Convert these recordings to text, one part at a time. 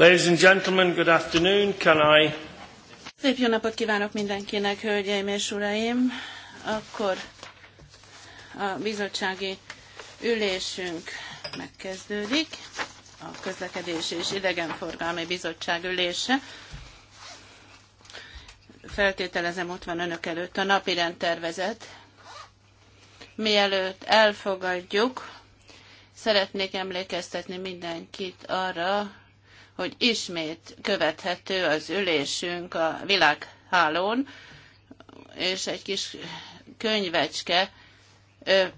Ladies and gentlemen, good afternoon. Can I... Szép jó napot kívánok mindenkinek, hölgyeim és uraim! Akkor a bizottsági ülésünk megkezdődik, a közlekedés és idegenforgalmi bizottság ülése. Feltételezem, ott van önök előtt a napi rendtervezet. Mielőtt elfogadjuk, szeretnék emlékeztetni mindenkit arra, hogy ismét követhető az ülésünk a világhálón, és egy kis könyvecske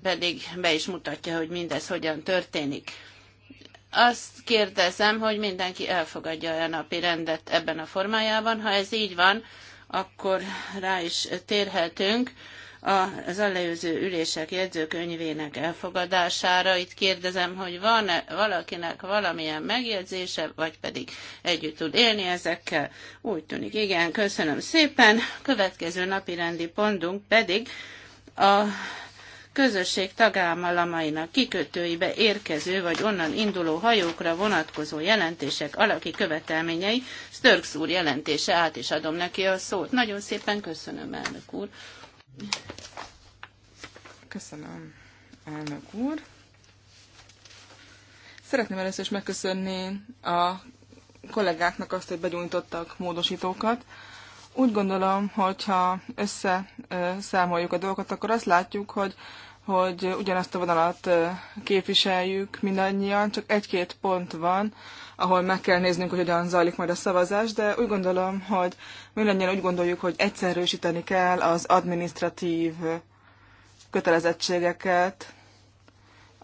pedig be is mutatja, hogy mindez hogyan történik. Azt kérdezem, hogy mindenki elfogadja a napi rendet ebben a formájában. Ha ez így van, akkor rá is térhetünk az előző ülések jegyzőkönyvének elfogadására. Itt kérdezem, hogy van-e valakinek valamilyen megjegyzése, vagy pedig együtt tud élni ezekkel. Úgy tűnik, igen, köszönöm szépen. Következő napi rendi pontunk pedig a közösség tagállamainak kikötőibe érkező vagy onnan induló hajókra vonatkozó jelentések alaki követelményei. Störks úr jelentése, át is adom neki a szót. Nagyon szépen köszönöm, elnök úr. Köszönöm, elnök úr. Szeretném először is megköszönni a kollégáknak azt, hogy begyújtottak módosítókat. Úgy gondolom, hogyha összeszámoljuk a dolgokat, akkor azt látjuk, hogy hogy ugyanazt a vonalat képviseljük mindannyian, csak egy-két pont van, ahol meg kell néznünk, hogy hogyan zajlik majd a szavazás, de úgy gondolom, hogy mindannyian úgy gondoljuk, hogy egyszerűsíteni kell az administratív kötelezettségeket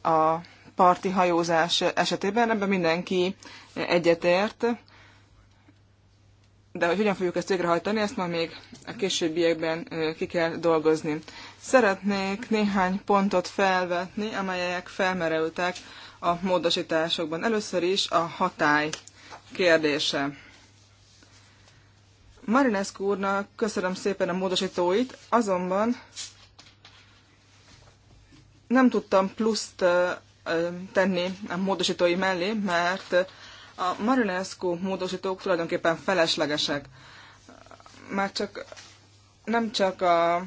a parti hajózás esetében, ebben mindenki egyetért de hogy hogyan fogjuk ezt végrehajtani, ezt ma még a későbbiekben ki kell dolgozni. Szeretnék néhány pontot felvetni, amelyek felmerültek a módosításokban. Először is a hatály kérdése. Marinescu úrnak köszönöm szépen a módosítóit, azonban nem tudtam pluszt tenni a módosítói mellé, mert a Marinescu módosítók tulajdonképpen feleslegesek. Már csak nem csak a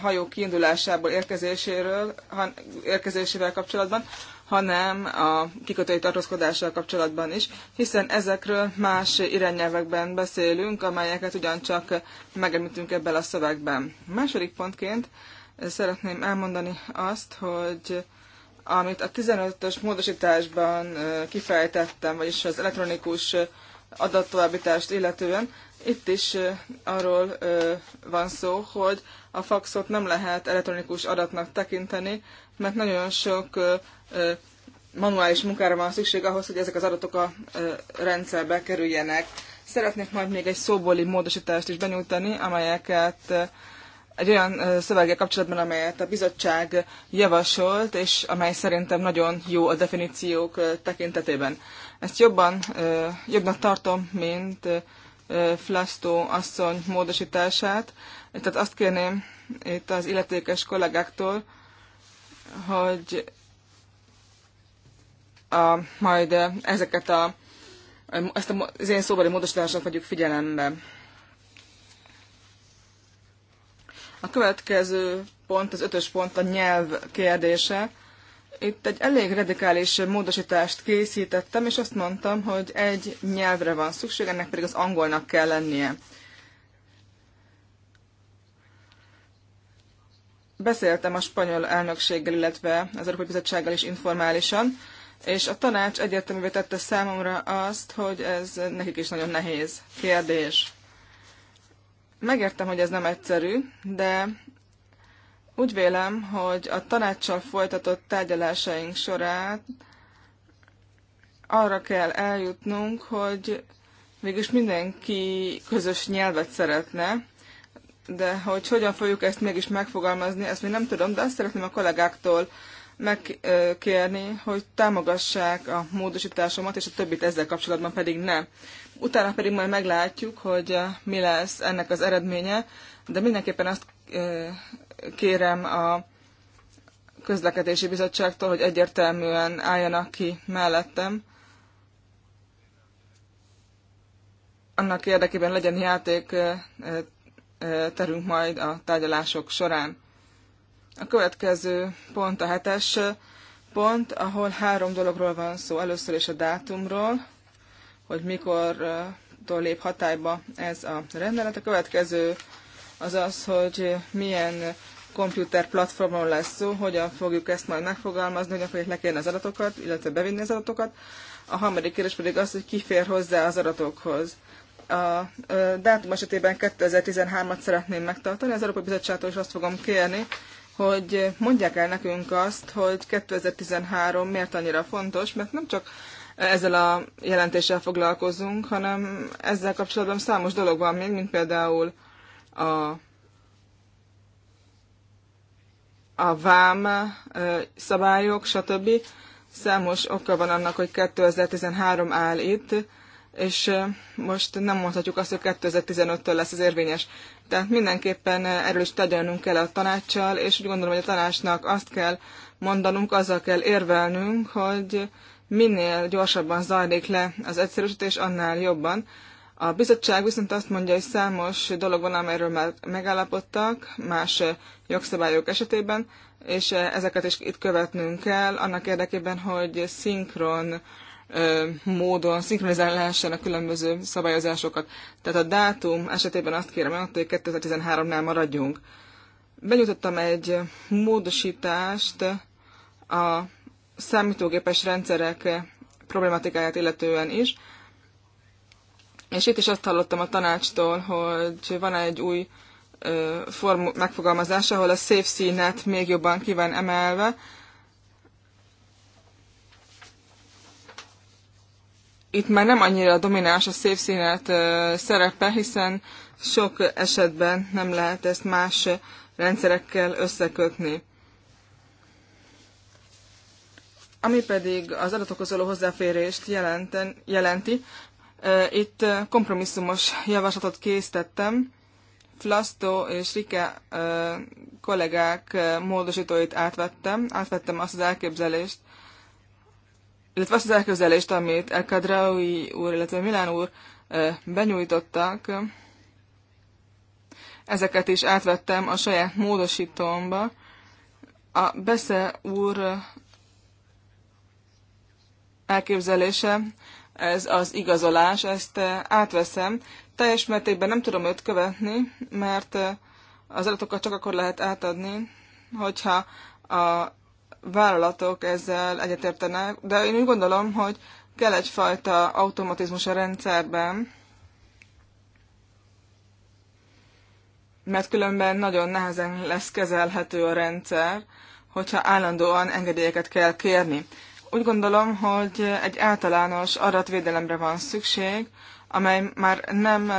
hajó kiindulásából érkezéséről, han, érkezésével kapcsolatban, hanem a kikötői tartózkodással kapcsolatban is, hiszen ezekről más irányelvekben beszélünk, amelyeket ugyancsak megemlítünk ebben a szövegben. Második pontként szeretném elmondani azt, hogy amit a 15-ös módosításban kifejtettem, vagyis az elektronikus adattovábbítást illetően, itt is arról van szó, hogy a faxot nem lehet elektronikus adatnak tekinteni, mert nagyon sok manuális munkára van szükség ahhoz, hogy ezek az adatok a rendszerbe kerüljenek. Szeretnék majd még egy szóbóli módosítást is benyújtani, amelyeket egy olyan szöveggel kapcsolatban, amelyet a bizottság javasolt, és amely szerintem nagyon jó a definíciók tekintetében. Ezt jobban, jobbnak tartom, mint Flasztó asszony módosítását. Tehát azt kérném itt az illetékes kollégáktól, hogy a, majd ezeket a, ezt a, az én szóbeli módosítását vegyük figyelembe. A következő pont, az ötös pont a nyelv kérdése. Itt egy elég radikális módosítást készítettem, és azt mondtam, hogy egy nyelvre van szükség, ennek pedig az angolnak kell lennie. Beszéltem a spanyol elnökséggel, illetve az Európai Bizottsággal is informálisan, és a tanács egyértelművé tette számomra azt, hogy ez nekik is nagyon nehéz kérdés. Megértem, hogy ez nem egyszerű, de úgy vélem, hogy a tanácssal folytatott tárgyalásaink során arra kell eljutnunk, hogy mégis mindenki közös nyelvet szeretne, de hogy hogyan fogjuk ezt mégis megfogalmazni, ezt még nem tudom, de azt szeretném a kollégáktól megkérni, hogy támogassák a módosításomat, és a többit ezzel kapcsolatban pedig nem. Utána pedig majd meglátjuk, hogy eh, mi lesz ennek az eredménye, de mindenképpen azt eh, kérem a közlekedési bizottságtól, hogy egyértelműen álljanak ki mellettem. Annak érdekében legyen játék eh, terünk majd a tárgyalások során. A következő pont a hetes pont, ahol három dologról van szó. Először is a dátumról, hogy mikor lép hatályba ez a rendelet. A következő az az, hogy milyen komputer platformon lesz szó, hogyan fogjuk ezt majd megfogalmazni, hogyan fogjuk lekérni az adatokat, illetve bevinni az adatokat. A harmadik kérdés pedig az, hogy ki fér hozzá az adatokhoz. A dátum esetében 2013-at szeretném megtartani, az Európai Bizottságtól is azt fogom kérni, hogy mondják el nekünk azt, hogy 2013 miért annyira fontos, mert nem csak ezzel a jelentéssel foglalkozunk, hanem ezzel kapcsolatban számos dolog van még, mint például a, a vám szabályok, stb. Számos oka van annak, hogy 2013 áll itt, és most nem mondhatjuk azt, hogy 2015-től lesz az érvényes. Tehát mindenképpen erről is tegyelnünk kell a tanácssal, és úgy gondolom, hogy a tanácsnak azt kell mondanunk, azzal kell érvelnünk, hogy minél gyorsabban zajlik le az egyszerűsítés, annál jobban. A bizottság viszont azt mondja, hogy számos dolog van, amelyről már megállapodtak más jogszabályok esetében, és ezeket is itt követnünk kell, annak érdekében, hogy szinkron módon szinkronizálni lehessen a különböző szabályozásokat. Tehát a dátum esetében azt kérem, hogy 2013-nál maradjunk. Benyújtottam egy módosítást a számítógépes rendszerek problematikáját illetően is. És itt is azt hallottam a tanácstól, hogy van egy új form megfogalmazás, ahol a safe színet még jobban ki van emelve. Itt már nem annyira domináns a safe színet szerepe, hiszen sok esetben nem lehet ezt más rendszerekkel összekötni. Ami pedig az adatokhoz való hozzáférést jelenten, jelenti, itt kompromisszumos javaslatot készítettem, Flasto és Rike kollégák módosítóit átvettem, átvettem azt az elképzelést, illetve azt az elképzelést, amit El Kadraui úr, illetve Milán úr benyújtottak, ezeket is átvettem a saját módosítómba. A Besze úr elképzelése, ez az igazolás, ezt eh, átveszem. Teljes mértékben nem tudom őt követni, mert eh, az adatokat csak akkor lehet átadni, hogyha a vállalatok ezzel egyetértenek, de én úgy gondolom, hogy kell egyfajta automatizmus a rendszerben, mert különben nagyon nehezen lesz kezelhető a rendszer, hogyha állandóan engedélyeket kell kérni. Úgy gondolom, hogy egy általános adatvédelemre van szükség, amely már nem,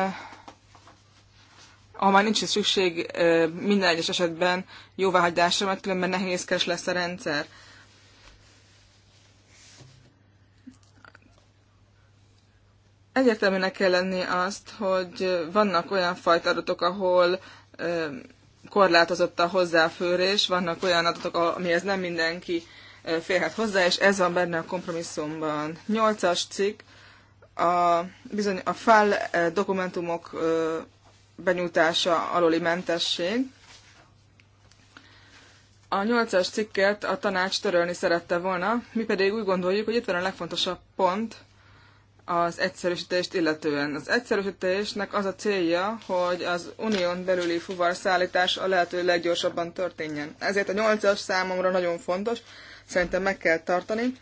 ahol már nincs szükség minden egyes esetben jóváhagyásra, mert különben nehézkes lesz a rendszer. Egyértelműnek kell lenni azt, hogy vannak olyan fajta adatok, ahol korlátozott a hozzáfőrés, vannak olyan adatok, amihez nem mindenki férhet hozzá, és ez van benne a kompromisszumban. Nyolcas cikk, a, bizony a fel dokumentumok benyújtása aloli mentesség. A nyolcas cikket a tanács törölni szerette volna, mi pedig úgy gondoljuk, hogy itt van a legfontosabb pont az egyszerűsítést illetően. Az egyszerűsítésnek az a célja, hogy az unión belüli fuvarszállítás a lehető leggyorsabban történjen. Ezért a nyolcas számomra nagyon fontos, szerintem meg kell tartani.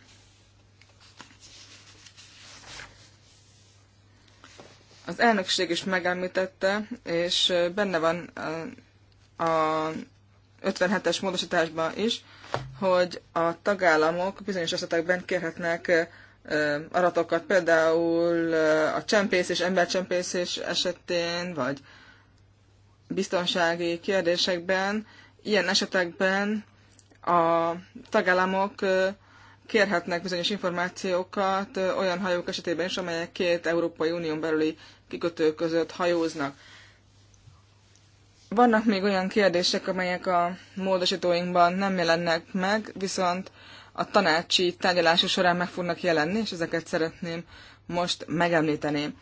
Az elnökség is megemlítette, és benne van a, 57-es módosításban is, hogy a tagállamok bizonyos esetekben kérhetnek aratokat, például a csempész és embercsempészés esetén, vagy biztonsági kérdésekben. Ilyen esetekben a tagállamok kérhetnek bizonyos információkat olyan hajók esetében is, amelyek két Európai Unión belüli kikötő között hajóznak. Vannak még olyan kérdések, amelyek a módosítóinkban nem jelennek meg, viszont a tanácsi tárgyalása során meg fognak jelenni, és ezeket szeretném most megemlíteni.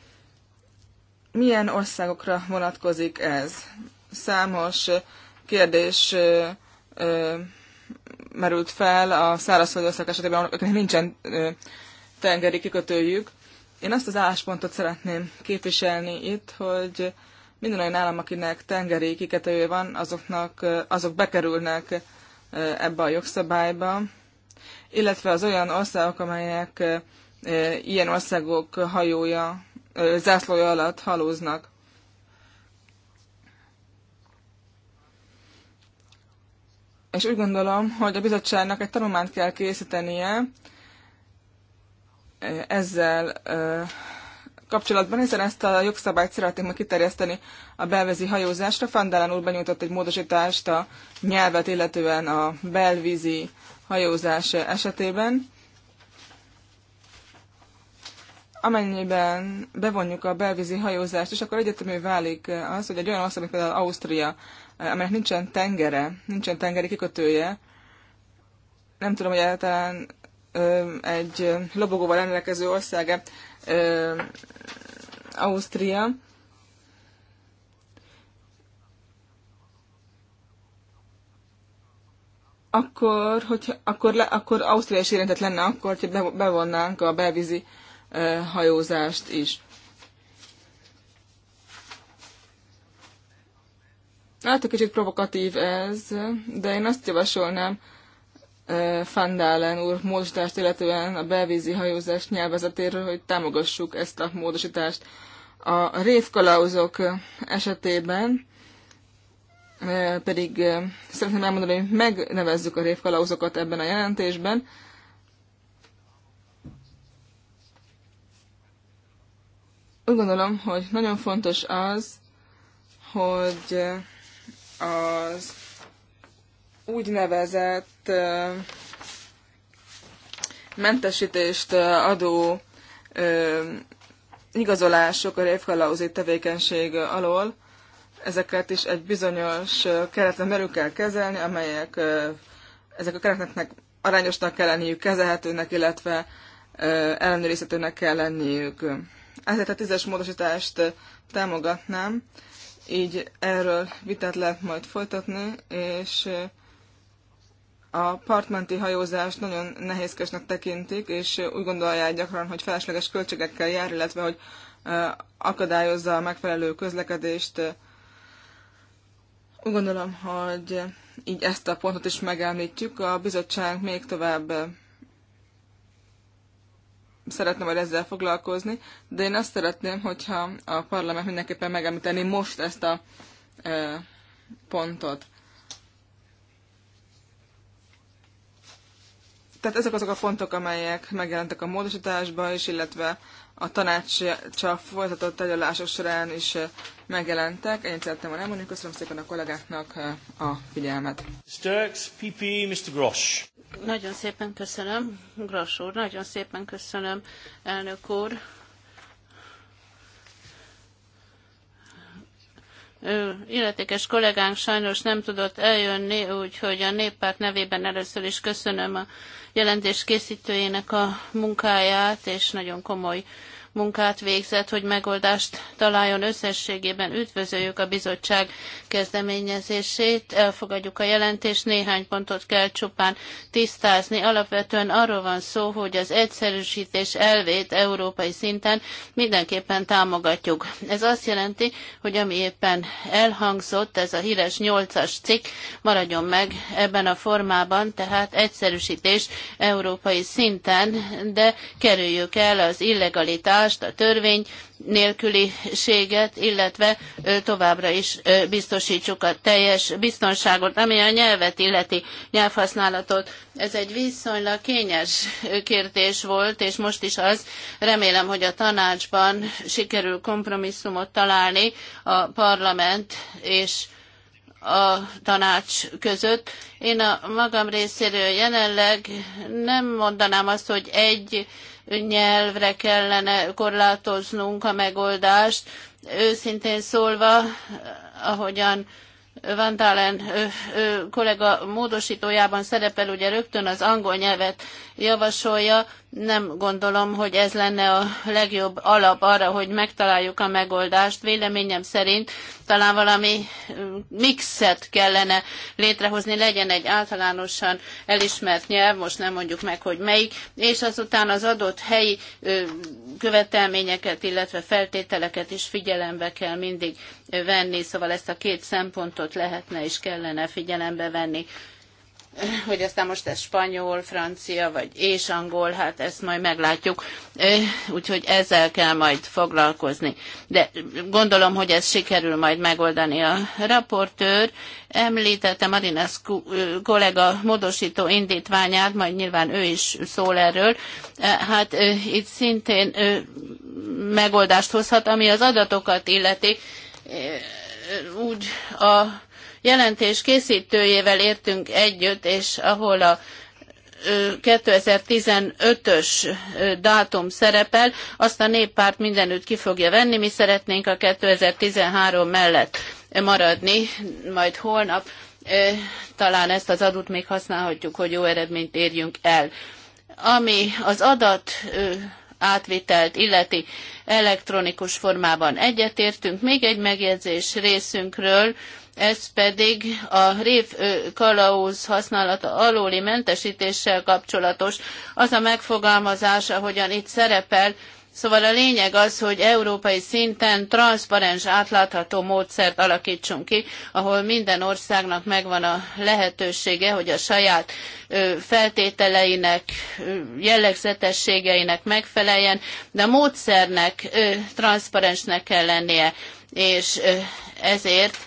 Milyen országokra vonatkozik ez? Számos kérdés merült fel a szárazföldi országok esetében, akiknek nincsen tengeri kikötőjük. Én azt az álláspontot szeretném képviselni itt, hogy minden olyan állam, akinek tengeri kikötője van, azoknak, azok bekerülnek ebbe a jogszabályba, illetve az olyan országok, amelyek ilyen országok hajója, zászlója alatt halóznak. és úgy gondolom, hogy a bizottságnak egy tanulmányt kell készítenie eh, ezzel eh, kapcsolatban, hiszen ezt a jogszabályt meg kiterjeszteni a belvízi hajózásra. Fandálán úr benyújtott egy módosítást a nyelvet, illetően a belvízi hajózás esetében. Amennyiben bevonjuk a belvízi hajózást, és akkor egyetemű válik az, hogy egy olyan ország, mint például Ausztria, amelynek nincsen tengere, nincsen tengeri kikötője. Nem tudom, hogy általán egy lobogóval rendelkező ö, Ausztria. Akkor, hogy, akkor, le, akkor Ausztria is érintett lenne, akkor, hogyha bevonnánk a belvízi hajózást is. Hát egy kicsit provokatív ez, de én azt javasolnám Fandálen eh, úr módosítást, illetően a belvízi hajózás nyelvezetéről, hogy támogassuk ezt a módosítást. A révkalauzok esetében eh, pedig eh, szeretném elmondani, hogy megnevezzük a révkalauzokat ebben a jelentésben, úgy gondolom, hogy nagyon fontos az, hogy az úgynevezett mentesítést adó igazolások a révkalauzi tevékenység alól, ezeket is egy bizonyos kereten belül kell kezelni, amelyek ezek a kereteknek arányosnak kell lenniük, kezelhetőnek, illetve ellenőrizhetőnek kell lenniük. Ezért a tízes módosítást támogatnám, így erről vitát lehet majd folytatni, és eh, a partmenti hajózást nagyon nehézkesnek tekintik, és úgy gondolják gyakran, hogy felesleges költségekkel jár, illetve hogy eh, akadályozza a megfelelő közlekedést. Úgy gondolom, hogy így ezt a pontot is megemlítjük. A bizottság még tovább eh, szeretne majd ezzel foglalkozni, de én azt szeretném, hogyha a parlament mindenképpen megemlíteni most ezt a e, pontot. Tehát ezek azok a pontok, amelyek megjelentek a módosításban is, illetve a tanácsa folytatott tárgyalások során is megjelentek. Én szeretném volna elmondani, köszönöm szépen a kollégáknak a figyelmet. Turks, PP, Mr. Grosch. Nagyon szépen köszönöm, Gras úr, nagyon szépen köszönöm, elnök úr. illetékes kollégánk sajnos nem tudott eljönni, úgyhogy a néppárt nevében először is köszönöm a jelentés készítőjének a munkáját, és nagyon komoly munkát végzett, hogy megoldást találjon összességében. Üdvözöljük a bizottság kezdeményezését, elfogadjuk a jelentést, néhány pontot kell csupán tisztázni. Alapvetően arról van szó, hogy az egyszerűsítés elvét európai szinten mindenképpen támogatjuk. Ez azt jelenti, hogy ami éppen elhangzott, ez a híres nyolcas as cikk maradjon meg ebben a formában, tehát egyszerűsítés európai szinten, de kerüljük el az illegalitást, mobilitást, a törvény nélküliséget, illetve továbbra is biztosítsuk a teljes biztonságot, ami a nyelvet illeti nyelvhasználatot. Ez egy viszonylag kényes kérdés volt, és most is az. Remélem, hogy a tanácsban sikerül kompromisszumot találni a parlament és a tanács között. Én a magam részéről jelenleg nem mondanám azt, hogy egy nyelvre kellene korlátoznunk a megoldást. Őszintén szólva, ahogyan Van Talen kollega módosítójában szerepel, ugye rögtön az angol nyelvet javasolja, nem gondolom, hogy ez lenne a legjobb alap arra, hogy megtaláljuk a megoldást. Véleményem szerint talán valami mm, mixet kellene létrehozni, legyen egy általánosan elismert nyelv, most nem mondjuk meg, hogy melyik, és azután az adott helyi követelményeket, illetve feltételeket is figyelembe kell mindig venni, szóval ezt a két szempontot lehetne és kellene figyelembe venni hogy aztán most ez spanyol, francia, vagy és angol, hát ezt majd meglátjuk. Úgyhogy ezzel kell majd foglalkozni. De gondolom, hogy ez sikerül majd megoldani a raportőr. Említette Marines kollega módosító indítványát, majd nyilván ő is szól erről. Hát itt szintén megoldást hozhat, ami az adatokat illeti. Úgy a jelentés készítőjével értünk együtt, és ahol a 2015-ös dátum szerepel, azt a néppárt mindenütt ki fogja venni, mi szeretnénk a 2013 mellett maradni, majd holnap talán ezt az adót még használhatjuk, hogy jó eredményt érjünk el. Ami az adat átvitelt illeti elektronikus formában egyetértünk, még egy megjegyzés részünkről, ez pedig a rév kalauz használata alóli mentesítéssel kapcsolatos. Az a megfogalmazás, ahogyan itt szerepel, Szóval a lényeg az, hogy európai szinten transzparens, átlátható módszert alakítsunk ki, ahol minden országnak megvan a lehetősége, hogy a saját feltételeinek, jellegzetességeinek megfeleljen, de a módszernek transzparensnek kell lennie, és ezért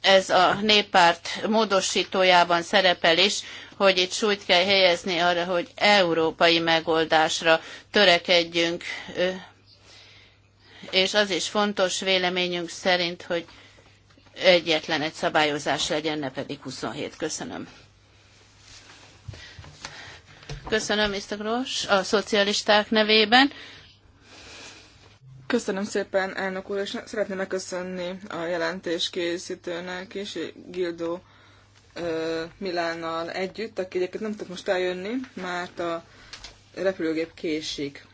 ez a néppárt módosítójában szerepel is, hogy itt súlyt kell helyezni arra, hogy európai megoldásra törekedjünk. És az is fontos véleményünk szerint, hogy egyetlen egy szabályozás legyen, ne pedig 27. Köszönöm. Köszönöm, Mr. Gross, a szocialisták nevében. Köszönöm szépen, elnök úr, és szeretném megköszönni a jelentés készítőnek is, Gildo Milánnal együtt, aki egyébként nem tud most eljönni, mert a repülőgép késik.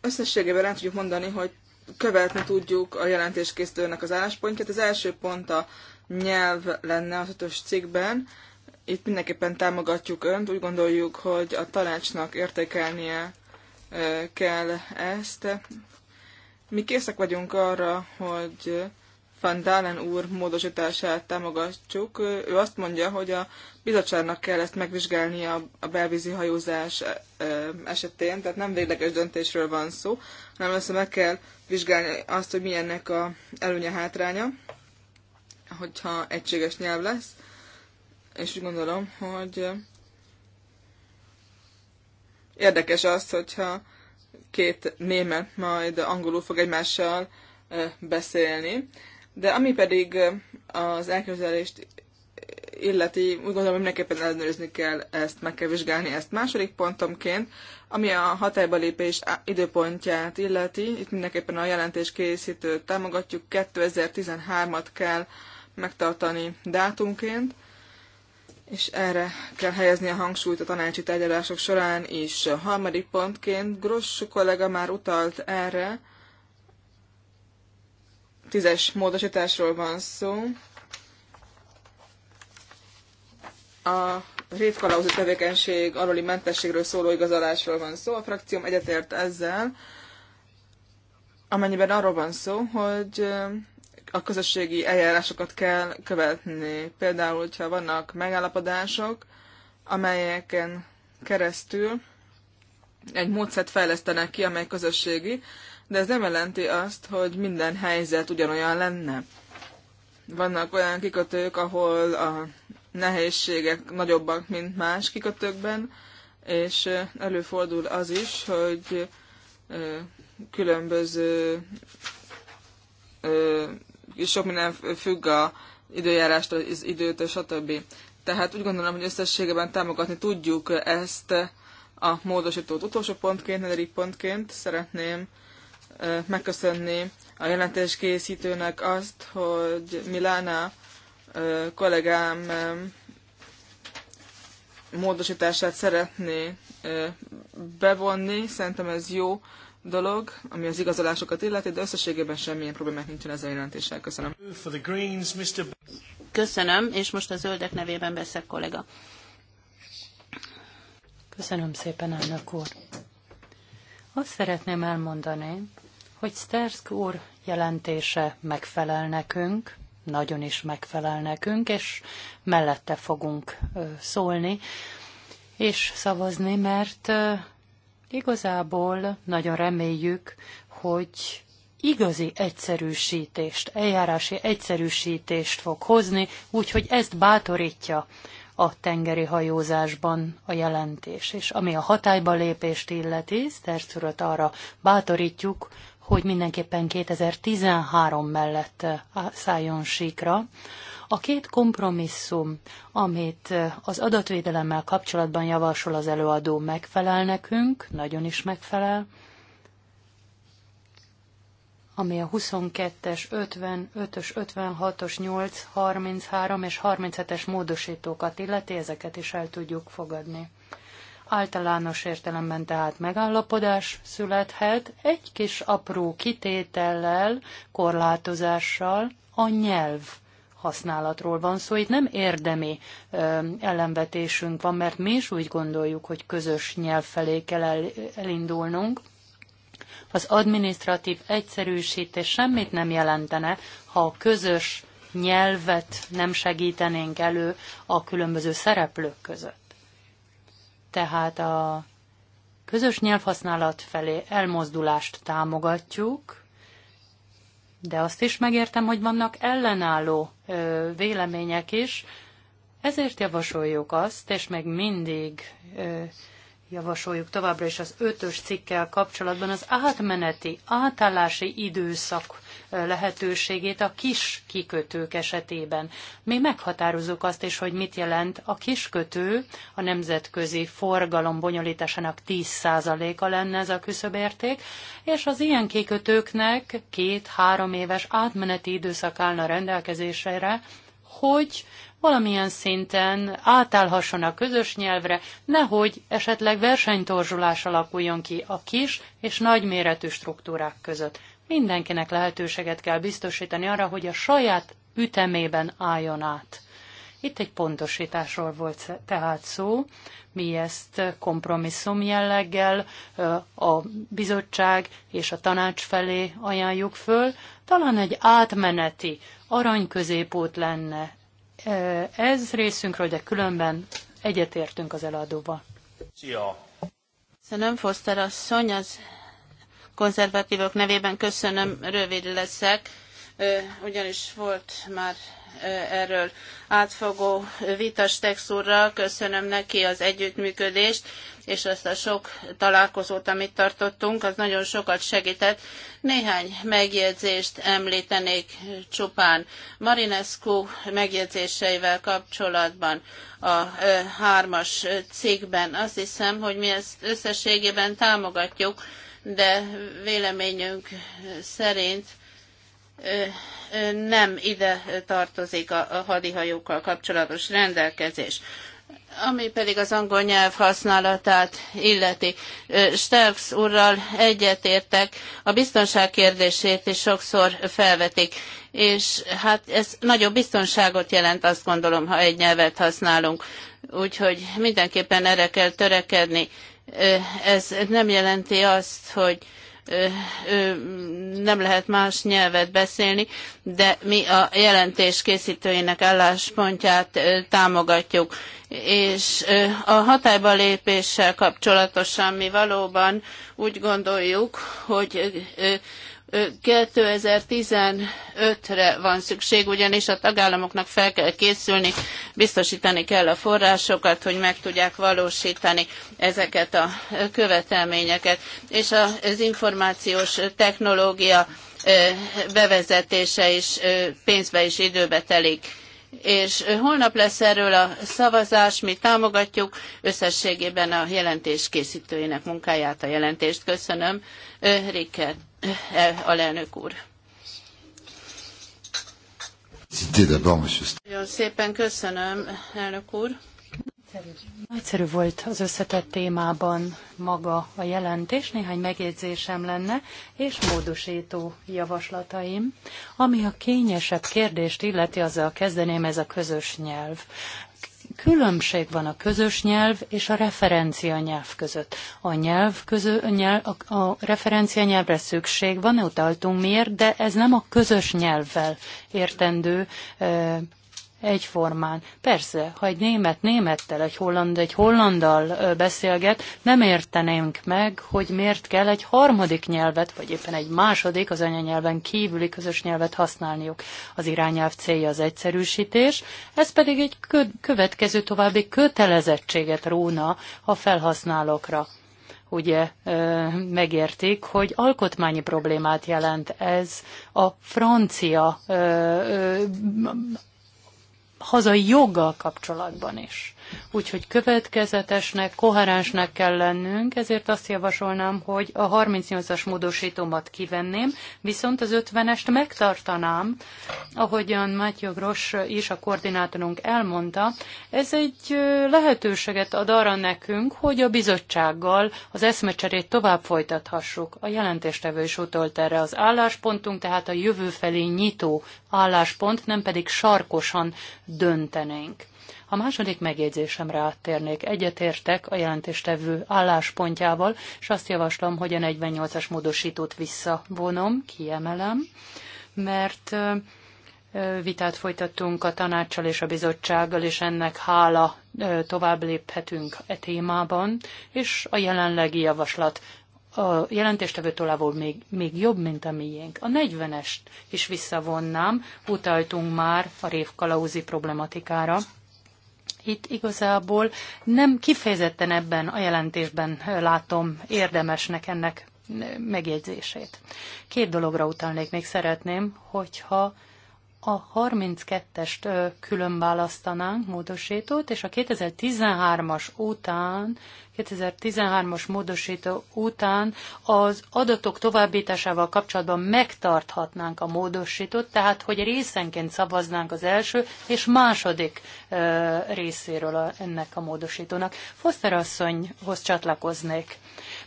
Összességében el tudjuk mondani, hogy követni tudjuk a jelentéskészítőnek az álláspontját. Az első pont a nyelv lenne az ötös cikkben itt mindenképpen támogatjuk Önt, úgy gondoljuk, hogy a tanácsnak értékelnie kell ezt. Mi készek vagyunk arra, hogy Van Dalen úr módosítását támogatjuk. Ő azt mondja, hogy a bizottságnak kell ezt megvizsgálnia a belvízi hajózás esetén, tehát nem végleges döntésről van szó, hanem össze meg kell vizsgálni azt, hogy milyennek a előnye hátránya, hogyha egységes nyelv lesz és úgy gondolom, hogy érdekes az, hogyha két német majd angolul fog egymással beszélni. De ami pedig az elképzelést illeti, úgy gondolom, hogy mindenképpen ellenőrizni kell ezt, meg kell vizsgálni ezt. Második pontomként, ami a hatályba lépés időpontját illeti, itt mindenképpen a jelentés készítőt támogatjuk, 2013-at kell megtartani dátumként, és erre kell helyezni a hangsúlyt a tanácsi tárgyalások során is. A harmadik pontként Gross kollega már utalt erre, tízes módosításról van szó. A rétkalauzi tevékenység aluli mentességről szóló igazolásról van szó. A frakcióm egyetért ezzel, amennyiben arról van szó, hogy a közösségi eljárásokat kell követni. Például, hogyha vannak megállapodások, amelyeken keresztül egy módszert fejlesztenek ki, amely közösségi, de ez nem jelenti azt, hogy minden helyzet ugyanolyan lenne. Vannak olyan kikötők, ahol a nehézségek nagyobbak, mint más kikötőkben, és előfordul az is, hogy különböző sok minden függ a időjárástól, az időtől, stb. Tehát úgy gondolom, hogy összességében támogatni tudjuk ezt a módosítót. Utolsó pontként, negyedik pontként szeretném megköszönni a jelentéskészítőnek azt, hogy Milána kollégám módosítását szeretné bevonni. Szerintem ez jó dolog, ami az igazolásokat illeti, de összességében semmilyen problémák nincsen ezzel a jelentéssel. Köszönöm. Köszönöm, és most a zöldek nevében beszél kollega. Köszönöm szépen, elnök úr. Azt szeretném elmondani, hogy Stersk úr jelentése megfelel nekünk, nagyon is megfelel nekünk, és mellette fogunk szólni és szavazni, mert Igazából nagyon reméljük, hogy igazi egyszerűsítést, eljárási egyszerűsítést fog hozni, úgyhogy ezt bátorítja a tengeri hajózásban a jelentés. És ami a hatályba lépést illeti, Stercurat arra bátorítjuk, hogy mindenképpen 2013 mellett szálljon síkra, a két kompromisszum, amit az adatvédelemmel kapcsolatban javasol az előadó, megfelel nekünk, nagyon is megfelel, ami a 22-es, 55-ös, 56-os, 8, 33 és 37-es módosítókat illeti, ezeket is el tudjuk fogadni. Általános értelemben tehát megállapodás születhet egy kis apró kitétellel, korlátozással a nyelv használatról van szó. Itt nem érdemi ellenvetésünk van, mert mi is úgy gondoljuk, hogy közös nyelv felé kell elindulnunk. Az administratív egyszerűsítés semmit nem jelentene, ha a közös nyelvet nem segítenénk elő a különböző szereplők között. Tehát a közös nyelvhasználat felé elmozdulást támogatjuk, de azt is megértem, hogy vannak ellenálló ö, vélemények is, ezért javasoljuk azt, és meg mindig ö, javasoljuk továbbra is az ötös cikkel kapcsolatban az átmeneti, átállási időszak lehetőségét a kis kikötők esetében. Mi meghatározunk azt is, hogy mit jelent a kiskötő, a nemzetközi forgalom bonyolításának 10%-a lenne ez a küszöbérték, és az ilyen kikötőknek két-három éves átmeneti időszak állna rendelkezésére, hogy valamilyen szinten átállhasson a közös nyelvre, nehogy esetleg versenytorzsulás alakuljon ki a kis és nagyméretű struktúrák között. Mindenkinek lehetőséget kell biztosítani arra, hogy a saját ütemében álljon át. Itt egy pontosításról volt tehát szó, mi ezt kompromisszum jelleggel a bizottság és a tanács felé ajánljuk föl. Talán egy átmeneti aranyközépút lenne ez részünkről, de különben egyetértünk az eladóba. Szia! Köszönöm, Foster asszony, az konzervatívok nevében köszönöm, rövid leszek, ugyanis volt már erről átfogó vitas textúrral, köszönöm neki az együttműködést, és azt a sok találkozót, amit tartottunk, az nagyon sokat segített. Néhány megjegyzést említenék csupán. Marinescu megjegyzéseivel kapcsolatban a hármas cikkben. Azt hiszem, hogy mi ezt összességében támogatjuk, de véleményünk szerint nem ide tartozik a hadihajókkal kapcsolatos rendelkezés ami pedig az angol nyelv használatát illeti. Sterks úrral egyetértek, a biztonság kérdését is sokszor felvetik, és hát ez nagyobb biztonságot jelent, azt gondolom, ha egy nyelvet használunk. Úgyhogy mindenképpen erre kell törekedni. Ez nem jelenti azt, hogy nem lehet más nyelvet beszélni, de mi a jelentés készítőinek álláspontját támogatjuk. És a hatályba lépéssel kapcsolatosan mi valóban úgy gondoljuk, hogy 2015-re van szükség, ugyanis a tagállamoknak fel kell készülni, biztosítani kell a forrásokat, hogy meg tudják valósítani ezeket a követelményeket. És az információs technológia bevezetése is pénzbe és időbe telik és holnap lesz erről a szavazás, mi támogatjuk összességében a jelentés készítőinek munkáját, a jelentést köszönöm. Riket Eh, alelnök úr. Nagyon szépen köszönöm, elnök úr. Nagyszerű volt az összetett témában maga a jelentés, néhány megjegyzésem lenne, és módosító javaslataim. Ami a kényesebb kérdést illeti, azzal kezdeném ez a közös nyelv különbség van a közös nyelv és a referencia nyelv között. A nyelv közö, nyelv, a, a referencia nyelvre szükség van, utaltunk miért, de ez nem a közös nyelvvel értendő egyformán. Persze, ha egy német némettel, egy holland egy hollandal beszélget, nem értenénk meg, hogy miért kell egy harmadik nyelvet, vagy éppen egy második, az anyanyelven kívüli közös nyelvet használniuk. Az irányelv célja az egyszerűsítés, ez pedig egy következő további kötelezettséget róna a felhasználókra ugye megértik, hogy alkotmányi problémát jelent ez a francia hazai joggal kapcsolatban is úgyhogy következetesnek, koherensnek kell lennünk, ezért azt javasolnám, hogy a 38-as módosítómat kivenném, viszont az 50-est megtartanám, ahogyan Mátyó Gross is a koordinátorunk elmondta, ez egy lehetőséget ad arra nekünk, hogy a bizottsággal az eszmecserét tovább folytathassuk. A jelentéstevő is utolt erre az álláspontunk, tehát a jövő felé nyitó álláspont, nem pedig sarkosan döntenénk. A második megjegyzésemre áttérnék. Egyetértek a jelentéstevő álláspontjával, és azt javaslom, hogy a 48-as módosítót visszavonom, kiemelem, mert vitát folytattunk a tanácssal és a bizottsággal, és ennek hála tovább léphetünk e témában, és a jelenlegi javaslat a jelentéstevő tolából még, még jobb, mint a miénk. A 40-est is visszavonnám, utaltunk már a révkalauzi problematikára itt igazából nem kifejezetten ebben a jelentésben látom érdemesnek ennek megjegyzését. Két dologra utalnék még szeretném, hogyha a 32-est külön választanánk módosítót, és a 2013-as után, 2013-as módosító után az adatok továbbításával kapcsolatban megtarthatnánk a módosítót, tehát hogy részenként szavaznánk az első és második részéről a, ennek a módosítónak. Foster asszonyhoz csatlakoznék.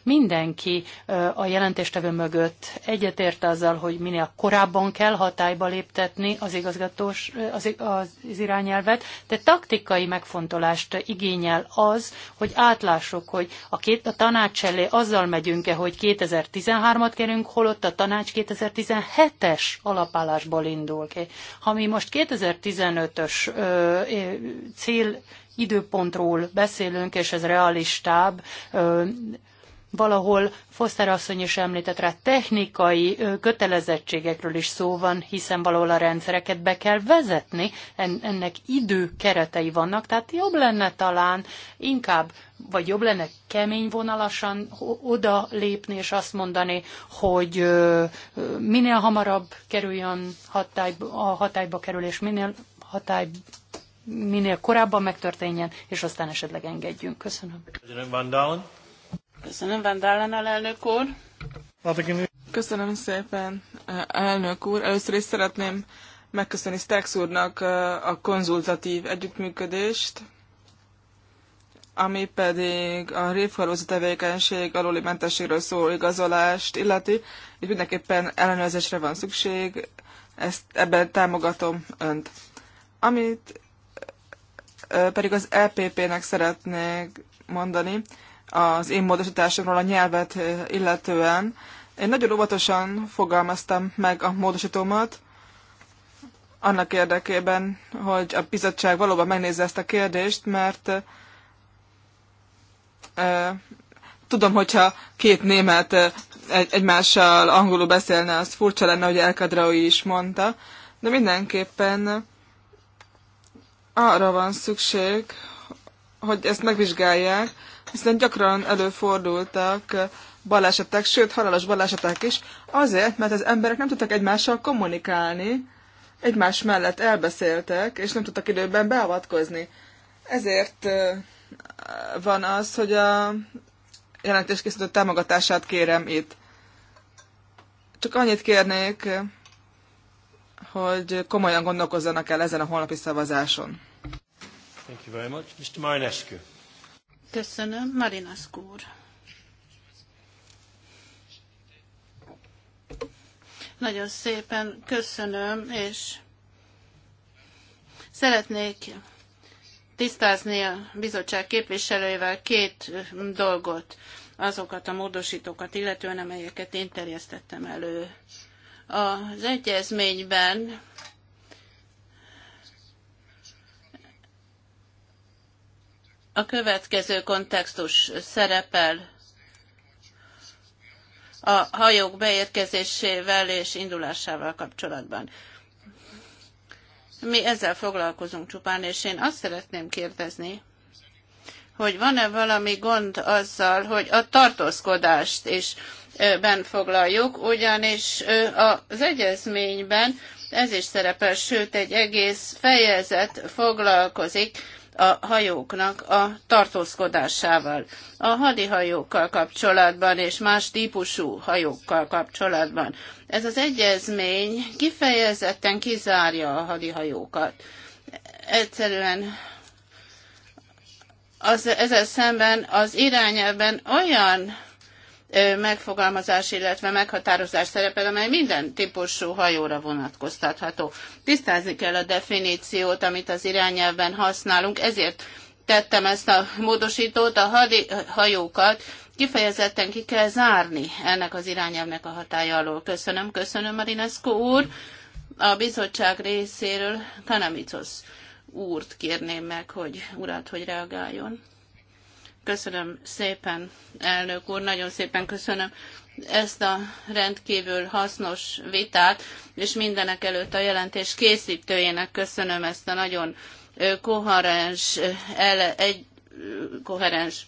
Mindenki a jelentéstevő mögött egyetért azzal, hogy minél korábban kell hatályba léptetni az igazgatós, az, irányelvet, de taktikai megfontolást igényel az, hogy átlássuk, hogy a, két, a tanács elé azzal megyünk-e, hogy 2013-at kérünk, holott a tanács 2017-es alapállásból indul ki. Ha mi most 2015-ös cél időpontról beszélünk, és ez realistább, valahol Foster asszony is említett rá, technikai kötelezettségekről is szó van, hiszen valahol a rendszereket be kell vezetni, ennek időkeretei vannak, tehát jobb lenne talán inkább, vagy jobb lenne kemény vonalasan oda lépni és azt mondani, hogy minél hamarabb kerüljön hatályba, a hatályba kerülés, minél hatály minél korábban megtörténjen, és aztán esetleg engedjünk. Köszönöm. Köszönöm, Vendellen elnök úr. Köszönöm szépen, elnök úr. Először is szeretném megköszönni Stex úrnak a konzultatív együttműködést, ami pedig a révhalózó tevékenység aluli mentességről szóló igazolást illeti. És mindenképpen ellenőrzésre van szükség, ezt ebben támogatom önt. Amit pedig az EPP-nek szeretnék mondani, az én módosításomról a nyelvet eh, illetően. Én nagyon óvatosan fogalmaztam meg a módosítómat, annak érdekében, hogy a bizottság valóban megnézze ezt a kérdést, mert e, tudom, hogyha két német eh, egy, egymással angolul beszélne, az furcsa lenne, hogy Elkadraui is mondta, de mindenképpen arra van szükség, hogy ezt megvizsgálják, hiszen gyakran előfordultak balesetek, sőt halálos balesetek is, azért, mert az emberek nem tudtak egymással kommunikálni, egymás mellett elbeszéltek, és nem tudtak időben beavatkozni. Ezért van az, hogy a jelentéskészítő támogatását kérem itt. Csak annyit kérnék, hogy komolyan gondolkozzanak el ezen a holnapi szavazáson. Thank you very much. Mr. Köszönöm. Marinas úr. Nagyon szépen köszönöm, és szeretnék tisztázni a bizottság képviselőivel két dolgot, azokat a módosítókat illetően, amelyeket én terjesztettem elő. Az egyezményben A következő kontextus szerepel a hajók beérkezésével és indulásával kapcsolatban. Mi ezzel foglalkozunk csupán, és én azt szeretném kérdezni, hogy van-e valami gond azzal, hogy a tartózkodást is ben foglaljuk, ugyanis az egyezményben ez is szerepel, sőt egy egész fejezet foglalkozik a hajóknak a tartózkodásával. A hadihajókkal kapcsolatban és más típusú hajókkal kapcsolatban. Ez az egyezmény kifejezetten kizárja a hadihajókat. Egyszerűen az, ezzel szemben az irányelben olyan megfogalmazás, illetve meghatározás szerepel, amely minden típusú hajóra vonatkoztatható. Tisztázni kell a definíciót, amit az irányelven használunk, ezért tettem ezt a módosítót, a hadi, hajókat kifejezetten ki kell zárni ennek az irányelvnek a hatája alól. Köszönöm, köszönöm Marinescu úr. A bizottság részéről Kanamicos úrt kérném meg, hogy urat, hogy reagáljon. Köszönöm szépen, elnök úr, nagyon szépen köszönöm ezt a rendkívül hasznos vitát, és mindenek előtt a jelentés készítőjének köszönöm ezt a nagyon koherens, ele, egy, koherens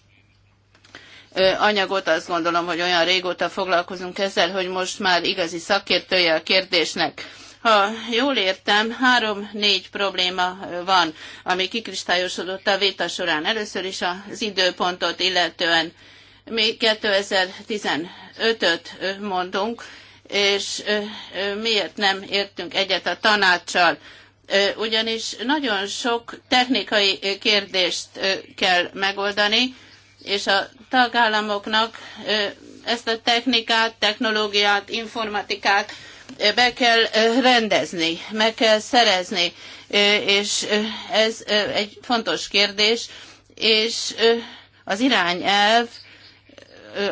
anyagot, azt gondolom, hogy olyan régóta foglalkozunk ezzel, hogy most már igazi szakértője a kérdésnek ha jól értem, három-négy probléma van, ami kikristályosodott a véta során. Először is az időpontot illetően mi 2015-öt mondunk, és miért nem értünk egyet a tanácssal ugyanis nagyon sok technikai kérdést kell megoldani, és a tagállamoknak ezt a technikát, technológiát, informatikát be kell rendezni, meg kell szerezni, és ez egy fontos kérdés, és az irányelv,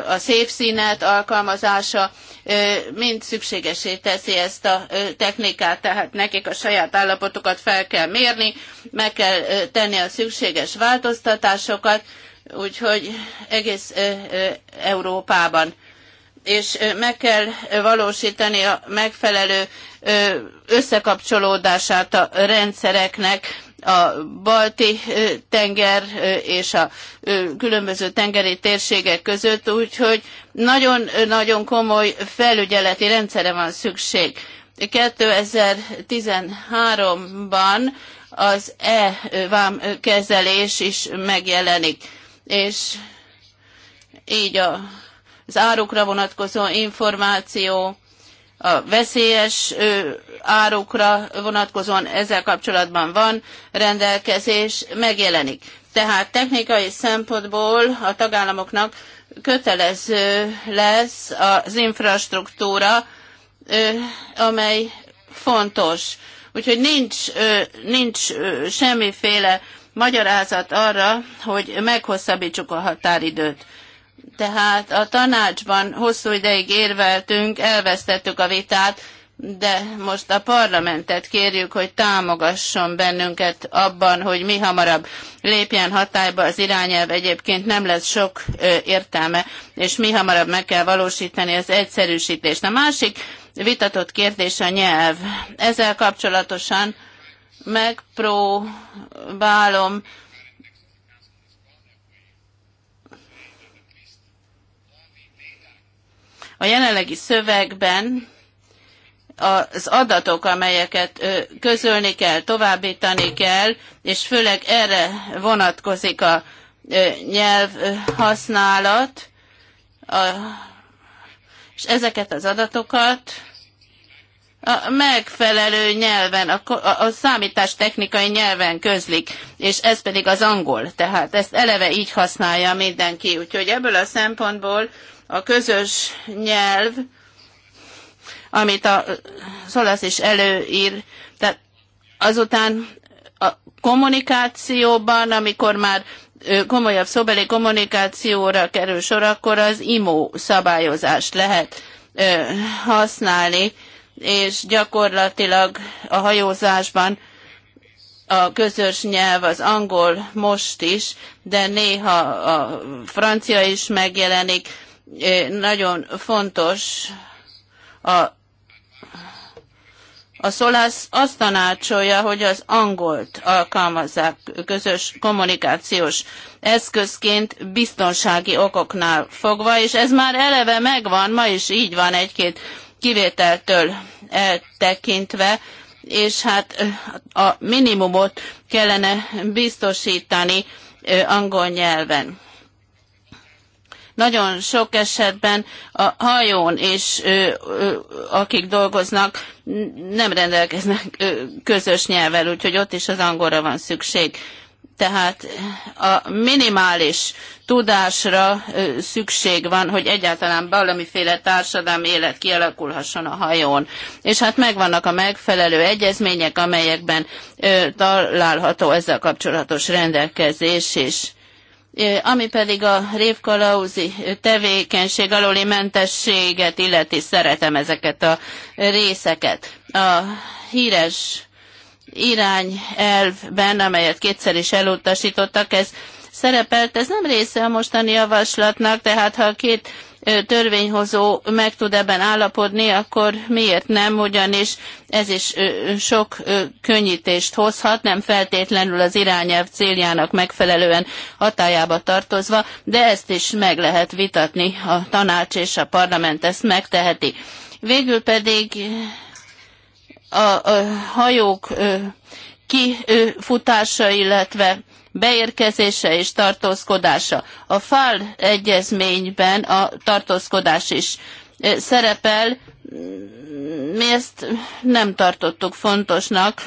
a szép színet alkalmazása mind szükségesé teszi ezt a technikát, tehát nekik a saját állapotokat fel kell mérni, meg kell tenni a szükséges változtatásokat, úgyhogy egész Európában és meg kell valósítani a megfelelő összekapcsolódását a rendszereknek, a balti tenger és a különböző tengeri térségek között, úgyhogy nagyon-nagyon komoly felügyeleti rendszere van szükség. 2013-ban az e-vám kezelés is megjelenik, és így a az árukra vonatkozó információ, a veszélyes árukra vonatkozóan ezzel kapcsolatban van rendelkezés, megjelenik. Tehát technikai szempontból a tagállamoknak kötelező lesz az infrastruktúra, amely fontos. Úgyhogy nincs, nincs semmiféle magyarázat arra, hogy meghosszabbítsuk a határidőt. Tehát a tanácsban hosszú ideig érveltünk, elvesztettük a vitát, de most a parlamentet kérjük, hogy támogasson bennünket abban, hogy mi hamarabb lépjen hatályba az irányelv, egyébként nem lesz sok ö, értelme, és mi hamarabb meg kell valósítani az egyszerűsítést. A másik vitatott kérdés a nyelv. Ezzel kapcsolatosan megpróbálom A jelenlegi szövegben az adatok, amelyeket közölni kell, továbbítani kell, és főleg erre vonatkozik a nyelvhasználat, és ezeket az adatokat a megfelelő nyelven, a, a, a számítástechnikai nyelven közlik, és ez pedig az angol, tehát ezt eleve így használja mindenki. Úgyhogy ebből a szempontból a közös nyelv, amit a Szolasz is előír, tehát azután a kommunikációban, amikor már komolyabb szobeli kommunikációra kerül sor, akkor az IMO szabályozást lehet használni, és gyakorlatilag a hajózásban a közös nyelv az angol most is, de néha a francia is megjelenik, Eh, nagyon fontos a a Szolász azt tanácsolja, hogy az angolt alkalmazzák közös kommunikációs eszközként biztonsági okoknál fogva, és ez már eleve megvan, ma is így van egy-két kivételtől eltekintve, és hát eh, a minimumot kellene biztosítani eh, angol nyelven. Nagyon sok esetben a hajón és akik dolgoznak, nem rendelkeznek közös nyelvvel, úgyhogy ott is az angolra van szükség tehát a minimális tudásra szükség van, hogy egyáltalán valamiféle társadalmi élet kialakulhasson a hajón. És hát megvannak a megfelelő egyezmények, amelyekben található ezzel kapcsolatos rendelkezés is ami pedig a révkalauzi tevékenység alóli mentességet illeti, szeretem ezeket a részeket. A híres irányelvben, amelyet kétszer is elutasítottak, ez szerepelt. Ez nem része a mostani javaslatnak, tehát ha a két törvényhozó meg tud ebben állapodni, akkor miért nem, ugyanis ez is sok könnyítést hozhat, nem feltétlenül az irányelv céljának megfelelően hatájába tartozva, de ezt is meg lehet vitatni, a tanács és a parlament ezt megteheti. Végül pedig a, a hajók kifutása, illetve beérkezése és tartózkodása. A FAL egyezményben a tartózkodás is szerepel, mi ezt nem tartottuk fontosnak,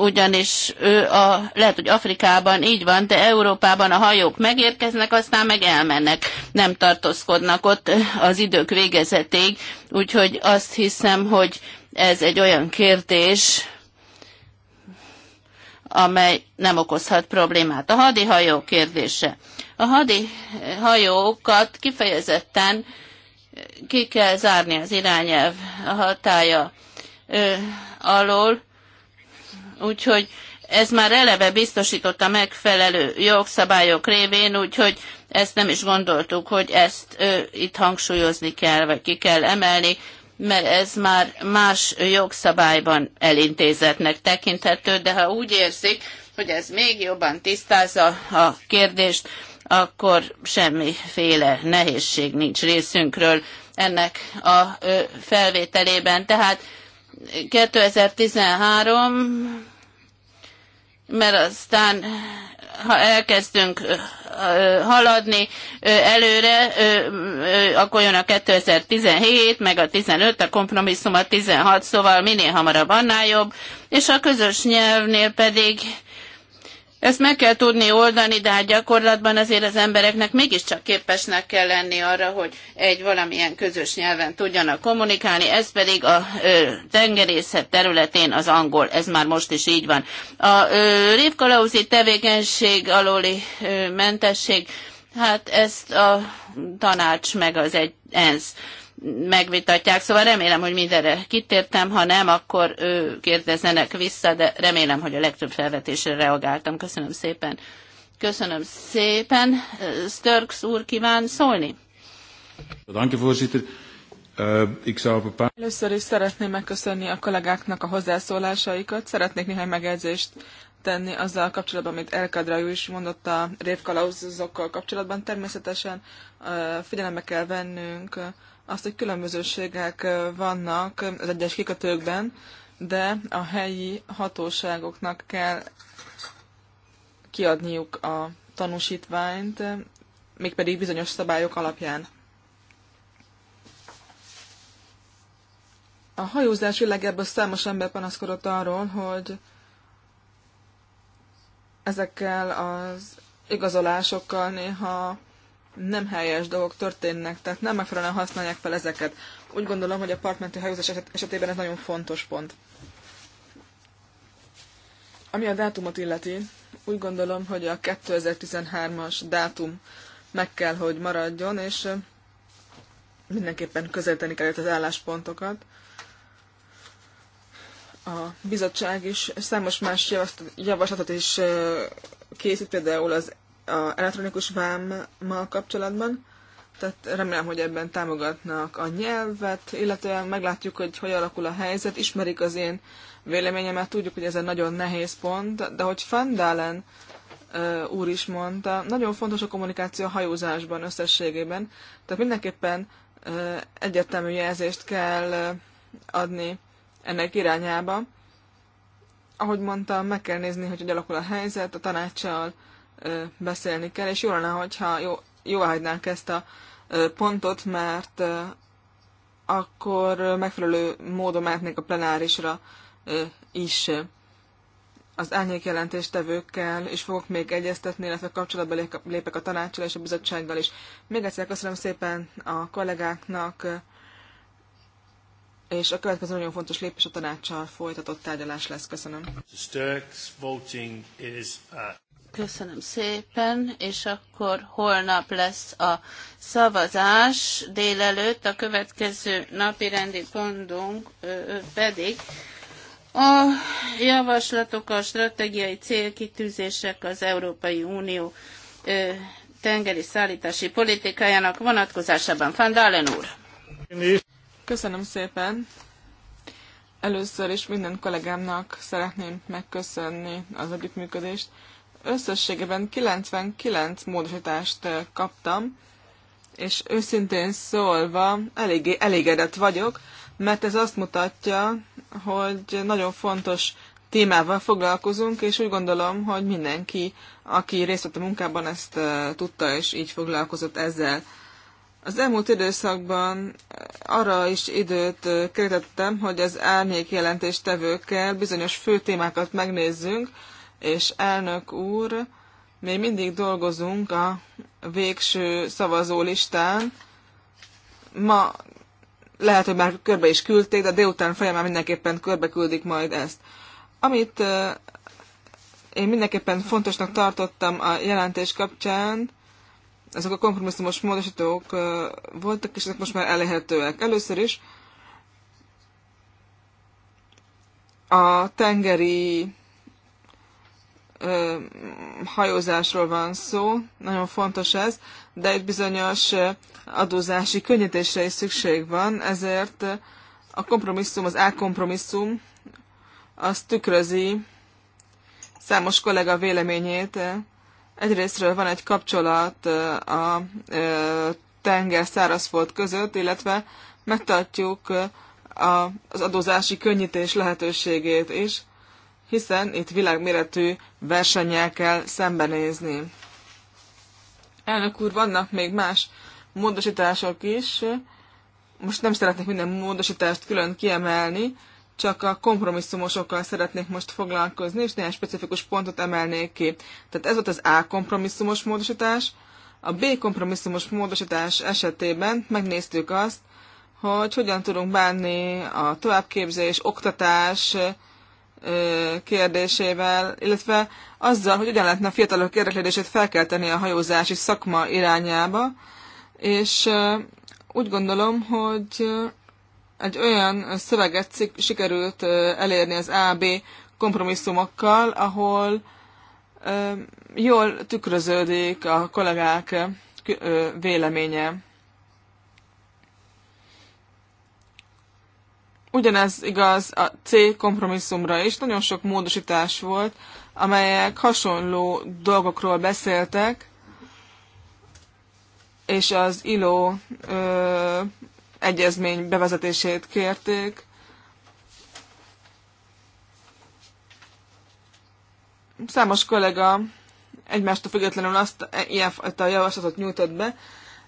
ugyanis ő a, lehet, hogy Afrikában így van, de Európában a hajók megérkeznek, aztán meg elmennek, nem tartózkodnak ott az idők végezetéig, úgyhogy azt hiszem, hogy ez egy olyan kérdés, amely nem okozhat problémát. A hadihajó kérdése. A hadihajókat kifejezetten ki kell zárni az irányelv a hatája ö, alól, úgyhogy ez már eleve biztosította megfelelő jogszabályok révén, úgyhogy ezt nem is gondoltuk, hogy ezt ö, itt hangsúlyozni kell, vagy ki kell emelni mert ez már más jogszabályban elintézetnek tekinthető, de ha úgy érzik, hogy ez még jobban tisztázza a kérdést, akkor semmiféle nehézség nincs részünkről ennek a felvételében. Tehát 2013, mert aztán ha elkezdünk haladni előre, akkor jön a 2017, meg a 15, a kompromisszum a 16, szóval minél hamarabb annál jobb, és a közös nyelvnél pedig ezt meg kell tudni oldani, de hát gyakorlatban azért az embereknek mégiscsak képesnek kell lenni arra, hogy egy valamilyen közös nyelven tudjanak kommunikálni, ez pedig a ö, tengerészet területén az angol, ez már most is így van. A révkalauzi tevékenység alóli ö, mentesség, hát ezt a tanács meg az egy ENSZ megvitatják. Szóval remélem, hogy mindenre kitértem, ha nem, akkor ő kérdezzenek vissza, de remélem, hogy a legtöbb felvetésre reagáltam. Köszönöm szépen. Köszönöm szépen. Störks úr kíván szólni. Eh, Először is szeretném megköszönni a kollégáknak a hozzászólásaikat. Szeretnék néhány megjegyzést tenni azzal kapcsolatban, amit Elkadrajú is mondott a révkalauzokkal kapcsolatban. Természetesen eh, figyelembe kell vennünk azt, hogy különbözőségek vannak az egyes kikötőkben, de a helyi hatóságoknak kell kiadniuk a tanúsítványt, mégpedig bizonyos szabályok alapján. A hajózás világában számos ember panaszkodott arról, hogy ezekkel az igazolásokkal néha nem helyes dolgok történnek, tehát nem megfelelően használják fel ezeket. Úgy gondolom, hogy a partmenti hajózás esetében ez nagyon fontos pont. Ami a dátumot illeti, úgy gondolom, hogy a 2013-as dátum meg kell, hogy maradjon, és mindenképpen közelíteni kell az álláspontokat. A bizottság is számos más javaslatot is készít, például az a elektronikus vámmal kapcsolatban, tehát remélem, hogy ebben támogatnak a nyelvet, illetve meglátjuk, hogy hogy alakul a helyzet, ismerik az én véleményemet, tudjuk, hogy ez egy nagyon nehéz pont, de hogy Fandalen úr is mondta, nagyon fontos a kommunikáció a hajózásban összességében, tehát mindenképpen egyértelmű jelzést kell adni ennek irányába. Ahogy mondtam, meg kell nézni, hogy hogy alakul a helyzet a tanácssal, beszélni kell, és jó lenne, hogyha jó, jó hagynánk ezt a pontot, mert akkor megfelelő módon mehetnék a plenárisra is. Az árnyékjelentéstevőkkel és fogok még egyeztetni, illetve kapcsolatba lépek a tanácsal és a bizottsággal is. Még egyszer köszönöm szépen a kollégáknak, és a következő nagyon fontos lépés a tanácssal folytatott tárgyalás lesz. Köszönöm. Köszönöm szépen, és akkor holnap lesz a szavazás délelőtt, a következő napi rendi pontunk pedig a javaslatok a stratégiai célkitűzések az Európai Unió tengeri szállítási politikájának vonatkozásában. Van úr! Köszönöm szépen! Először is minden kollégámnak szeretném megköszönni az együttműködést, működést összességében 99 módosítást kaptam, és őszintén szólva eléggé elégedett vagyok, mert ez azt mutatja, hogy nagyon fontos témával foglalkozunk, és úgy gondolom, hogy mindenki, aki részt vett a munkában, ezt tudta, és így foglalkozott ezzel. Az elmúlt időszakban arra is időt kerítettem, hogy az árnyék jelentéstevőkkel bizonyos fő témákat megnézzünk, és elnök úr, még mindig dolgozunk a végső szavazólistán. Ma lehet, hogy már körbe is küldték, de délután folyamán mindenképpen körbe küldik majd ezt. Amit én mindenképpen fontosnak tartottam a jelentés kapcsán, azok a kompromisszumos módosítók voltak, és ezek most már elérhetőek. Először is a tengeri ö, hajózásról van szó, nagyon fontos ez, de egy bizonyos adózási könnyítésre is szükség van, ezért a kompromisszum, az álkompromisszum, az tükrözi számos kollega véleményét. Egyrésztről van egy kapcsolat a tenger szárazfolt között, illetve megtartjuk az adózási könnyítés lehetőségét is hiszen itt világméretű versenyel kell szembenézni. Elnök úr, vannak még más módosítások is. Most nem szeretnék minden módosítást külön kiemelni, csak a kompromisszumosokkal szeretnék most foglalkozni, és néhány specifikus pontot emelnék ki. Tehát ez volt az A kompromisszumos módosítás. A B kompromisszumos módosítás esetében megnéztük azt, hogy hogyan tudunk bánni a továbbképzés, oktatás, kérdésével, illetve azzal, hogy hogyan lehetne a fiatalok érdeklődését felkelteni a hajózási szakma irányába, és úgy gondolom, hogy egy olyan szöveget sikerült elérni az AB kompromisszumokkal, ahol jól tükröződik a kollégák véleménye. Ugyanez igaz a C kompromisszumra is. Nagyon sok módosítás volt, amelyek hasonló dolgokról beszéltek, és az ILO ö, egyezmény bevezetését kérték. Számos kollega egymástól függetlenül azt e, ilyenfajta javaslatot nyújtott be,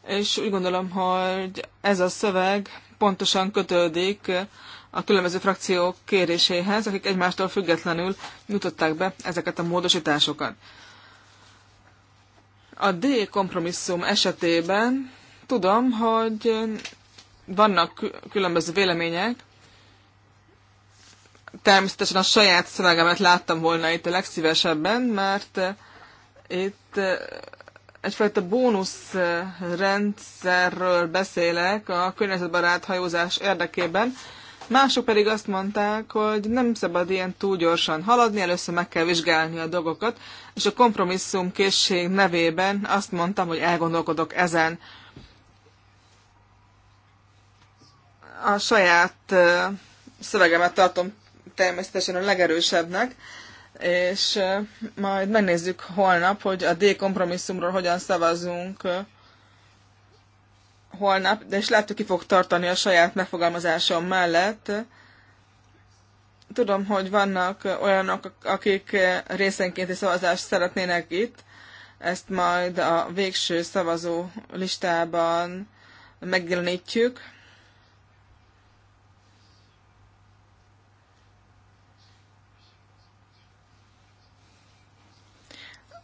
és úgy gondolom, hogy ez a szöveg pontosan kötődik a különböző frakciók kéréséhez, akik egymástól függetlenül nyújtották be ezeket a módosításokat. A D kompromisszum esetében tudom, hogy vannak különböző vélemények, természetesen a saját szövegemet láttam volna itt a legszívesebben, mert itt egyfajta bónuszrendszerről eh, beszélek a környezetbarát hajózás érdekében, Mások pedig azt mondták, hogy nem szabad ilyen túl gyorsan haladni, először meg kell vizsgálni a dolgokat, és a kompromisszum készség nevében azt mondtam, hogy elgondolkodok ezen. A saját eh, szövegemet tartom természetesen a legerősebbnek, és majd megnézzük holnap, hogy a D kompromisszumról hogyan szavazunk holnap, de és lehet, hogy ki fog tartani a saját megfogalmazásom mellett. Tudom, hogy vannak olyanok, akik részenkénti szavazást szeretnének itt, ezt majd a végső szavazó listában megjelenítjük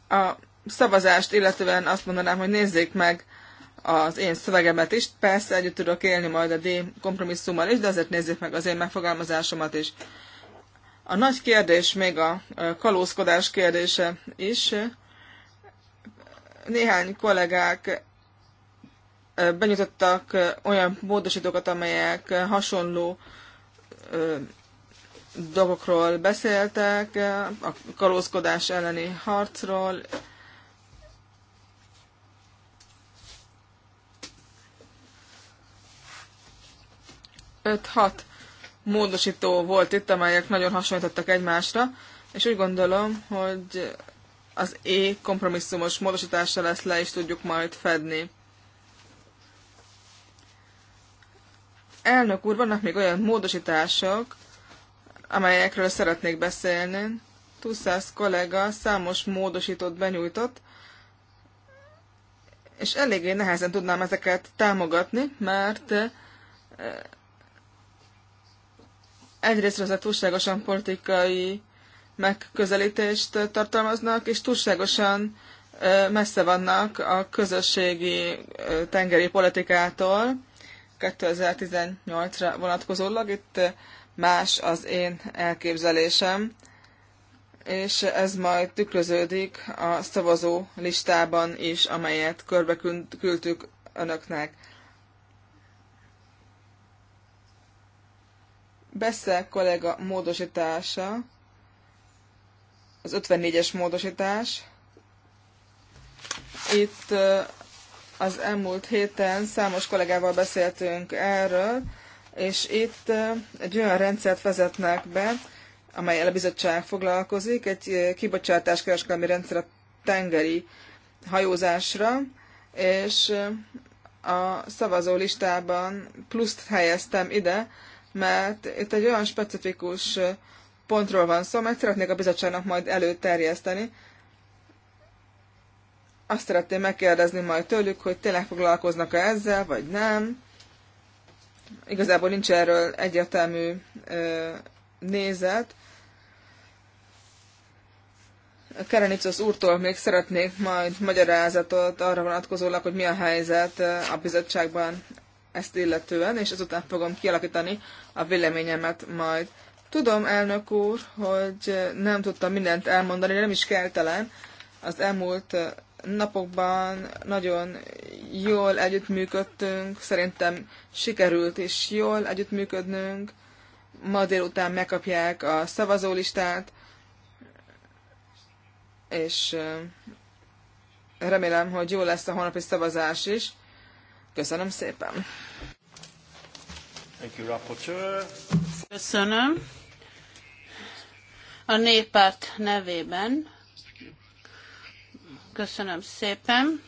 a szavazást, illetően azt mondanám, hogy nézzék meg az én szövegemet is. Persze együtt tudok élni majd a D kompromisszummal is, de azért nézzék meg az én megfogalmazásomat is. A nagy kérdés még a kalózkodás kérdése is. Néhány kollégák benyújtottak olyan módosítókat, amelyek hasonló dolgokról beszéltek, a kalózkodás elleni harcról, öt-hat módosító volt itt, amelyek nagyon hasonlítottak egymásra, és úgy gondolom, hogy az E kompromisszumos módosítása lesz le, és tudjuk majd fedni. Elnök úr, vannak még olyan módosítások, amelyekről szeretnék beszélni. Tuszász kollega számos módosítót benyújtott, és eléggé nehezen tudnám ezeket támogatni, mert eh, egyrészt ezek túlságosan politikai megközelítést tartalmaznak, és túlságosan eh, messze vannak a közösségi eh, tengeri politikától 2018-ra vonatkozólag. Itt más az én elképzelésem, és ez majd tükröződik a szavazó listában is, amelyet körbe küldtük önöknek. Beszél kollega módosítása, az 54-es módosítás. Itt az elmúlt héten számos kollégával beszéltünk erről, és itt egy olyan rendszert vezetnek be, amely a bizottság foglalkozik, egy kereskedelmi rendszer a tengeri hajózásra, és a szavazó listában pluszt helyeztem ide, mert itt egy olyan specifikus pontról van szó, mert szeretnék a bizottságnak majd előterjeszteni. Azt szeretném megkérdezni majd tőlük, hogy tényleg foglalkoznak-e ezzel, vagy nem. Igazából nincs erről egyértelmű nézet. Kerenicos úrtól még szeretnék majd magyarázatot arra vonatkozólag, hogy mi a helyzet a bizottságban ezt illetően, és ezután fogom kialakítani a véleményemet majd. Tudom, elnök úr, hogy nem tudtam mindent elmondani, nem is kell Az elmúlt napokban nagyon jól együttműködtünk, szerintem sikerült is jól együttműködnünk. Ma délután megkapják a szavazólistát, és remélem, hogy jó lesz a holnapi szavazás is. Köszönöm szépen! Thank you, Köszönöm. A néppárt nevében Köszönöm szépen.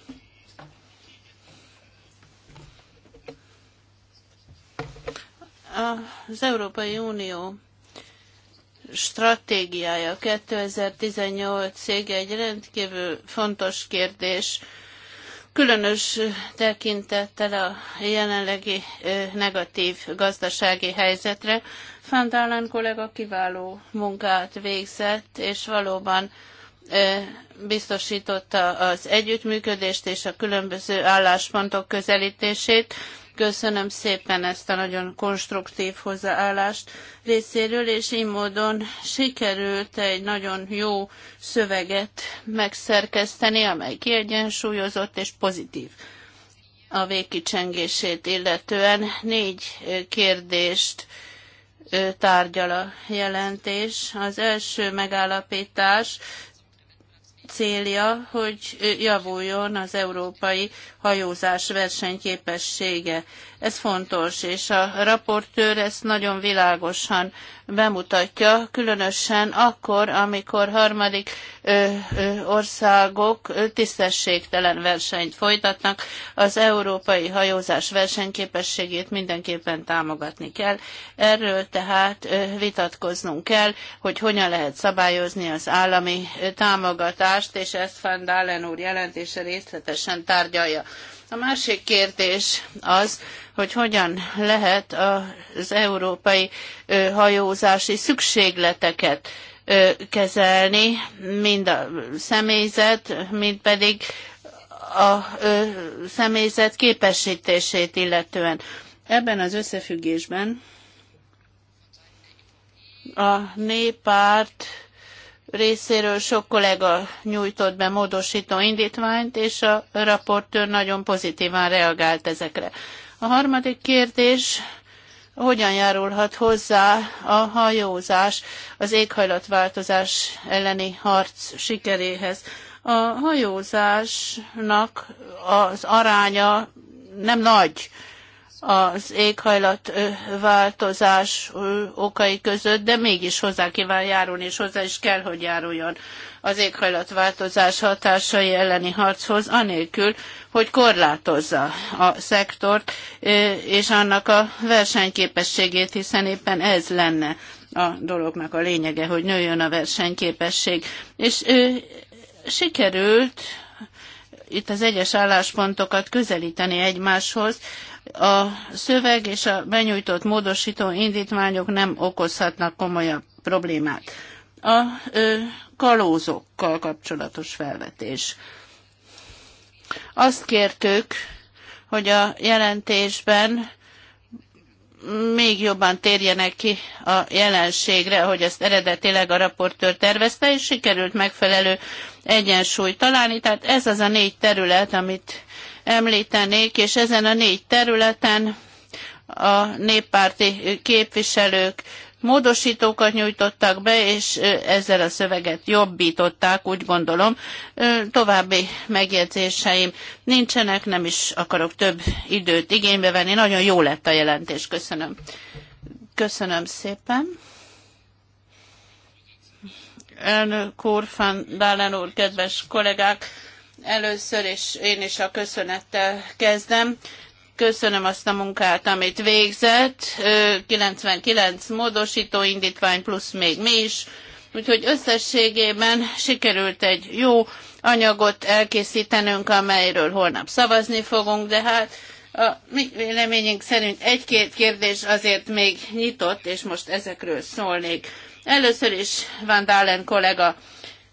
Az Európai Unió stratégiája 2018-ig egy rendkívül fontos kérdés, különös tekintettel a jelenlegi negatív gazdasági helyzetre. Fandálán kollega kiváló munkát végzett, és valóban biztosította az együttműködést és a különböző álláspontok közelítését. Köszönöm szépen ezt a nagyon konstruktív hozzáállást részéről, és így módon sikerült egy nagyon jó szöveget megszerkeszteni, amely kiegyensúlyozott és pozitív a végkicsengését illetően. Négy kérdést tárgyal a jelentés. Az első megállapítás célja, hogy javuljon az európai hajózás versenyképessége. Ez fontos, és a raportőr ezt nagyon világosan bemutatja, különösen akkor, amikor harmadik ö, ö, országok ö, tisztességtelen versenyt folytatnak. Az európai hajózás versenyképességét mindenképpen támogatni kell. Erről tehát ö, vitatkoznunk kell, hogy hogyan lehet szabályozni az állami ö, támogatást, és ezt Van Dalen úr jelentése részletesen tárgyalja. A másik kérdés az, hogy hogyan lehet az európai hajózási szükségleteket kezelni, mind a személyzet, mind pedig a személyzet képesítését illetően. Ebben az összefüggésben a néppárt részéről sok kollega nyújtott be módosító indítványt, és a raportőr nagyon pozitívan reagált ezekre. A harmadik kérdés, hogyan járulhat hozzá a hajózás az éghajlatváltozás elleni harc sikeréhez. A hajózásnak az aránya nem nagy, az éghajlat változás okai között, de mégis hozzá kíván járulni, és hozzá is kell, hogy járuljon az éghajlatváltozás hatásai elleni harchoz, anélkül, hogy korlátozza a szektort és annak a versenyképességét, hiszen éppen ez lenne a dolognak a lényege, hogy nőjön a versenyképesség. És sikerült itt az egyes álláspontokat közelíteni egymáshoz, a szöveg és a benyújtott módosító indítványok nem okozhatnak komolyabb problémát. A ö, kalózokkal kapcsolatos felvetés. Azt kértük, hogy a jelentésben még jobban térjenek ki a jelenségre, hogy ezt eredetileg a raportőr tervezte, és sikerült megfelelő egyensúlyt találni. Tehát ez az a négy terület, amit említenék, és ezen a négy területen a néppárti képviselők módosítókat nyújtottak be, és ezzel a szöveget jobbították, úgy gondolom. További megjegyzéseim nincsenek, nem is akarok több időt igénybe venni. Nagyon jó lett a jelentés, köszönöm. Köszönöm szépen. Elnök úr, Fandálen úr, kedves kollégák! Először is én is a köszönettel kezdem. Köszönöm azt a munkát, amit végzett. 99 módosító indítvány plusz még mi is. Úgyhogy összességében sikerült egy jó anyagot elkészítenünk, amelyről holnap szavazni fogunk, de hát a mi véleményünk szerint egy-két kérdés azért még nyitott, és most ezekről szólnék. Először is Van Dalen kollega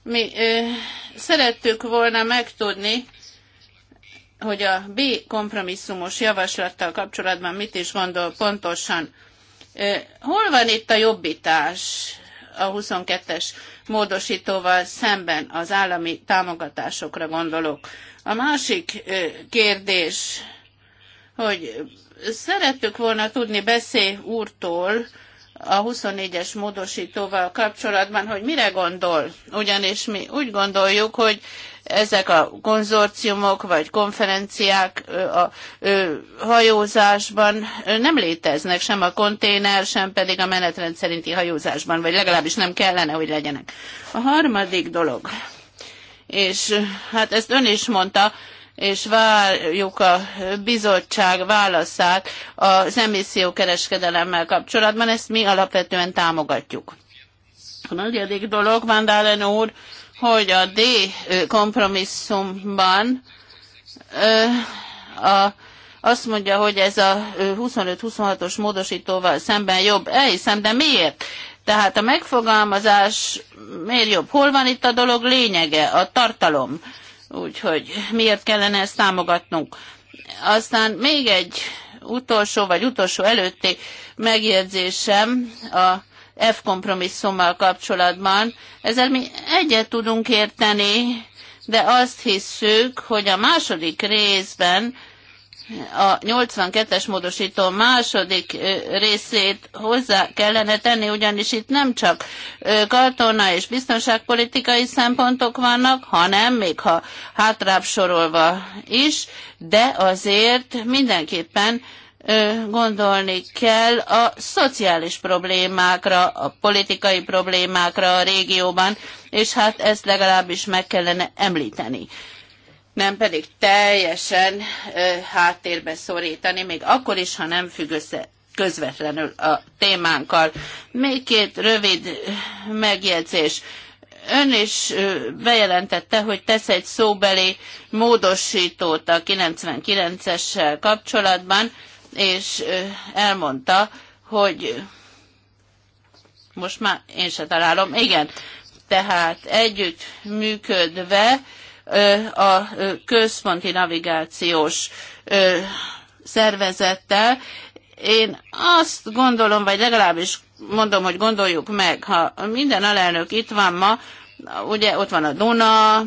mi ö, szerettük volna megtudni, hogy a B kompromisszumos javaslattal kapcsolatban mit is gondol pontosan. Ö, hol van itt a jobbítás a 22-es módosítóval szemben az állami támogatásokra gondolok? A másik ö, kérdés, hogy szerettük volna tudni beszél úrtól, a 24-es módosítóval kapcsolatban, hogy mire gondol. Ugyanis mi úgy gondoljuk, hogy ezek a konzorciumok vagy konferenciák a hajózásban nem léteznek, sem a konténer, sem pedig a menetrend szerinti hajózásban, vagy legalábbis nem kellene, hogy legyenek. A harmadik dolog, és hát ezt ön is mondta, és várjuk a bizottság válaszát az emissziókereskedelemmel kapcsolatban, ezt mi alapvetően támogatjuk. A negyedik dolog, Van Dalen úr, hogy a D kompromisszumban a, azt mondja, hogy ez a 25-26-os módosítóval szemben jobb. Elhiszem, de miért? Tehát a megfogalmazás miért jobb? Hol van itt a dolog lényege, a tartalom? Úgyhogy miért kellene ezt támogatnunk? Aztán még egy utolsó vagy utolsó előtti megjegyzésem a F kompromisszummal kapcsolatban. Ezzel mi egyet tudunk érteni, de azt hisszük, hogy a második részben a 82-es módosító második részét hozzá kellene tenni, ugyanis itt nem csak katona és biztonságpolitikai szempontok vannak, hanem még ha hátrább sorolva is, de azért mindenképpen gondolni kell a szociális problémákra, a politikai problémákra a régióban, és hát ezt legalábbis meg kellene említeni nem pedig teljesen háttérbe szorítani, még akkor is, ha nem függ össze közvetlenül a témánkkal. Még két rövid megjegyzés. Ön is bejelentette, hogy tesz egy szóbeli módosítót a 99-essel kapcsolatban, és elmondta, hogy most már én se találom, igen, tehát együtt működve a központi navigációs szervezettel. Én azt gondolom, vagy legalábbis mondom, hogy gondoljuk meg, ha minden alelnök itt van ma, ugye ott van a Duna,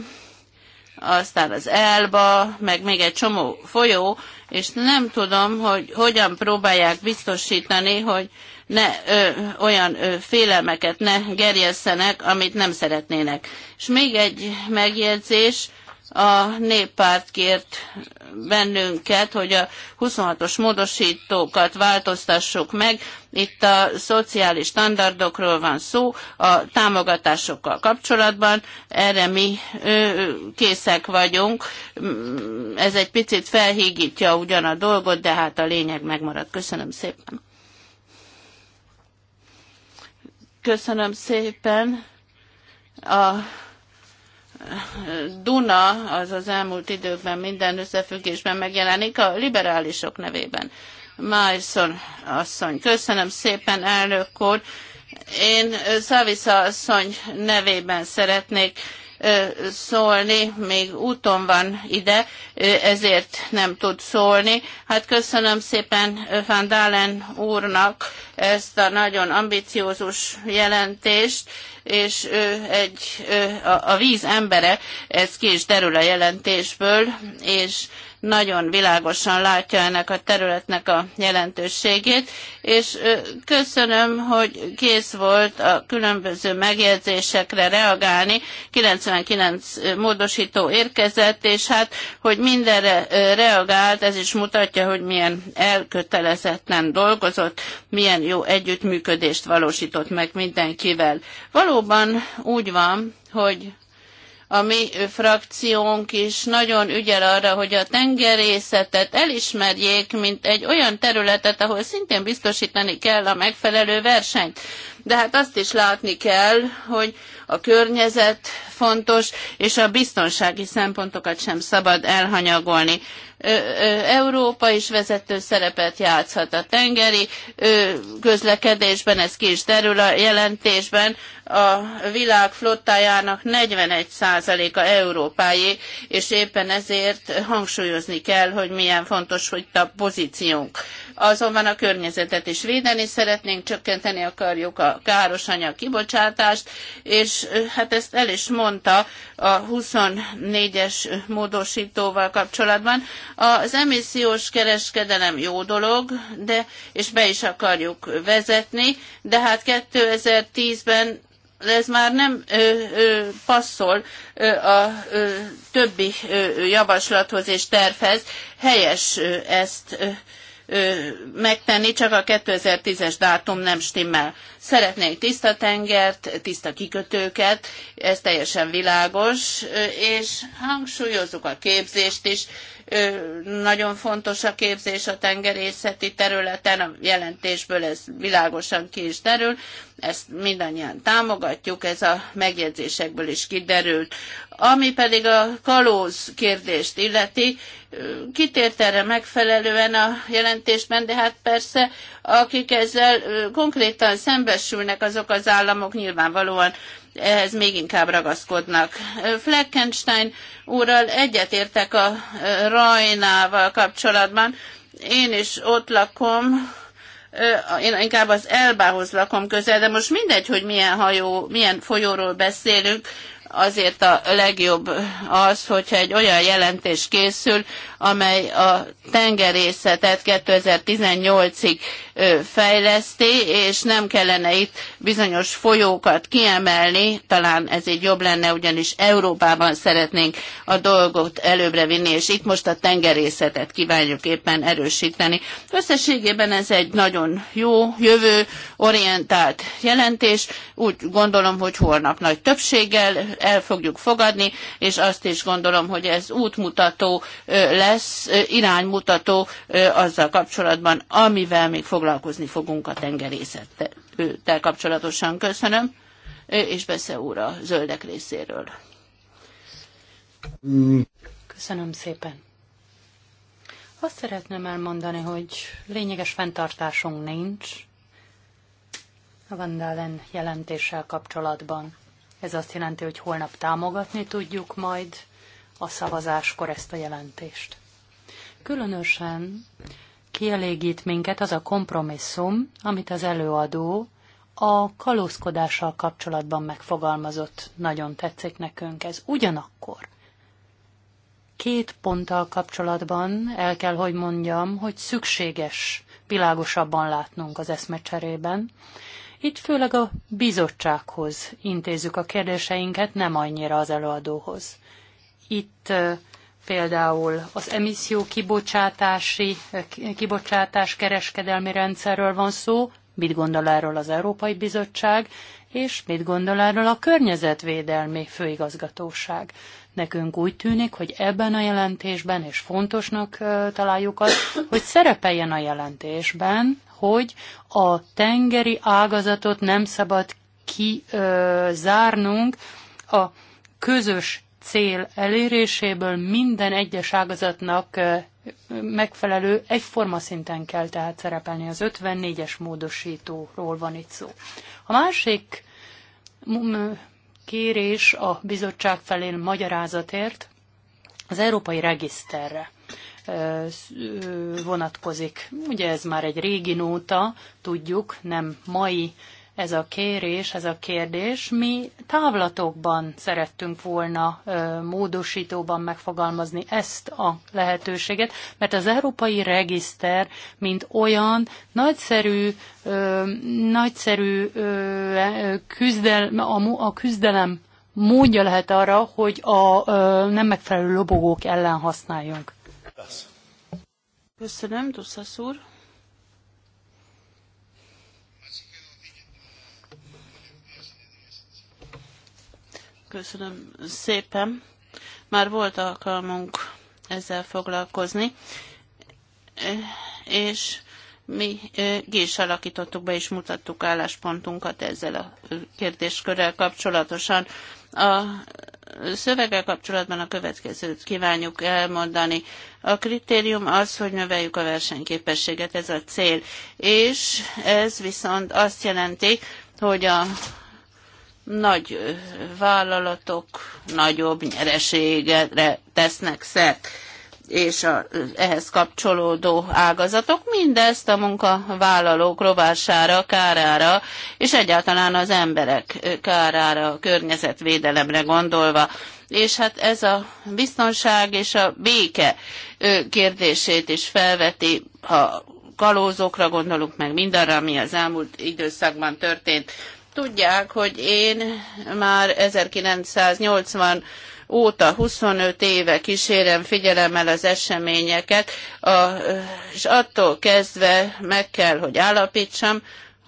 aztán az Elba, meg még egy csomó folyó, és nem tudom, hogy hogyan próbálják biztosítani, hogy ne ö, olyan ö, félelmeket ne gerjesszenek, amit nem szeretnének. És még egy megjegyzés, a néppárt kért bennünket, hogy a 26-os módosítókat változtassuk meg. Itt a szociális standardokról van szó, a támogatásokkal kapcsolatban. Erre mi készek vagyunk. Ez egy picit felhígítja ugyan a dolgot, de hát a lényeg megmarad. Köszönöm szépen. Köszönöm szépen. A Duna az az elmúlt időkben minden összefüggésben megjelenik a liberálisok nevében. Májszon asszony, köszönöm szépen, elnök úr. Én Szavisza asszony nevében szeretnék szólni, még úton van ide, ezért nem tud szólni. Hát köszönöm szépen Van Dalen úrnak ezt a nagyon ambiciózus jelentést, és ő egy, a, a víz embere, ez ki is derül a jelentésből, és nagyon világosan látja ennek a területnek a jelentőségét, és köszönöm, hogy kész volt a különböző megjegyzésekre reagálni. 99 módosító érkezett, és hát, hogy mindenre reagált, ez is mutatja, hogy milyen elkötelezetten dolgozott, milyen jó együttműködést valósított meg mindenkivel. Valóban úgy van, hogy a mi frakciónk is nagyon ügyel arra, hogy a tengerészetet elismerjék, mint egy olyan területet, ahol szintén biztosítani kell a megfelelő versenyt de hát azt is látni kell, hogy a környezet fontos, és a biztonsági szempontokat sem szabad elhanyagolni. Európa is vezető szerepet játszhat a tengeri közlekedésben, ez ki is derül a jelentésben. A világ flottájának 41%-a európai, és éppen ezért hangsúlyozni kell, hogy milyen fontos, hogy a pozíciónk azonban a környezetet is védeni szeretnénk, csökkenteni akarjuk a káros anyag kibocsátást, és hát ezt el is mondta a 24-es módosítóval kapcsolatban. Az emissziós kereskedelem jó dolog, de, és be is akarjuk vezetni, de hát 2010-ben ez már nem ö, ö, passzol ö, a ö, többi ö, javaslathoz és tervhez. Helyes ö, ezt ö, megtenni, csak a 2010-es dátum nem stimmel. szeretnék tiszta tengert, tiszta kikötőket, ez teljesen világos, és hangsúlyozzuk a képzést is, nagyon fontos a képzés a tengerészeti területen, a jelentésből ez világosan ki is derül, ezt mindannyian támogatjuk, ez a megjegyzésekből is kiderült. Ami pedig a kalóz kérdést illeti, kitért erre megfelelően a jelentésben, de hát persze, akik ezzel konkrétan szembesülnek, azok az államok nyilvánvalóan ehhez még inkább ragaszkodnak. Fleckenstein úrral egyetértek a e, Rajnával kapcsolatban. Én is ott lakom, e, én inkább az Elbához lakom közel, de most mindegy, hogy milyen hajó, milyen folyóról beszélünk, azért a legjobb az, hogyha egy olyan jelentés készül, amely a tengerészetet 2018-ig fejleszti, és nem kellene itt bizonyos folyókat kiemelni, talán ez így jobb lenne, ugyanis Európában szeretnénk a dolgot előbbre vinni, és itt most a tengerészetet kívánjuk éppen erősíteni. Összességében ez egy nagyon jó, jövő orientált jelentés, úgy gondolom, hogy holnap nagy többséggel el fogjuk fogadni, és azt is gondolom, hogy ez útmutató lesz, iránymutató azzal kapcsolatban, amivel még foglalkozni fogunk a tengerészettel kapcsolatosan. Köszönöm, és beszél úr a zöldek részéről. Köszönöm szépen. Azt szeretném elmondani, hogy lényeges fenntartásunk nincs a Vandalen jelentéssel kapcsolatban. Ez azt jelenti, hogy holnap támogatni tudjuk majd a szavazáskor ezt a jelentést. Különösen kielégít minket az a kompromisszum, amit az előadó a kalózkodással kapcsolatban megfogalmazott. Nagyon tetszik nekünk ez. Ugyanakkor két ponttal kapcsolatban el kell, hogy mondjam, hogy szükséges világosabban látnunk az eszmecserében, itt főleg a bizottsághoz intézzük a kérdéseinket, nem annyira az előadóhoz. Itt például az emisszió kibocsátási, kibocsátás kereskedelmi rendszerről van szó, mit gondol erről az Európai Bizottság, és mit gondol erről a környezetvédelmi főigazgatóság. Nekünk úgy tűnik, hogy ebben a jelentésben, és fontosnak találjuk azt, hogy szerepeljen a jelentésben, hogy a tengeri ágazatot nem szabad kizárnunk a közös cél eléréséből minden egyes ágazatnak megfelelő egyforma szinten kell tehát szerepelni. Az 54-es módosítóról van itt szó. A másik kérés a bizottság felé magyarázatért az európai regiszterre vonatkozik. Ugye ez már egy régi nóta, tudjuk, nem mai ez a kérés, ez a kérdés. Mi távlatokban szerettünk volna módosítóban megfogalmazni ezt a lehetőséget, mert az európai regiszter, mint olyan nagyszerű, nagyszerű küzdel, a küzdelem módja lehet arra, hogy a nem megfelelő lobogók ellen használjunk. Köszönöm, Dussasz úr. Köszönöm szépen. Már volt alkalmunk ezzel foglalkozni, és mi eh, ki is alakítottuk be és mutattuk álláspontunkat ezzel a kérdéskörrel kapcsolatosan. A szöveggel kapcsolatban a következőt kívánjuk elmondani. A kritérium az, hogy növeljük a versenyképességet, ez a cél. És ez viszont azt jelenti, hogy a nagy vállalatok nagyobb nyereségre tesznek szert és a, ehhez kapcsolódó ágazatok, mindezt a munkavállalók rovására, kárára, és egyáltalán az emberek kárára, a környezetvédelemre gondolva. És hát ez a biztonság és a béke kérdését is felveti, ha kalózokra gondolunk, meg mindarra, ami az elmúlt időszakban történt. Tudják, hogy én már 1980 óta 25 éve kísérem figyelemmel az eseményeket, a, és attól kezdve meg kell, hogy állapítsam,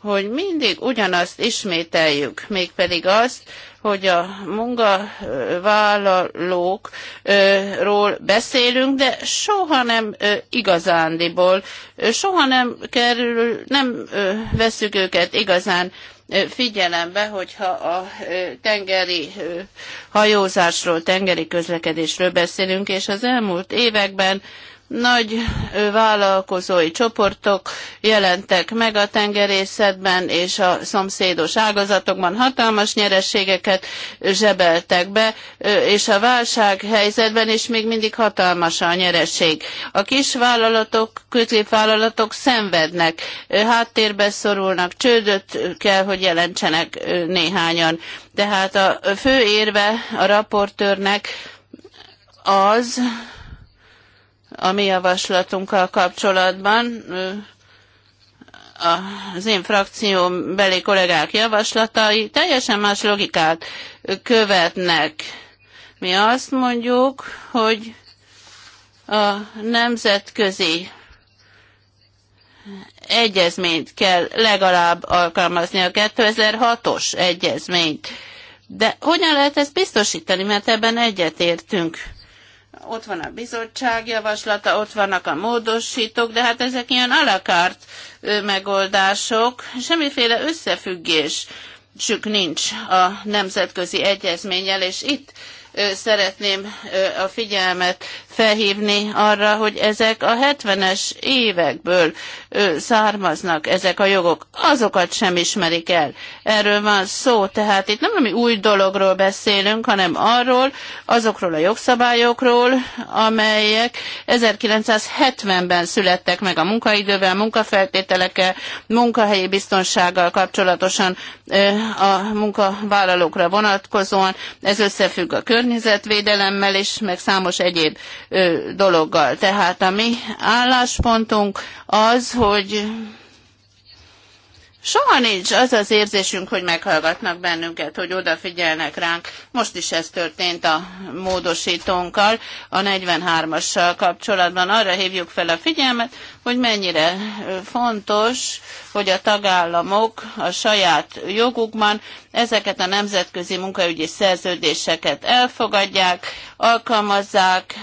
hogy mindig ugyanazt ismételjük, mégpedig azt, hogy a munkavállalókról beszélünk, de soha nem igazándiból, soha nem kerül, nem veszük őket igazán figyelembe, hogyha a tengeri hajózásról, tengeri közlekedésről beszélünk, és az elmúlt években nagy vállalkozói csoportok jelentek meg a tengerészetben és a szomszédos ágazatokban hatalmas nyerességeket zsebeltek be, és a válság helyzetben is még mindig hatalmas a nyereség. A kisvállalatok, középvállalatok szenvednek, háttérbe szorulnak, csődöt kell, hogy jelentsenek néhányan. Tehát a fő érve a raportőrnek az, a mi javaslatunkkal kapcsolatban az én frakcióm beli kollégák javaslatai teljesen más logikát követnek. Mi azt mondjuk, hogy a nemzetközi egyezményt kell legalább alkalmazni, a 2006-os egyezményt. De hogyan lehet ezt biztosítani, mert ebben egyetértünk ott van a bizottság javaslata, ott vannak a módosítók, de hát ezek ilyen alakárt megoldások, semmiféle összefüggés nincs a nemzetközi egyezménnyel, és itt szeretném a figyelmet felhívni arra, hogy ezek a 70-es évekből származnak ezek a jogok. Azokat sem ismerik el. Erről van szó, tehát itt nem valami új dologról beszélünk, hanem arról, azokról a jogszabályokról, amelyek 1970-ben születtek meg a munkaidővel, munkafeltételekkel, munkahelyi biztonsággal kapcsolatosan a munkavállalókra vonatkozóan. Ez összefügg a kö környezetvédelemmel is, meg számos egyéb dologgal. Tehát a mi álláspontunk az, hogy Soha nincs az az érzésünk, hogy meghallgatnak bennünket, hogy odafigyelnek ránk. Most is ez történt a módosítónkkal, a 43-assal kapcsolatban. Arra hívjuk fel a figyelmet, hogy mennyire fontos, hogy a tagállamok a saját jogukban ezeket a nemzetközi munkaügyi szerződéseket elfogadják, alkalmazzák,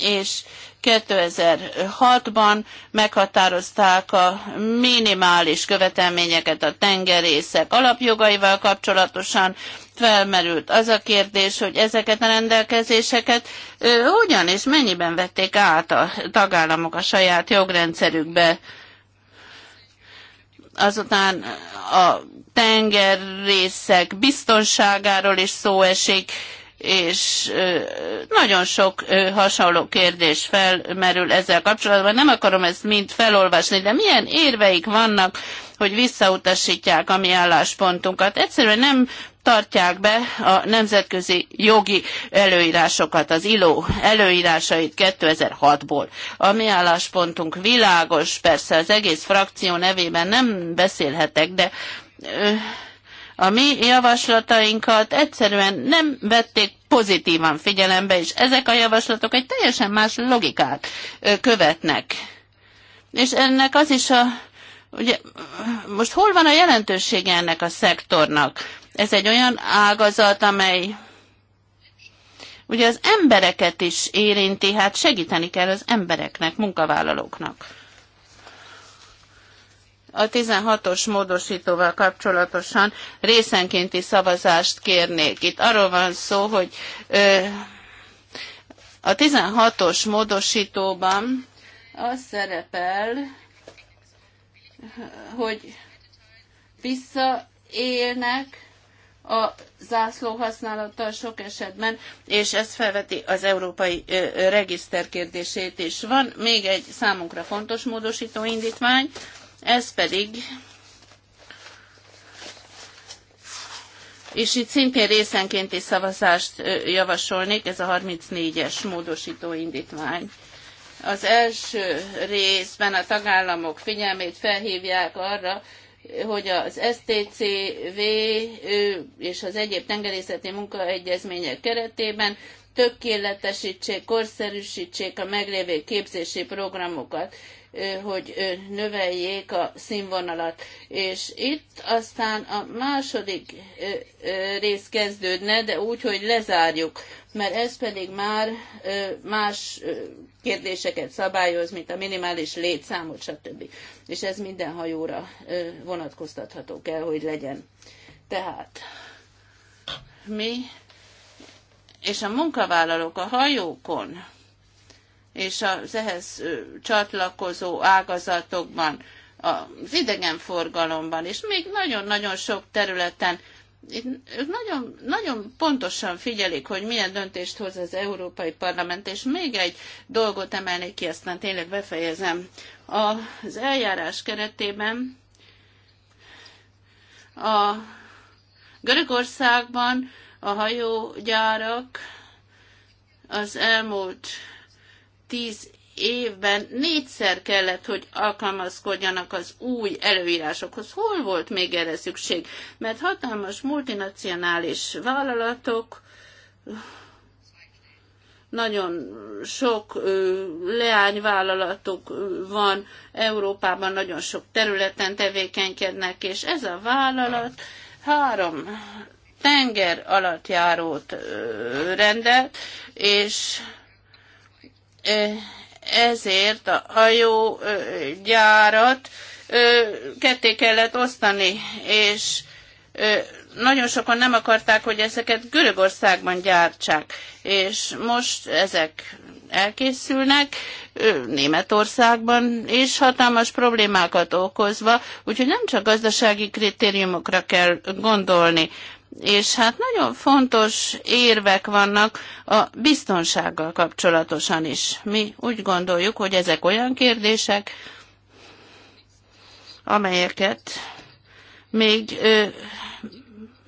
és 2006-ban meghatározták a minimális követelményeket a tengerészek alapjogaival kapcsolatosan, felmerült az a kérdés, hogy ezeket a rendelkezéseket hogyan és mennyiben vették át a tagállamok a saját jogrendszerükbe. Azután a tengerrészek biztonságáról is szó esik, és nagyon sok hasonló kérdés felmerül ezzel kapcsolatban. Nem akarom ezt mind felolvasni, de milyen érveik vannak, hogy visszautasítják a mi álláspontunkat. Egyszerűen nem tartják be a nemzetközi jogi előírásokat, az ILO előírásait 2006-ból. A mi álláspontunk világos, persze az egész frakció nevében nem beszélhetek, de a mi javaslatainkat egyszerűen nem vették pozitívan figyelembe, és ezek a javaslatok egy teljesen más logikát követnek. És ennek az is a ugye, most hol van a jelentősége ennek a szektornak? Ez egy olyan ágazat, amely ugye az embereket is érinti, hát segíteni kell az embereknek, munkavállalóknak a 16-os módosítóval kapcsolatosan részenkénti szavazást kérnék. Itt arról van szó, hogy a 16-os módosítóban az szerepel, hogy visszaélnek a zászló használattal sok esetben, és ez felveti az európai ö, regiszter kérdését is. Van még egy számunkra fontos módosító indítvány, ez pedig és itt szintén részenkénti szavazást javasolnék, ez a 34-es módosító indítvány. Az első részben a tagállamok figyelmét felhívják arra, hogy az STCV és az egyéb tengerészeti munkaegyezmények keretében tökéletesítsék, korszerűsítsék a meglévő képzési programokat, hogy növeljék a színvonalat. És itt aztán a második rész kezdődne, de úgy, hogy lezárjuk, mert ez pedig már más kérdéseket szabályoz, mint a minimális létszámot, stb. És ez minden hajóra vonatkoztatható kell, hogy legyen. Tehát mi és a munkavállalók a hajókon és az ehhez csatlakozó ágazatokban, az idegenforgalomban, és még nagyon-nagyon sok területen itt nagyon, nagyon pontosan figyelik, hogy milyen döntést hoz az Európai Parlament, és még egy dolgot emelnék ki, aztán tényleg befejezem. Az eljárás keretében a Görögországban a hajógyárak az elmúlt tíz évben négyszer kellett, hogy alkalmazkodjanak az új előírásokhoz. Hol volt még erre szükség? Mert hatalmas multinacionális vállalatok nagyon sok ö, leányvállalatok van Európában, nagyon sok területen tevékenykednek, és ez a vállalat három tenger alatt járót rendelt, és ezért a hajógyárat ketté kellett osztani, és nagyon sokan nem akarták, hogy ezeket Görögországban gyártsák, és most ezek elkészülnek, Németországban is hatalmas problémákat okozva, úgyhogy nem csak gazdasági kritériumokra kell gondolni és hát nagyon fontos érvek vannak a biztonsággal kapcsolatosan is. Mi úgy gondoljuk, hogy ezek olyan kérdések, amelyeket még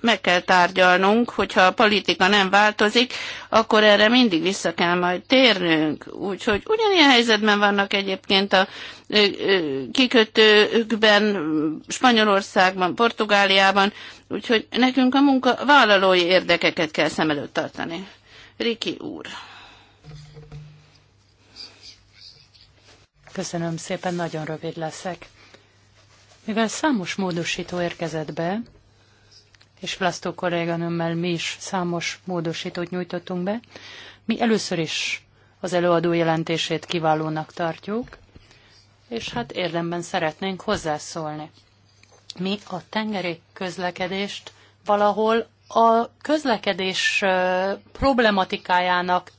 meg kell tárgyalnunk, hogyha a politika nem változik, akkor erre mindig vissza kell majd térnünk. Úgyhogy ugyanilyen helyzetben vannak egyébként a kikötőkben, Spanyolországban, Portugáliában, úgyhogy nekünk a munka vállalói érdekeket kell szem előtt tartani. Riki úr. Köszönöm szépen, nagyon rövid leszek. Mivel számos módosító érkezett be, és Flasztó kolléganőmmel mi is számos módosítót nyújtottunk be. Mi először is az előadó jelentését kiválónak tartjuk, és hát érdemben szeretnénk hozzászólni. Mi a tengeri közlekedést valahol a közlekedés problematikájának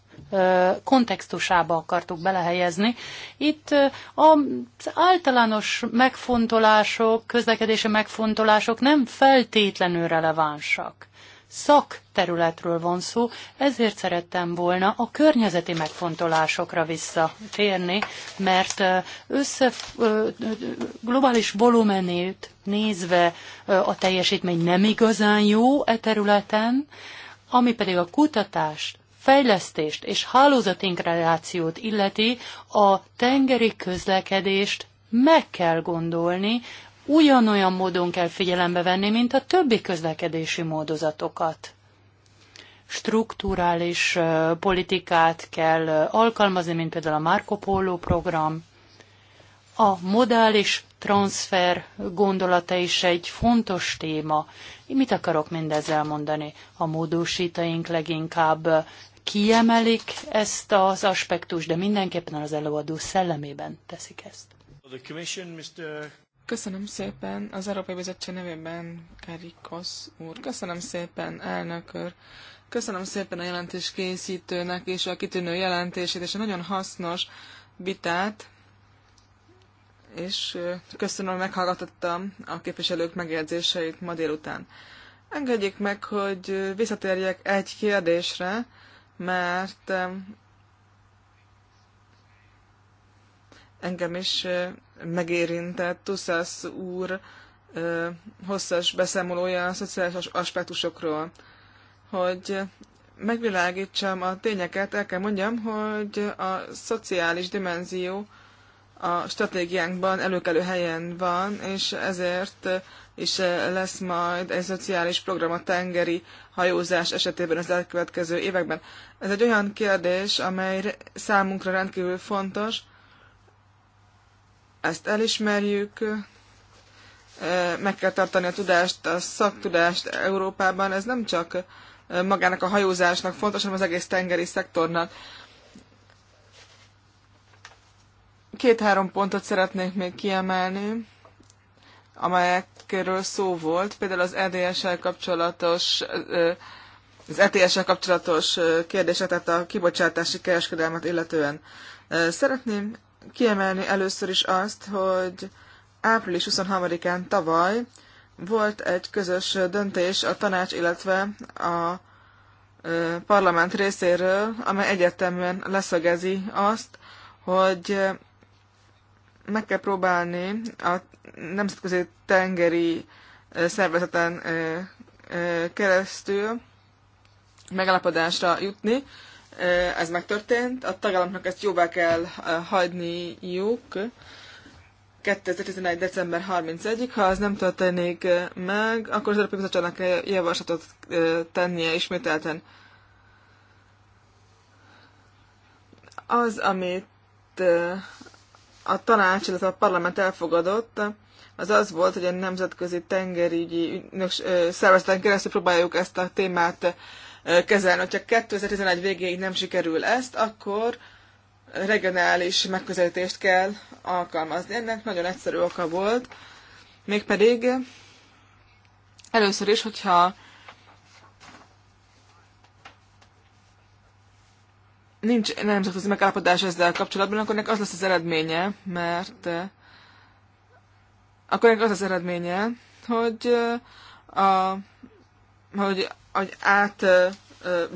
kontextusába akartuk belehelyezni. Itt az általános megfontolások, közlekedési megfontolások nem feltétlenül relevánsak szakterületről van szó, ezért szerettem volna a környezeti megfontolásokra visszatérni, mert össze globális volumenét nézve a teljesítmény nem igazán jó e területen, ami pedig a kutatást fejlesztést és hálózatintegrációt illeti, a tengeri közlekedést meg kell gondolni, ugyanolyan módon kell figyelembe venni, mint a többi közlekedési módozatokat. Strukturális politikát kell alkalmazni, mint például a Marco Polo program. A modális transfer gondolata is egy fontos téma. Mit akarok mindezzel mondani? A módosítaink leginkább kiemelik ezt az aspektust, de mindenképpen az előadó szellemében teszik ezt. Köszönöm szépen az Európai Bizottság nevében, Karikos úr. Köszönöm szépen, elnök úr. Köszönöm szépen a jelentés készítőnek és a kitűnő jelentését, és a nagyon hasznos vitát, és köszönöm, hogy meghallgatottam a képviselők megjegyzéseit ma délután. Engedjék meg, hogy visszatérjek egy kérdésre, mert eh, engem is eh, megérintett Tuszasz úr eh, hosszas beszámolója a szociális aspektusokról. Hogy megvilágítsam a tényeket, el kell mondjam, hogy a szociális dimenzió a stratégiánkban előkelő helyen van, és ezért és eh, lesz majd egy szociális program a tengeri hajózás esetében az elkövetkező években. Ez egy olyan kérdés, amely számunkra rendkívül fontos. Ezt elismerjük, eh, meg kell tartani a tudást, a szaktudást Európában. Ez nem csak eh, magának a hajózásnak fontos, hanem az egész tengeri szektornak. Két-három pontot szeretnék még kiemelni amelyekről szó volt, például az eds el kapcsolatos az ets kapcsolatos kérdése, tehát a kibocsátási kereskedelmet illetően. Szeretném kiemelni először is azt, hogy április 23-án tavaly volt egy közös döntés a tanács, illetve a parlament részéről, amely egyetemben leszögezi azt, hogy meg kell próbálni a nemzetközi tengeri szervezeten keresztül megállapodásra jutni. Ez megtörtént, a tagállamnak ezt jóvá kell hagyniuk 2011. december 31-ig. Ha ez nem történik meg, akkor az Európai Bizottságnak javaslatot tennie ismételten. Az, amit a tanács, illetve a parlament elfogadott, az az volt, hogy a Nemzetközi Tengerügyi Szervezeten keresztül próbáljuk ezt a témát kezelni. Hogyha 2011 végéig nem sikerül ezt, akkor regionális megközelítést kell alkalmazni. Ennek nagyon egyszerű oka volt, mégpedig először is, hogyha nincs nemzetközi megállapodás ezzel kapcsolatban, akkor nek az lesz az eredménye, mert eh, akkor nek az az eredménye, hogy, eh, a, hogy, hogy át eh,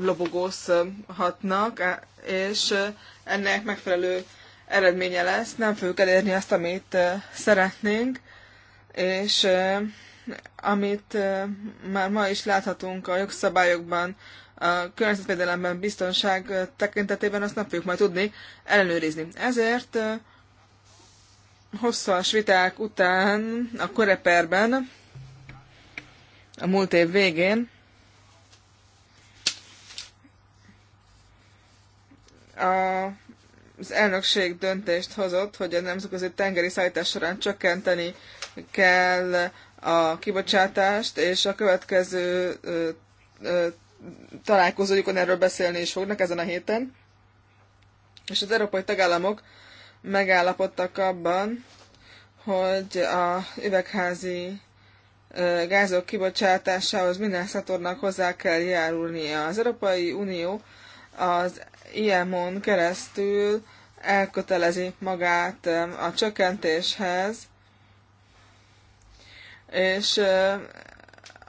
lobogózhatnak, és ennek megfelelő eredménye lesz, nem fogjuk elérni azt, amit szeretnénk, és amit már ma is láthatunk a jogszabályokban, a környezetvédelemben biztonság tekintetében azt nem fogjuk majd tudni ellenőrizni. Ezért hosszas viták után a Koreperben a múlt év végén a, az elnökség döntést hozott, hogy a nemzetközi tengeri szállítás során csökkenteni kell a kibocsátást, és a következő találkozójukon erről beszélni is fognak ezen a héten. És az európai tagállamok megállapodtak abban, hogy a üvegházi gázok kibocsátásához minden szatornak hozzá kell járulnia. Az Európai Unió az IMO-n keresztül elkötelezi magát a csökkentéshez, és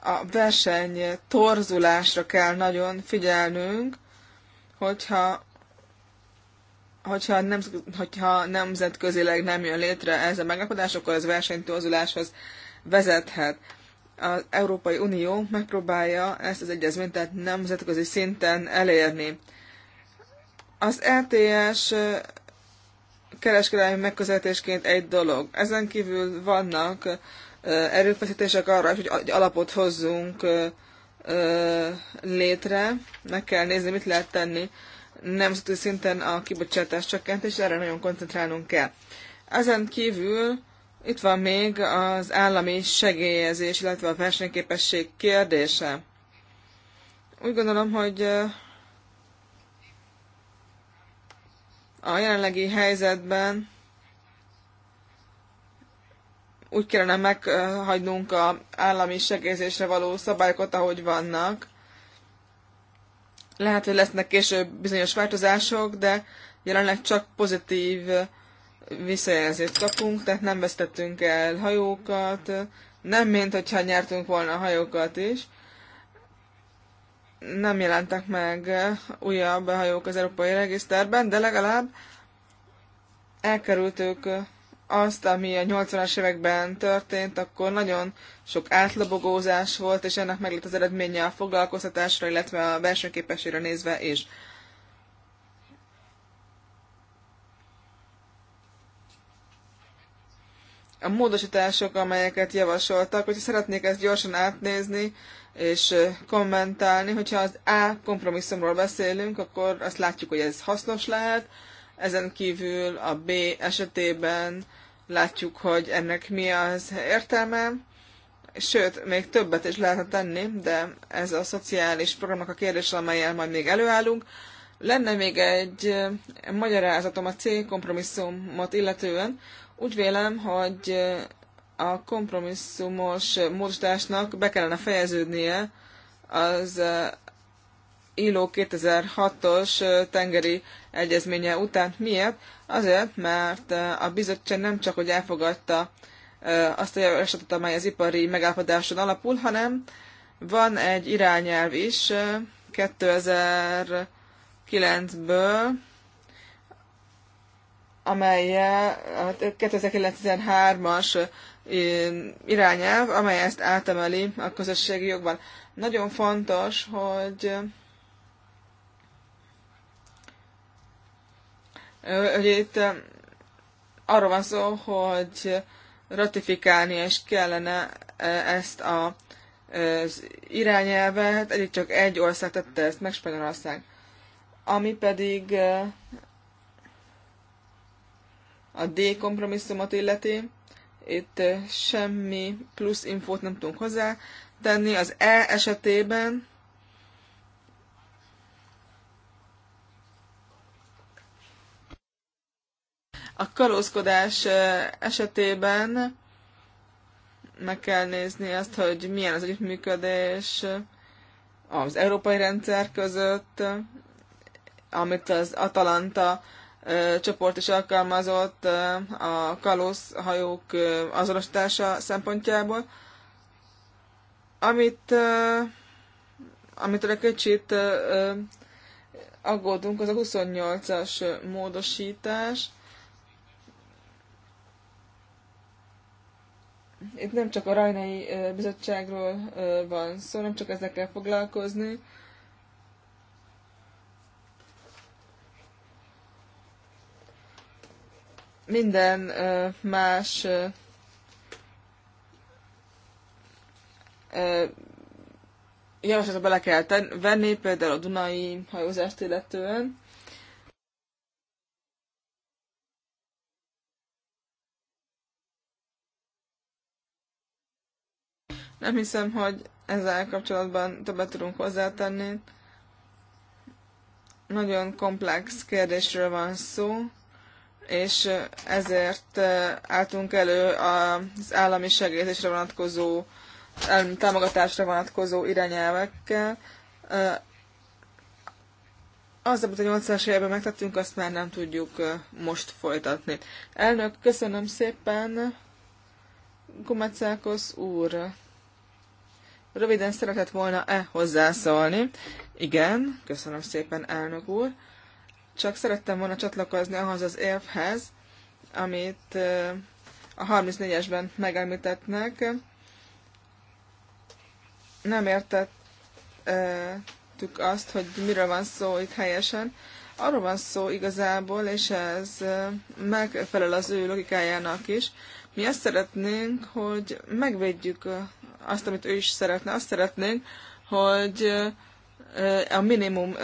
a verseny torzulásra kell nagyon figyelnünk, hogyha hogyha, nem, hogyha nemzetközileg nem jön létre ez a megállapodás, akkor ez versenytorzuláshoz vezethet. Az Európai Unió megpróbálja ezt az egyezményt tehát nemzetközi szinten elérni. Az LTS e kereskedelmi megközelítésként egy dolog. Ezen kívül vannak erőfeszítések arra, hogy egy alapot hozzunk létre. Meg kell nézni, mit lehet tenni nemzeti szinten a kibocsátás csökkentés, erre nagyon koncentrálnunk kell. Ezen kívül itt van még az állami segélyezés, illetve a versenyképesség kérdése. Úgy gondolom, hogy a jelenlegi helyzetben úgy kellene meghagynunk a állami segélyzésre való szabályokat, ahogy vannak. Lehet, hogy lesznek később bizonyos változások, de jelenleg csak pozitív visszajelzést kapunk, tehát nem vesztettünk el hajókat, nem mint hogyha nyertünk volna a hajókat is. Nem jelentek meg újabb hajók az európai regiszterben, de legalább elkerültük azt, ami a 80-as években történt, akkor nagyon sok átlabogózás volt, és ennek meg lett az eredménye a foglalkoztatásra, illetve a versenyképességre nézve is. A módosítások, amelyeket javasoltak, hogyha szeretnék ezt gyorsan átnézni, és kommentálni, hogyha az A kompromisszumról beszélünk, akkor azt látjuk, hogy ez hasznos lehet, ezen kívül a B esetében látjuk, hogy ennek mi az értelme, sőt, még többet is lehetne tenni, de ez a szociális programnak a kérdése, amelyel majd még előállunk. Lenne még egy eh, magyarázatom a C kompromisszumot illetően. Úgy vélem, hogy eh, a kompromisszumos eh, módosításnak be kellene fejeződnie az ILO 2006-os tengeri egyezménye után. Miért? Azért, mert a bizottság nem csak, hogy elfogadta azt a javaslatot, amely az ipari megállapodáson alapul, hanem van egy irányelv is 2009-ből, amely a 2013-as irányelv, amely ezt átemeli a közösségi jogban. Nagyon fontos, hogy hogy itt um, arról van szó, hogy ratifikálni is kellene e, ezt a, az irányelvet, eddig csak egy ország tette ezt, meg Spanyolország. Ami pedig e, a D kompromisszumot illeti, itt e, semmi plusz infót nem tudunk hozzá tenni. Az E esetében A kalózkodás esetében meg kell nézni azt, hogy milyen az együttműködés az európai rendszer között, amit az Atalanta csoport is alkalmazott a hajók azonosítása szempontjából. Amit, amit egy kicsit aggódunk, az a 28-as módosítás, itt nem csak a Rajnai Bizottságról van szó, nem csak ezekkel foglalkozni. Minden más javaslatot bele kell venni, például a Dunai hajózást illetően. Nem hiszem, hogy ezzel kapcsolatban többet tudunk hozzátenni. Nagyon komplex kérdésről van szó, és ezért eh, álltunk elő az állami segítésre vonatkozó, támogatásra vonatkozó irányelvekkel. Eh, az, amit a 80-as megtettünk, azt már nem tudjuk eh, most folytatni. Elnök, köszönöm szépen! Kumacákos úr! Röviden szeretett volna-e hozzászólni? Igen, köszönöm szépen, elnök úr. Csak szerettem volna csatlakozni ahhoz az évhez, amit a 34-esben megemlítettnek. Nem értettük azt, hogy miről van szó itt helyesen. Arról van szó igazából, és ez megfelel az ő logikájának is. Mi azt szeretnénk, hogy megvédjük azt, amit ő is szeretne. Azt szeretnénk, hogy a minimum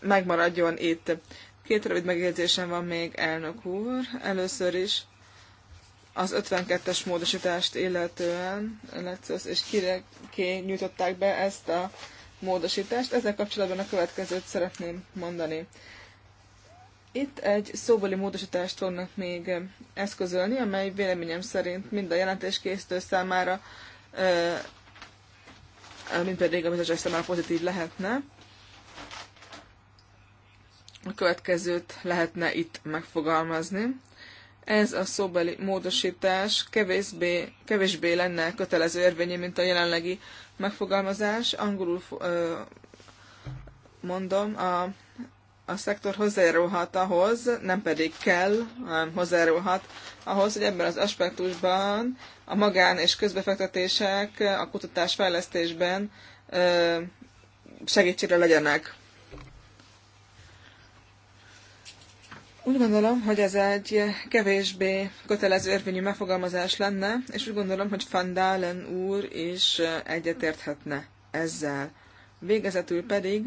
megmaradjon itt. Két rövid megjegyzésem van még, elnök úr. Először is az 52-es módosítást illetően Lexus és Kireké nyújtották be ezt a módosítást. Ezzel kapcsolatban a következőt szeretném mondani. Itt egy szóbeli módosítást fognak még eszközölni, amely véleményem szerint mind a jelentéskészítő számára, mind pedig a bizottság számára pozitív lehetne. A következőt lehetne itt megfogalmazni. Ez a szóbeli módosítás kevésbé, kevésbé lenne kötelező érvényű, mint a jelenlegi megfogalmazás. Angolul mondom, a a szektor hozzájárulhat ahhoz, nem pedig kell, hanem hozzájárulhat ahhoz, hogy ebben az aspektusban a magán és közbefektetések a kutatás fejlesztésben segítségre legyenek. Úgy gondolom, hogy ez egy kevésbé kötelező érvényű megfogalmazás lenne, és úgy gondolom, hogy Van Dalen úr is egyetérthetne ezzel. Végezetül pedig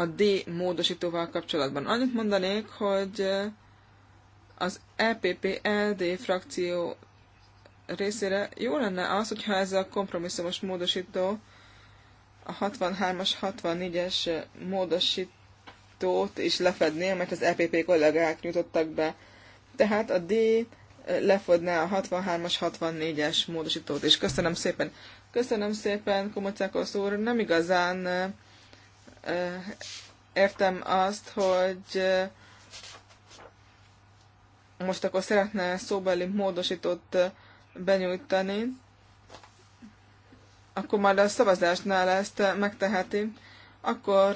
a D módosítóval kapcsolatban. Annyit mondanék, hogy az EPP-LD frakció részére jó lenne az, hogyha ez a kompromisszumos módosító a 63-as, 64-es módosítót is lefedné, mert az EPP kollégák nyújtottak be. Tehát a D lefodná a 63-as, 64-es módosítót is. Köszönöm szépen! Köszönöm szépen, Komocákos úr! Nem igazán értem azt, hogy most akkor szeretne szóbeli módosítót benyújtani, akkor már a szavazásnál ezt megteheti, akkor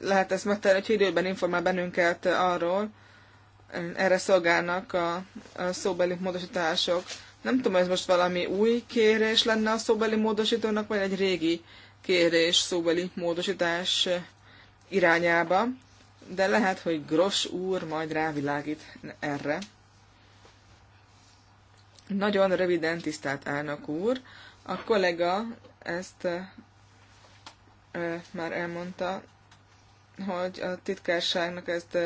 lehet ezt megtenni, hogy időben informál bennünket arról, erre szolgálnak a szóbeli módosítások. Nem tudom, ez most valami új kérés lenne a szóbeli módosítónak, vagy egy régi uh, kérés szóbeli módosítás irányába, de lehet, hogy Gross úr majd rávilágít erre. Nagyon röviden, tisztelt állnak úr, a kollega ezt már elmondta, hogy a titkárságnak ezt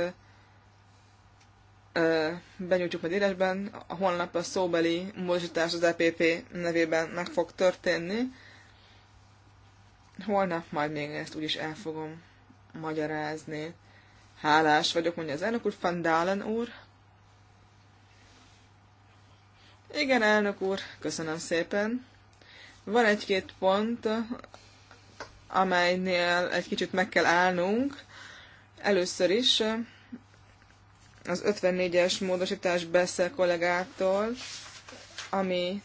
benyújtjuk majd írásban, holnap a szóbeli módosítás az EPP nevében meg fog történni. Holnap majd még ezt úgyis el fogom magyarázni. Hálás vagyok, mondja az elnök úr, Van Dalen úr. Igen, elnök úr, köszönöm szépen. Van egy-két pont, amelynél egy kicsit meg kell állnunk. Először is az 54-es módosítás Bessel kollégától, ami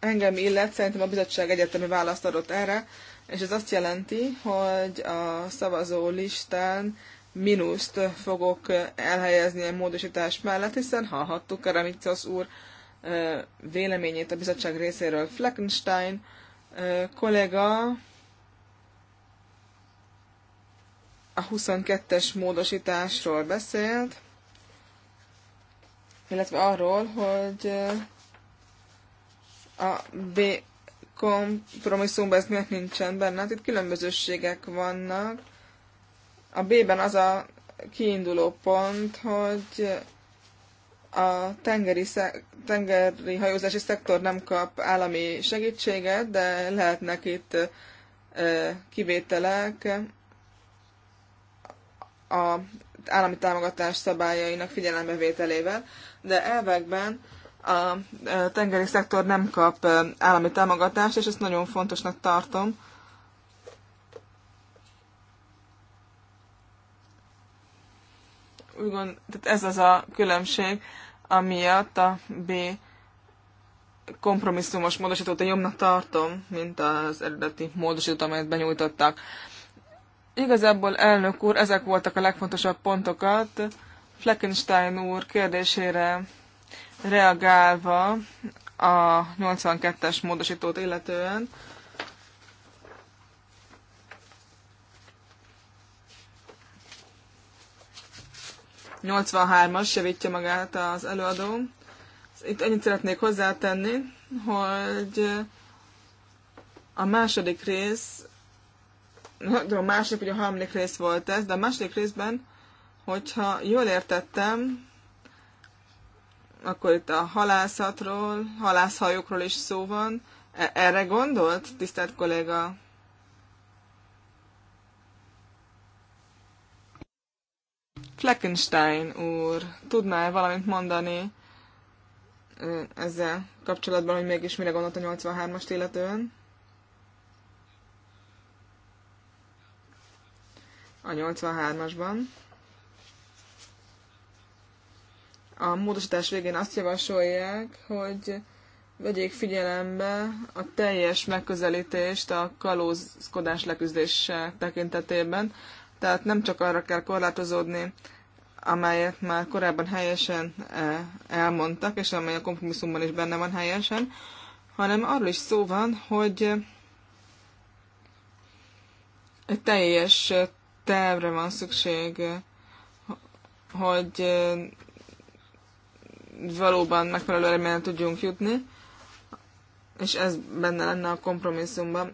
engem illet, szerintem a bizottság egyetemi választ adott erre, és ez azt jelenti, hogy a szavazó listán mínuszt fogok elhelyezni a módosítás mellett, hiszen hallhattuk Karamicos úr véleményét a bizottság részéről. Fleckenstein kollega a 22-es módosításról beszélt, illetve arról, hogy a B kompromisszumban ez miért nincsen benne? Hát itt különbözőségek vannak. A B-ben az a kiinduló pont, hogy a tengeri, tengeri hajózási szektor nem kap állami segítséget, de lehetnek itt kivételek az állami támogatás szabályainak figyelembevételével, de elvekben a tengeri szektor nem kap állami támogatást, és ezt nagyon fontosnak tartom. Úgy gond, tehát ez az a különbség, amiatt a B kompromisszumos módosítót én jobbnak tartom, mint az eredeti módosítót, amelyet benyújtottak. Igazából, elnök úr, ezek voltak a legfontosabb pontokat. Fleckenstein úr kérdésére reagálva a 82-es módosítót illetően, as javítja magát az előadó. Itt ennyit szeretnék hozzátenni, hogy a második rész, de a második vagy a harmadik rész volt ez, de a második részben, hogyha jól értettem, akkor itt a halászatról, halászhajókról is szó van. E, erre gondolt, tisztelt kolléga? Fleckenstein úr, tudná -e valamit mondani ezzel kapcsolatban, hogy mégis mire gondolt a 83-ast illetően? A 83-asban. a módosítás végén azt javasolják, hogy vegyék figyelembe a teljes megközelítést a kalózkodás leküzdése tekintetében, tehát nem csak arra kell korlátozódni, amelyet már korábban helyesen e, elmondtak, és amely a kompromisszumban is benne van helyesen, hanem arról is szó van, hogy egy teljes tervre van szükség, hogy valóban megfelelő eredményre tudjunk jutni, és ez benne lenne a kompromisszumban.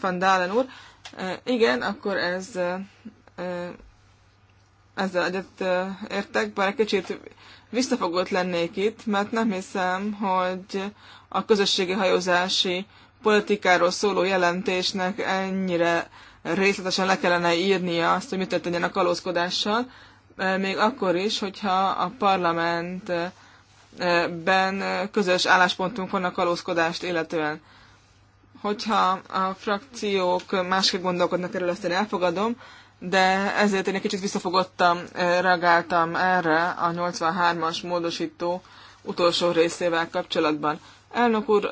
Van Dálen úr, igen, akkor ez ezzel egyet értek, bár egy kicsit visszafogott lennék itt, mert nem hiszem, hogy a közösségi hajózási politikáról szóló jelentésnek ennyire részletesen le kellene írnia azt, hogy mit történjen a kalózkodással. Eh, még akkor is, hogyha a parlamentben eh, eh, közös álláspontunk van a kalózkodást illetően. Hogyha a frakciók másképp gondolkodnak erről, azt én elfogadom, de ezért én egy kicsit visszafogottam, reagáltam erre a 83-as módosító utolsó részével kapcsolatban. Elnök úr,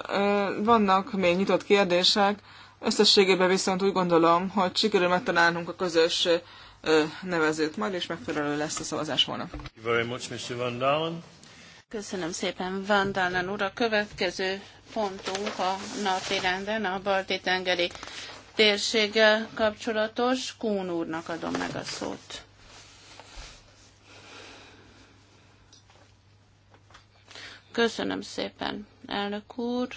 vannak még nyitott kérdések, összességében viszont úgy gondolom, hogy sikerül megtalálnunk a közös nevezőt majd, és megfelelő lesz a szavazás holnap. Köszönöm szépen, Van Dalen úr. A következő pontunk a napi renden a balti tengeri térséggel kapcsolatos. Kún úrnak adom meg a szót. Köszönöm szépen, elnök úr.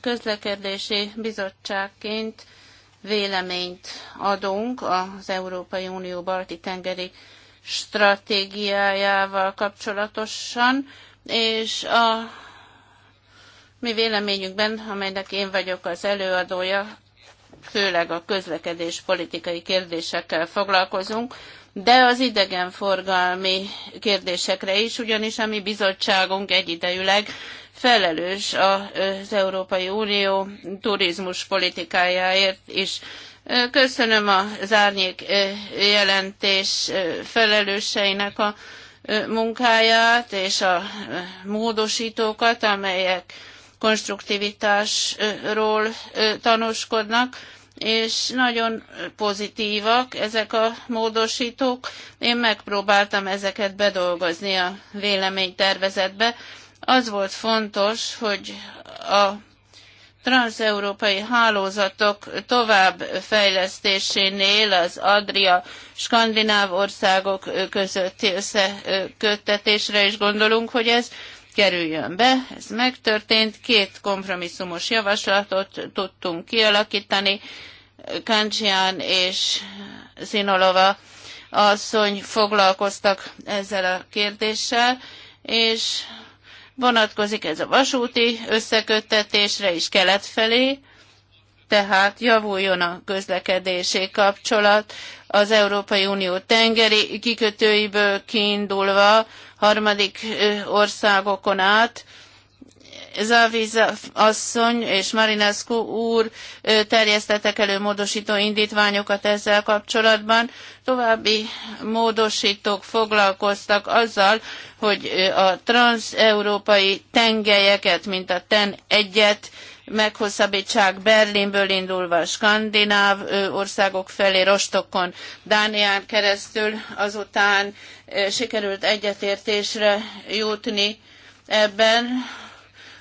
Közlekedési bizottságként véleményt adunk az Európai Unió balti tengeri stratégiájával kapcsolatosan, és a mi véleményünkben, amelynek én vagyok az előadója, főleg a közlekedés politikai kérdésekkel foglalkozunk, de az idegenforgalmi kérdésekre is, ugyanis a mi bizottságunk egyidejűleg felelős az Európai Unió turizmus politikájáért is. Köszönöm az árnyék jelentés felelőseinek a munkáját és a módosítókat, amelyek konstruktivitásról tanúskodnak, és nagyon pozitívak ezek a módosítók. Én megpróbáltam ezeket bedolgozni a véleménytervezetbe, az volt fontos, hogy a transeurópai hálózatok továbbfejlesztésénél az Adria skandináv országok közötti összeköttetésre is gondolunk, hogy ez kerüljön be. Ez megtörtént, két kompromisszumos javaslatot tudtunk kialakítani, Kancsián és Zinolova asszony foglalkoztak ezzel a kérdéssel, és Vonatkozik ez a vasúti összeköttetésre is kelet felé, tehát javuljon a közlekedési kapcsolat az Európai Unió tengeri kikötőiből kiindulva harmadik országokon át, Zavíz, asszony és Marinescu úr terjesztettek elő módosító indítványokat ezzel kapcsolatban. További módosítók foglalkoztak azzal, hogy a transeurópai tengelyeket, mint a TEN egyet meghosszabbítsák Berlinből indulva skandináv országok felé, Rostokon, Dánián keresztül, azután sikerült egyetértésre jutni ebben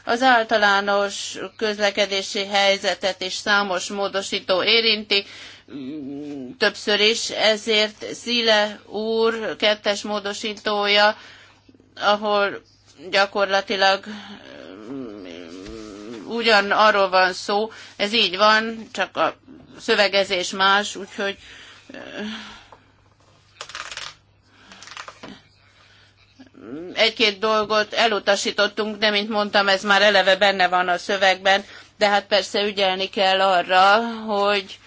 az általános közlekedési helyzetet is számos módosító érinti, mm, többször is, ezért Szile úr kettes módosítója, ahol gyakorlatilag mm, ugyan arról van szó, ez így van, csak a szövegezés más, úgyhogy mm, egy-két dolgot elutasítottunk, de mint mondtam, ez már eleve benne van a szövegben, de hát persze ügyelni kell arra, hogy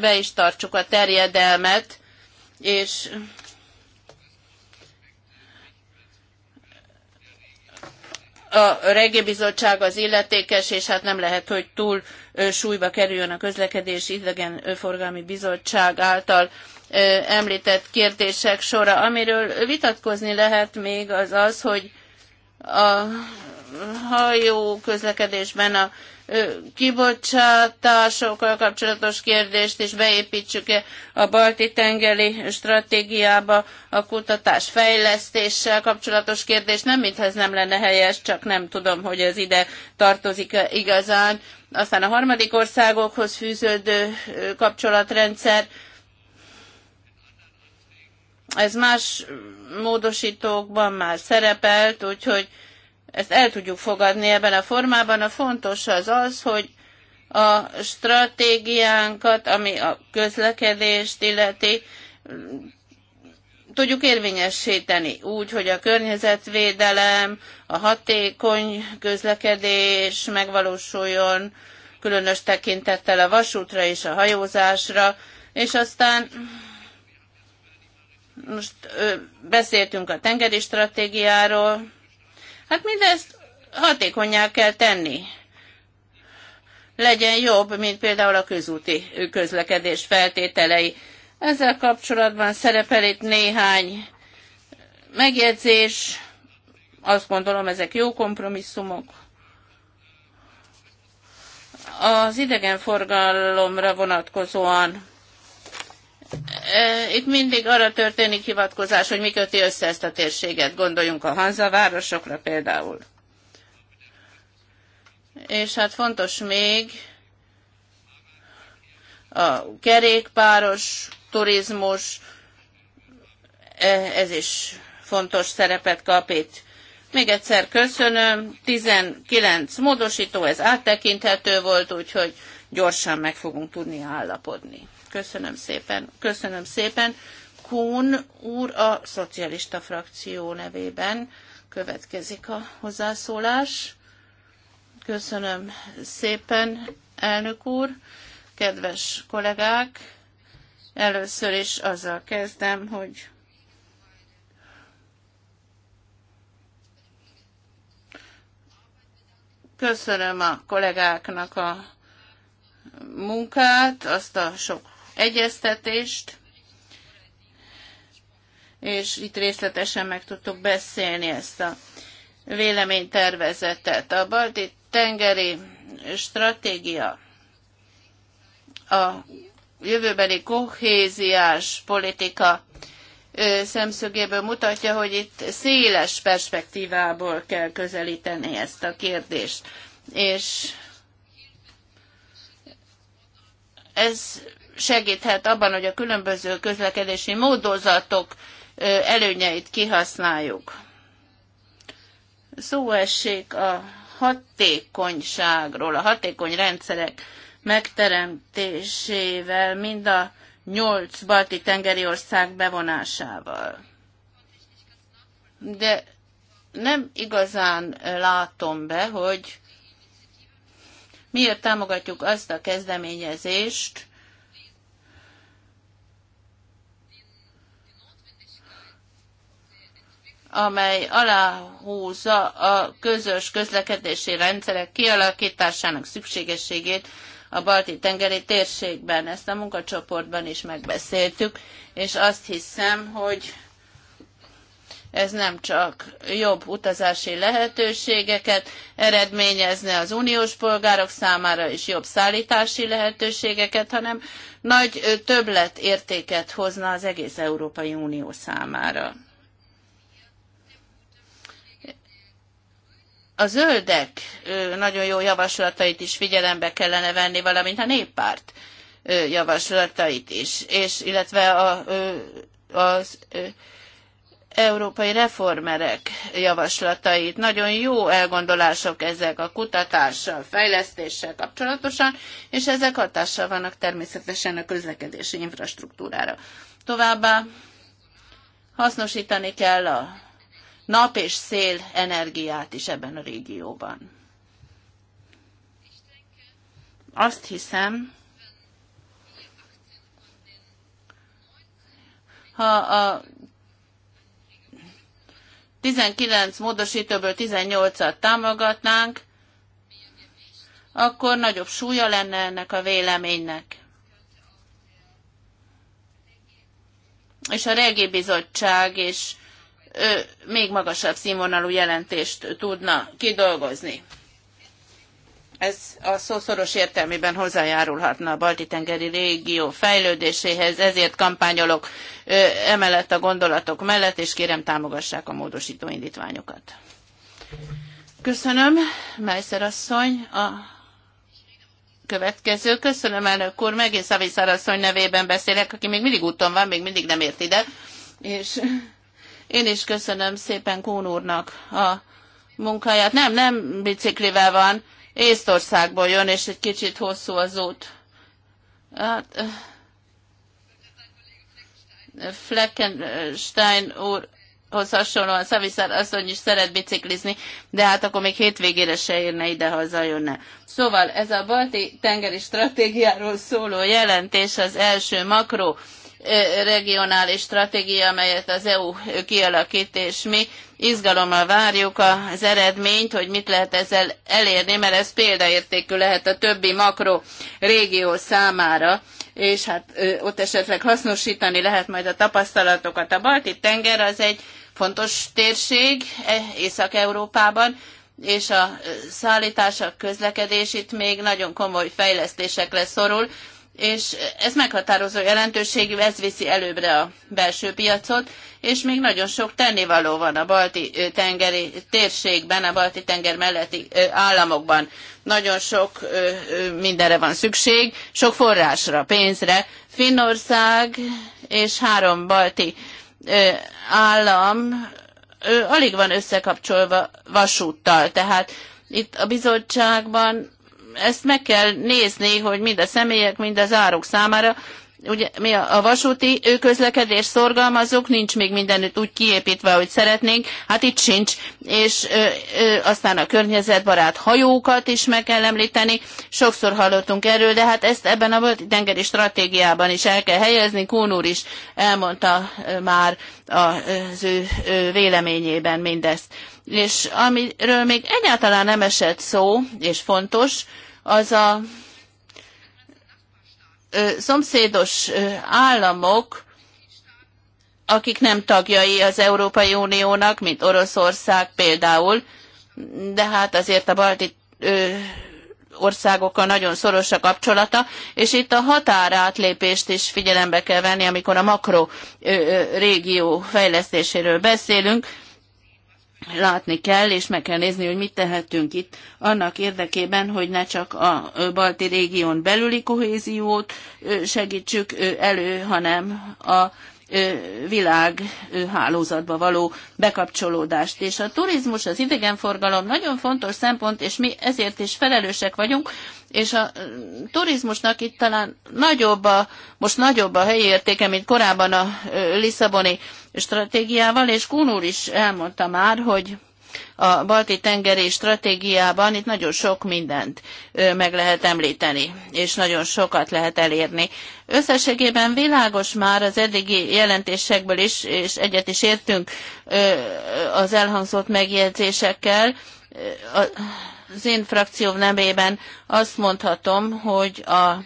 be is tartsuk a terjedelmet, és a regi bizottság az illetékes, és hát nem lehet, hogy túl súlyba kerüljön a közlekedés idegenforgalmi bizottság által említett kérdések sora. Amiről vitatkozni lehet még az az, hogy a hajó közlekedésben a kibocsátásokkal kapcsolatos kérdést is beépítsük-e a balti tengeri stratégiába a kutatás fejlesztéssel kapcsolatos kérdés Nem, mintha ez nem lenne helyes, csak nem tudom, hogy ez ide tartozik -e igazán. Aztán a harmadik országokhoz fűződő kapcsolatrendszer ez más módosítókban már szerepelt, úgyhogy ezt el tudjuk fogadni ebben a formában. A fontos az az, hogy a stratégiánkat, ami a közlekedést illeti, tudjuk érvényesíteni úgy, hogy a környezetvédelem, a hatékony közlekedés megvalósuljon, különös tekintettel a vasútra és a hajózásra, és aztán most ö, beszéltünk a tengeri stratégiáról. Hát mindezt hatékonyá kell tenni. Legyen jobb, mint például a közúti közlekedés feltételei. Ezzel kapcsolatban szerepel itt néhány megjegyzés. Azt gondolom, ezek jó kompromisszumok. Az idegenforgalomra vonatkozóan itt mindig arra történik hivatkozás, hogy mi köti össze ezt a térséget. Gondoljunk a Hanza városokra például. És hát fontos még a kerékpáros turizmus, ez is fontos szerepet kap itt. Még egyszer köszönöm, 19 módosító, ez áttekinthető volt, úgyhogy gyorsan meg fogunk tudni állapodni. Köszönöm szépen. Köszönöm szépen. Kún úr a szocialista frakció nevében következik a hozzászólás. Köszönöm szépen, elnök úr, kedves kollégák. Először is azzal kezdem, hogy köszönöm a kollégáknak a munkát, azt a sok egyeztetést, és itt részletesen meg tudtuk beszélni ezt a véleménytervezetet. A balti tengeri stratégia a jövőbeli kohéziás politika szemszögéből mutatja, hogy itt széles perspektívából kell közelíteni ezt a kérdést. És ez segíthet abban, hogy a különböző közlekedési módozatok előnyeit kihasználjuk. Szó essék a hatékonyságról, a hatékony rendszerek megteremtésével, mind a nyolc balti tengeri ország bevonásával. De nem igazán látom be, hogy miért támogatjuk azt a kezdeményezést, amely aláhúzza a közös közlekedési rendszerek kialakításának szükségességét a balti tengeri térségben. Ezt a munkacsoportban is megbeszéltük, és azt hiszem, hogy ez nem csak jobb utazási lehetőségeket eredményezne az uniós polgárok számára és jobb szállítási lehetőségeket, hanem nagy többletértéket hozna az egész Európai Unió számára. a zöldek nagyon jó javaslatait is figyelembe kellene venni, valamint a néppárt javaslatait is, és illetve a, az európai reformerek javaslatait. Nagyon jó elgondolások ezek a kutatással, fejlesztéssel kapcsolatosan, és ezek hatással vannak természetesen a közlekedési infrastruktúrára. Továbbá hasznosítani kell a nap és szél energiát is ebben a régióban. Azt hiszem, ha a 19 módosítóból 18-at támogatnánk, akkor nagyobb súlya lenne ennek a véleménynek. És a régi bizottság is még magasabb színvonalú jelentést tudna kidolgozni. Ez a szószoros értelmében hozzájárulhatna a balti-tengeri régió fejlődéséhez, ezért kampányolok emellett a gondolatok mellett, és kérem támogassák a módosító indítványokat. Köszönöm, Mejszer asszony, a következő. Köszönöm, elnök úr, megint Szaviszár asszony nevében beszélek, aki még mindig úton van, még mindig nem ért ide, és én is köszönöm szépen Kún úrnak a munkáját. Nem, nem biciklivel van, Észtországból jön, és egy kicsit hosszú az út. Hát, Fleckenstein úrhoz hasonlóan Szaviszár asszony is szeret biciklizni, de hát akkor még hétvégére se érne ide, ha hazajönne. Szóval ez a balti tengeri stratégiáról szóló jelentés az első makro regionális stratégia, amelyet az EU kialakít, és mi izgalommal várjuk az eredményt, hogy mit lehet ezzel elérni, mert ez példaértékű lehet a többi makro régió számára és hát ott esetleg hasznosítani lehet majd a tapasztalatokat. A Balti-tenger az egy fontos térség e, Észak-Európában, és a szállítás, a közlekedés itt még nagyon komoly fejlesztésekre szorul, és ez meghatározó jelentőségű, ez viszi előbbre a belső piacot, és még nagyon sok tennivaló van a balti tengeri térségben, a balti tenger melletti államokban. Nagyon sok mindenre van szükség, sok forrásra, pénzre. Finnország és három balti állam alig van összekapcsolva vasúttal, tehát itt a bizottságban ezt meg kell nézni, hogy mind a személyek, mind az áruk számára, ugye mi a, a vasúti közlekedés szorgalmazók, nincs még mindenütt úgy kiépítve, hogy szeretnénk, hát itt sincs, és ö, ö, aztán a környezetbarát hajókat is meg kell említeni, sokszor hallottunk erről, de hát ezt ebben a volt tengeri stratégiában is el kell helyezni, Kún úr is elmondta ö, már az ő ö, véleményében mindezt. És amiről még egyáltalán nem esett szó, és fontos, az a szomszédos államok, akik nem tagjai az Európai Uniónak, mint Oroszország például, de hát azért a balti országokkal nagyon szoros a kapcsolata, és itt a határátlépést is figyelembe kell venni, amikor a makro régió fejlesztéséről beszélünk látni kell, és meg kell nézni, hogy mit tehetünk itt annak érdekében, hogy ne csak a balti régión belüli kohéziót segítsük elő, hanem a világ hálózatba való bekapcsolódást. És a turizmus, az idegenforgalom nagyon fontos szempont, és mi ezért is felelősek vagyunk, és a turizmusnak itt talán nagyobb a, most nagyobb a helyi értéke, mint korábban a Lisszaboni stratégiával, és Kun úr is elmondta már, hogy a balti tengeri stratégiában itt nagyon sok mindent meg lehet említeni, és nagyon sokat lehet elérni. Összességében világos már az eddigi jelentésekből is, és egyet is értünk az elhangzott megjegyzésekkel, az én frakcióm nemében azt mondhatom, hogy a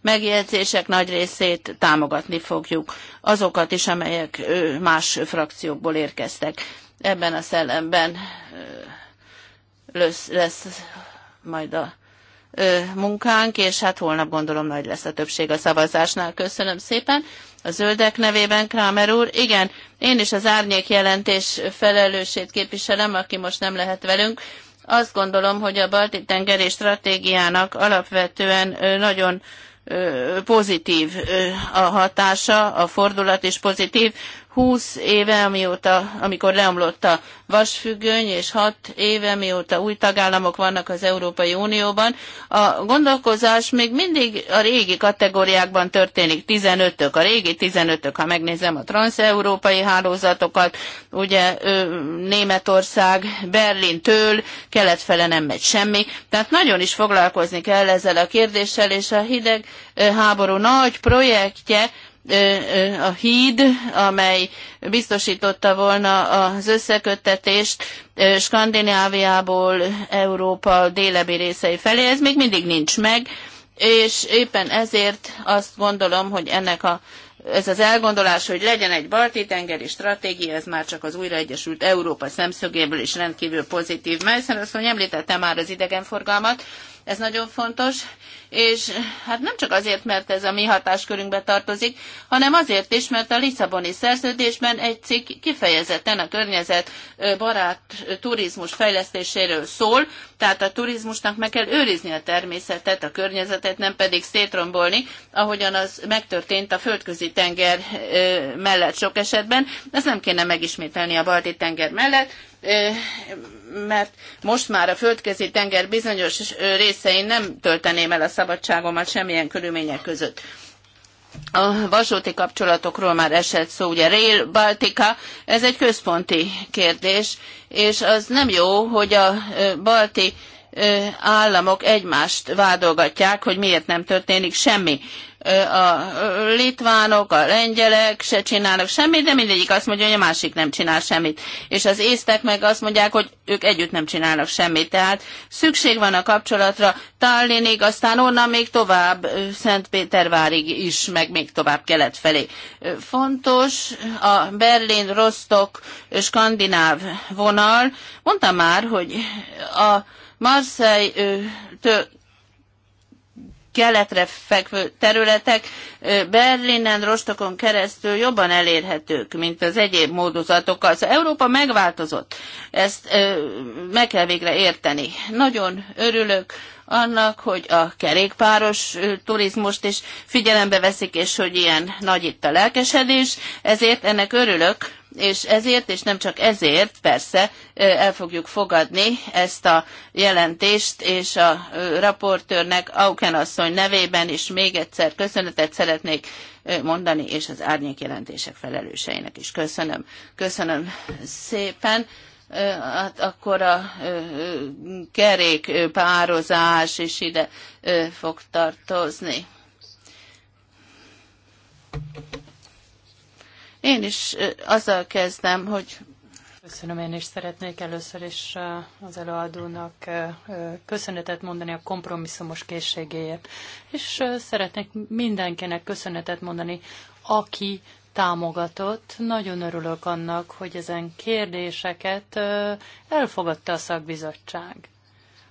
megjegyzések nagy részét támogatni fogjuk, azokat is, amelyek más frakciókból érkeztek. Ebben a szellemben lesz, lesz majd a munkánk, és hát holnap gondolom nagy lesz a többség a szavazásnál. Köszönöm szépen. A zöldek nevében, Krámer úr, igen, én is az árnyék jelentés felelősét képviselem, aki most nem lehet velünk, azt gondolom, hogy a balti tengeri stratégiának alapvetően nagyon pozitív a hatása, a fordulat is pozitív. 20 éve, amióta, amikor leomlott a vasfüggöny, és 6 éve, mióta új tagállamok vannak az Európai Unióban, a gondolkozás még mindig a régi kategóriákban történik, 15-ök, a régi 15-ök, ha megnézem a transeurópai hálózatokat, ugye Németország Berlintől keletfele nem megy semmi, tehát nagyon is foglalkozni kell ezzel a kérdéssel, és a hideg háború nagy projektje, a híd, amely biztosította volna az összeköttetést Skandináviából Európa délebi részei felé. Ez még mindig nincs meg, és éppen ezért azt gondolom, hogy ennek a ez az elgondolás, hogy legyen egy balti tengeri stratégia, ez már csak az újraegyesült Európa szemszögéből is rendkívül pozitív. Mert azt, hogy említette már az idegenforgalmat, ez nagyon fontos, és hát nem csak azért, mert ez a mi hatáskörünkbe tartozik, hanem azért is, mert a Lisszaboni szerződésben egy cikk kifejezetten a környezet barát turizmus fejlesztéséről szól, tehát a turizmusnak meg kell őrizni a természetet, a környezetet, nem pedig szétrombolni, ahogyan az megtörtént a földközi tenger mellett sok esetben. Ezt nem kéne megismételni a balti tenger mellett mert most már a földközi tenger bizonyos részein nem tölteném el a szabadságomat semmilyen körülmények között. A vasúti kapcsolatokról már esett szó, ugye Rail Baltica, ez egy központi kérdés, és az nem jó, hogy a balti államok egymást vádolgatják, hogy miért nem történik semmi. A litvánok, a lengyelek se csinálnak semmit, de mindegyik azt mondja, hogy a másik nem csinál semmit. És az észtek meg azt mondják, hogy ők együtt nem csinálnak semmit. Tehát szükség van a kapcsolatra Tallinnig, aztán onnan még tovább Szentpétervárig is, meg még tovább kelet felé. Fontos a Berlin-Rostock skandináv vonal. Mondtam már, hogy a Marseille keletre fekvő területek Berlinen, Rostokon keresztül jobban elérhetők, mint az egyéb módozatok. Az szóval Európa megváltozott, ezt meg kell végre érteni. Nagyon örülök annak, hogy a kerékpáros turizmust is figyelembe veszik, és hogy ilyen nagy itt a lelkesedés, ezért ennek örülök, és ezért, és nem csak ezért, persze el fogjuk fogadni ezt a jelentést, és a raportőrnek Auken asszony nevében is még egyszer köszönetet szeretnék mondani, és az árnyék jelentések felelőseinek is köszönöm. Köszönöm szépen hát akkor a pározás is ide fog tartozni. Én is azzal kezdem, hogy Köszönöm, én is szeretnék először is az előadónak köszönetet mondani a kompromisszumos készségéért, és szeretnék mindenkinek köszönetet mondani, aki támogatott. Nagyon örülök annak, hogy ezen kérdéseket elfogadta a szakbizottság.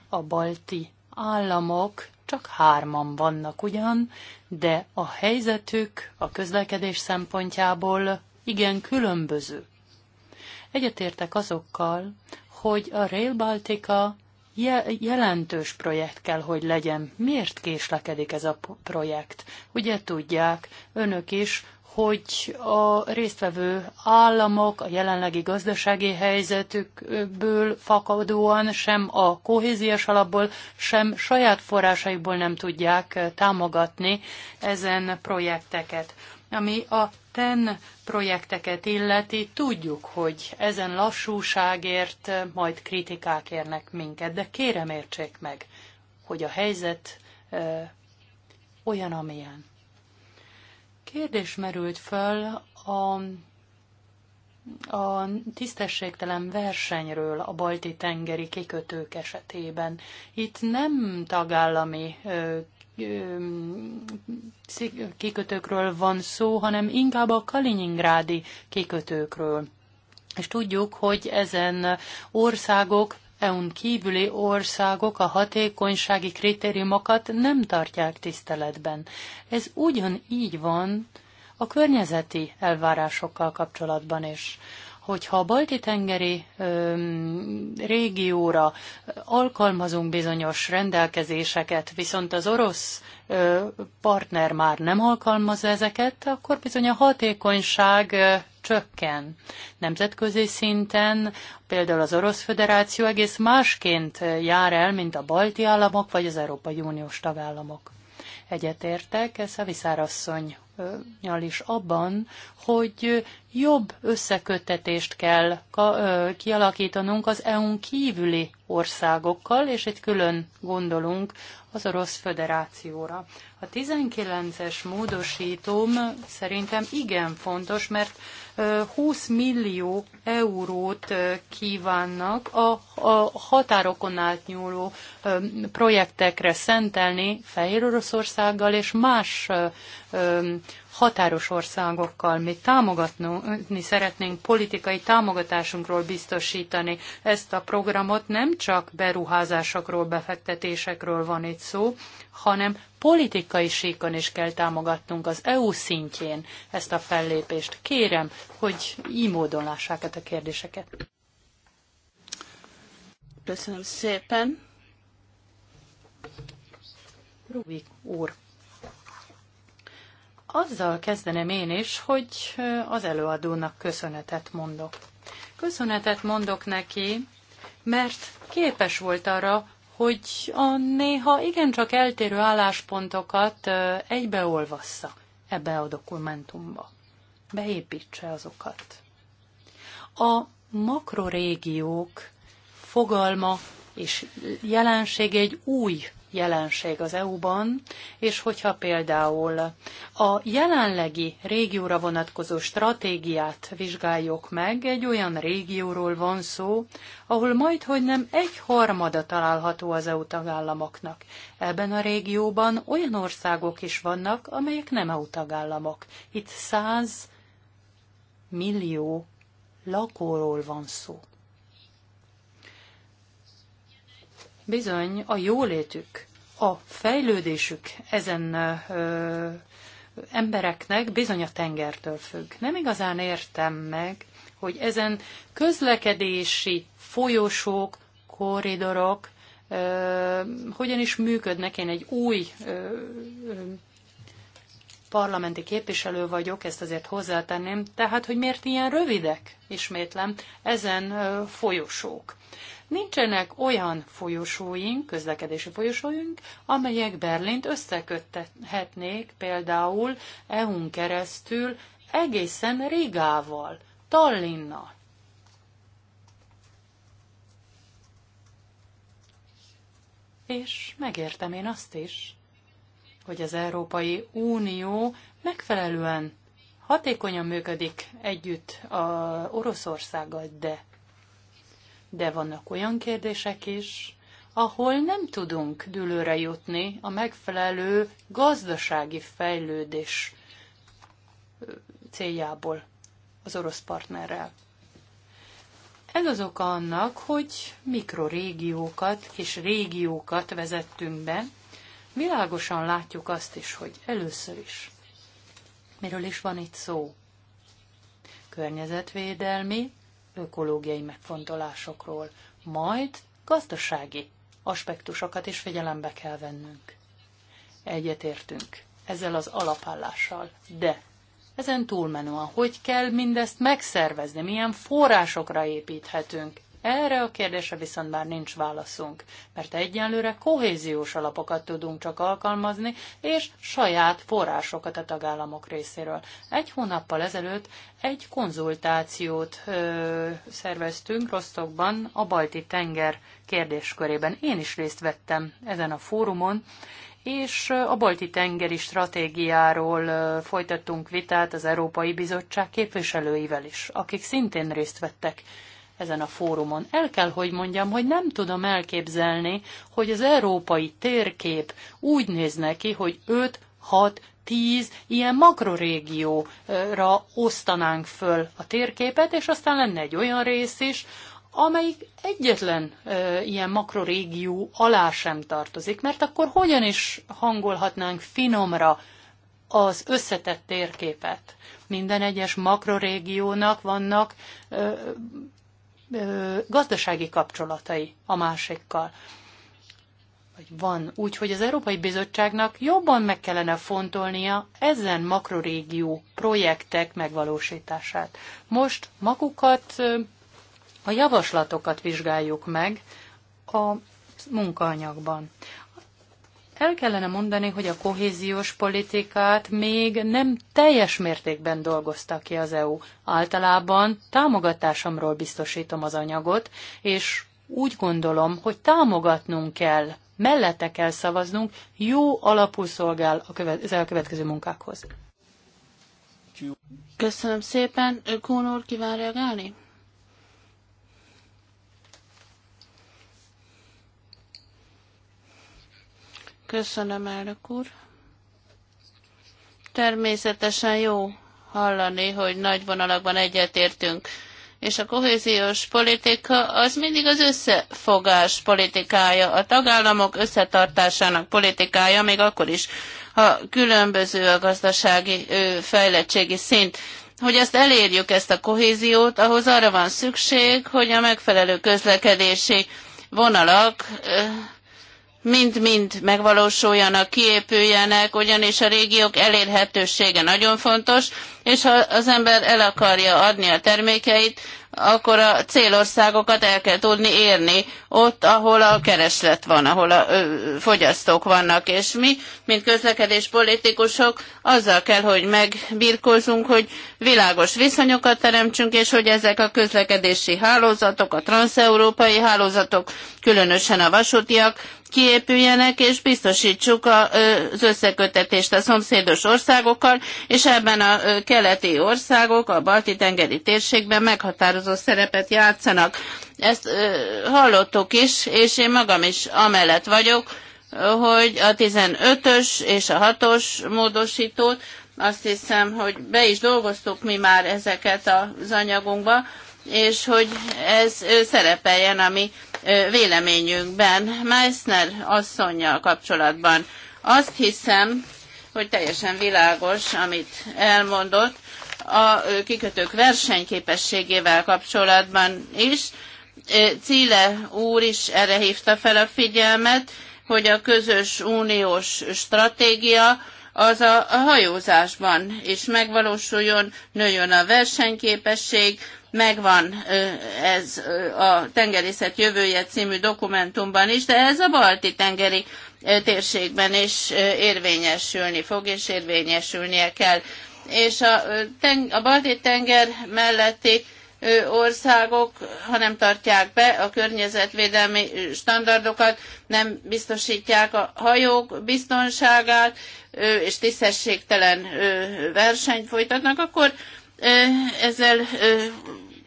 A balti államok csak hárman vannak ugyan, de a helyzetük a közlekedés szempontjából igen különböző. Egyetértek azokkal, hogy a Rail Baltica jelentős projekt kell, hogy legyen. Miért késlekedik ez a projekt? Ugye tudják önök is, hogy a résztvevő államok a jelenlegi gazdasági helyzetükből fakadóan sem a kohéziós alapból, sem saját forrásaikból nem tudják támogatni ezen projekteket. Ami a TEN projekteket illeti, tudjuk, hogy ezen lassúságért majd kritikák érnek minket, de kérem értsék meg, hogy a helyzet olyan, amilyen Kérdés merült föl a a tisztességtelen versenyről a balti tengeri kikötők esetében. Itt nem tagállami ö, ö, kikötőkről van szó, hanem inkább a kaliningrádi kikötőkről. És tudjuk, hogy ezen országok EU-n kívüli országok a hatékonysági kritériumokat nem tartják tiszteletben. Ez ugyanígy van a környezeti elvárásokkal kapcsolatban is hogyha a balti-tengeri régióra alkalmazunk bizonyos rendelkezéseket, viszont az orosz ö, partner már nem alkalmazza ezeket, akkor bizony a hatékonyság csökken. Nemzetközi szinten például az Orosz Föderáció egész másként jár el, mint a balti államok vagy az Európai Uniós tagállamok. Egyetértek, ez a viszárasszony is abban, hogy jobb összeköttetést kell kialakítanunk az EU-n kívüli országokkal, és itt külön gondolunk az Orosz Föderációra. A 19-es módosítóm szerintem igen fontos, mert 20 millió eurót kívánnak a határokon átnyúló projektekre szentelni Fehér Oroszországgal és más határos országokkal mi támogatni szeretnénk, politikai támogatásunkról biztosítani ezt a programot. Nem csak beruházásokról, befektetésekről van itt szó, hanem politikai síkon is kell támogatnunk az EU szintjén ezt a fellépést. Kérem, hogy így módon lássák ezt a kérdéseket. Köszönöm szépen. Rubik úr azzal kezdeném én is, hogy az előadónak köszönetet mondok. Köszönetet mondok neki, mert képes volt arra, hogy a néha igencsak eltérő álláspontokat egybeolvassa ebbe a dokumentumba. Beépítse azokat. A makrorégiók fogalma és jelenség egy új jelenség az EU-ban, és hogyha például a jelenlegi régióra vonatkozó stratégiát vizsgáljuk meg, egy olyan régióról van szó, ahol majd, hogy nem egy harmada található az EU tagállamoknak. Ebben a régióban olyan országok is vannak, amelyek nem EU tagállamok. Itt 100 millió lakóról van szó. bizony a jólétük, a fejlődésük ezen ö, embereknek bizony a tengertől függ. Nem igazán értem meg, hogy ezen közlekedési folyosók, koridorok ö, hogyan is működnek. Én egy új ö, ö, parlamenti képviselő vagyok, ezt azért hozzátenném, tehát hogy miért ilyen rövidek, ismétlem, ezen folyosók. Nincsenek olyan folyosóink, közlekedési folyosóink, amelyek Berlint összeköthetnék például EU-n keresztül egészen Rigával, Tallinnal. És megértem én azt is, hogy az Európai Unió megfelelően hatékonyan működik együtt a Oroszországgal, de de vannak olyan kérdések is, ahol nem tudunk dülőre jutni a megfelelő gazdasági fejlődés céljából az orosz partnerrel. Ez az oka annak, hogy mikrorégiókat és régiókat vezettünk be. Világosan látjuk azt is, hogy először is. Miről is van itt szó? Környezetvédelmi, ökológiai megfontolásokról, majd gazdasági aspektusokat is figyelembe kell vennünk. Egyetértünk ezzel az alapállással, de ezen túlmenően hogy kell mindezt megszervezni, milyen forrásokra építhetünk erre a kérdésre viszont már nincs válaszunk, mert egyenlőre kohéziós alapokat tudunk csak alkalmazni, és saját forrásokat a tagállamok részéről. Egy hónappal ezelőtt egy konzultációt ö, szerveztünk Rostokban a Balti tenger kérdéskörében. Én is részt vettem ezen a fórumon, és a balti tengeri stratégiáról folytattunk vitát az Európai Bizottság képviselőivel is, akik szintén részt vettek ezen a fórumon. El kell, hogy mondjam, hogy nem tudom elképzelni, hogy az európai térkép úgy néz neki, hogy 5, 6, 10 ilyen makrorégióra osztanánk föl a térképet, és aztán lenne egy olyan rész is, amelyik egyetlen e, ilyen makrorégió alá sem tartozik, mert akkor hogyan is hangolhatnánk finomra az összetett térképet? Minden egyes makrorégiónak vannak e, gazdasági kapcsolatai a másikkal. Vagy van úgy, hogy az Európai Bizottságnak jobban meg kellene fontolnia ezen makrorégió projektek megvalósítását. Most magukat, a javaslatokat vizsgáljuk meg a munkaanyagban. El kellene mondani, hogy a kohéziós politikát még nem teljes mértékben dolgozta ki az EU. Általában támogatásomról biztosítom az anyagot, és úgy gondolom, hogy támogatnunk kell, mellette kell szavaznunk, jó alapú szolgál a, a következő munkákhoz. Köszönöm szépen. Kónor kíván reagálni? Köszönöm, elnök úr. Természetesen jó hallani, hogy nagy vonalakban egyetértünk. És a kohéziós politika az mindig az összefogás politikája, a tagállamok összetartásának politikája, még akkor is, ha különböző a gazdasági fejlettségi szint hogy ezt elérjük, ezt a kohéziót, ahhoz arra van szükség, hogy a megfelelő közlekedési vonalak mind-mind megvalósuljanak, kiépüljenek, ugyanis a régiók elérhetősége nagyon fontos, és ha az ember el akarja adni a termékeit, akkor a célországokat el kell tudni érni, ott, ahol a kereslet van, ahol a ö, fogyasztók vannak, és mi, mint közlekedés politikusok, azzal kell, hogy megbirkózunk, hogy világos viszonyokat teremtsünk, és hogy ezek a közlekedési hálózatok, a transeurópai hálózatok, különösen a vasútiak, kiépüljenek, és biztosítsuk az összekötetést a szomszédos országokkal, és ebben a keleti országok, a balti tengeri térségben meghatározott meghatározó szerepet játszanak. Ezt uh, hallottuk is, és én magam is amellett vagyok, hogy a 15-ös és a 6-os módosítót, azt hiszem, hogy be is dolgoztuk mi már ezeket az anyagunkba, és hogy ez szerepeljen a mi véleményünkben Meissner asszonyjal kapcsolatban. Azt hiszem, hogy teljesen világos, amit elmondott, a kikötők versenyképességével kapcsolatban is. Cile úr is erre hívta fel a figyelmet, hogy a közös uniós stratégia az a, a hajózásban is megvalósuljon, nőjön a versenyképesség, megvan ez a tengerészet jövője című dokumentumban is, de ez a balti tengeri térségben is érvényesülni fog, és érvényesülnie kell és a, a Balti-tenger melletti országok, ha nem tartják be a környezetvédelmi standardokat, nem biztosítják a hajók biztonságát, és tisztességtelen versenyt folytatnak, akkor ezzel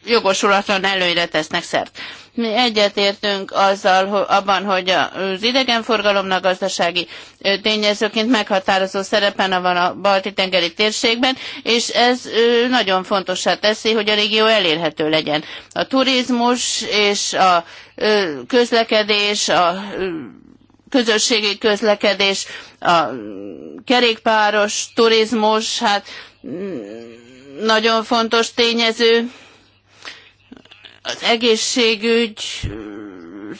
jogosulatlan előnyre tesznek szert. Mi egyetértünk azzal, hogy abban, hogy az idegenforgalomnak gazdasági tényezőként meghatározó szerepen van a balti tengeri térségben, és ez nagyon fontossá teszi, hogy a régió elérhető legyen. A turizmus és a közlekedés, a közösségi közlekedés, a kerékpáros turizmus, hát mm, nagyon fontos tényező az egészségügy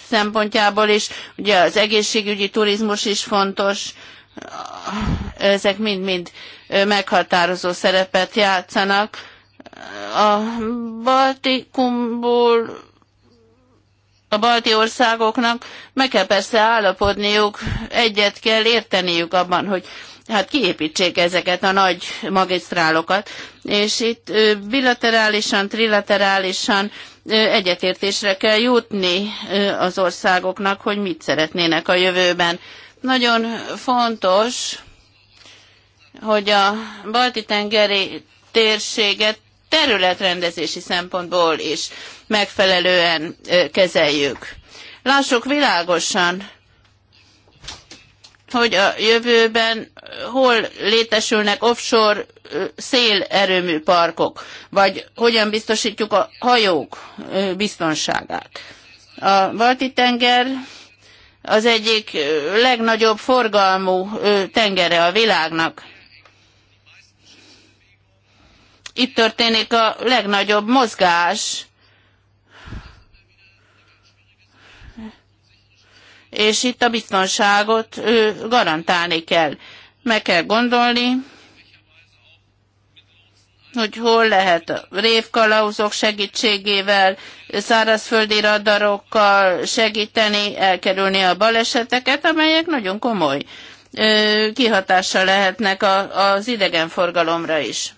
szempontjából is, ugye az egészségügyi turizmus is fontos, ezek mind-mind meghatározó szerepet játszanak. A Baltikumból a balti országoknak meg kell persze állapodniuk, egyet kell érteniük abban, hogy hát kiépítsék ezeket a nagy magisztrálokat, és itt bilaterálisan, trilaterálisan egyetértésre kell jutni az országoknak, hogy mit szeretnének a jövőben. Nagyon fontos, hogy a balti-tengeri térséget területrendezési szempontból is megfelelően kezeljük. Lássuk világosan, hogy a jövőben hol létesülnek offshore szélerőmű parkok, vagy hogyan biztosítjuk a hajók biztonságát. A Balti-tenger az egyik legnagyobb forgalmú tengere a világnak. Itt történik a legnagyobb mozgás, és itt a biztonságot garantálni kell meg kell gondolni, hogy hol lehet a révkalauzok segítségével, szárazföldi radarokkal segíteni, elkerülni a baleseteket, amelyek nagyon komoly kihatása lehetnek a, az idegenforgalomra is.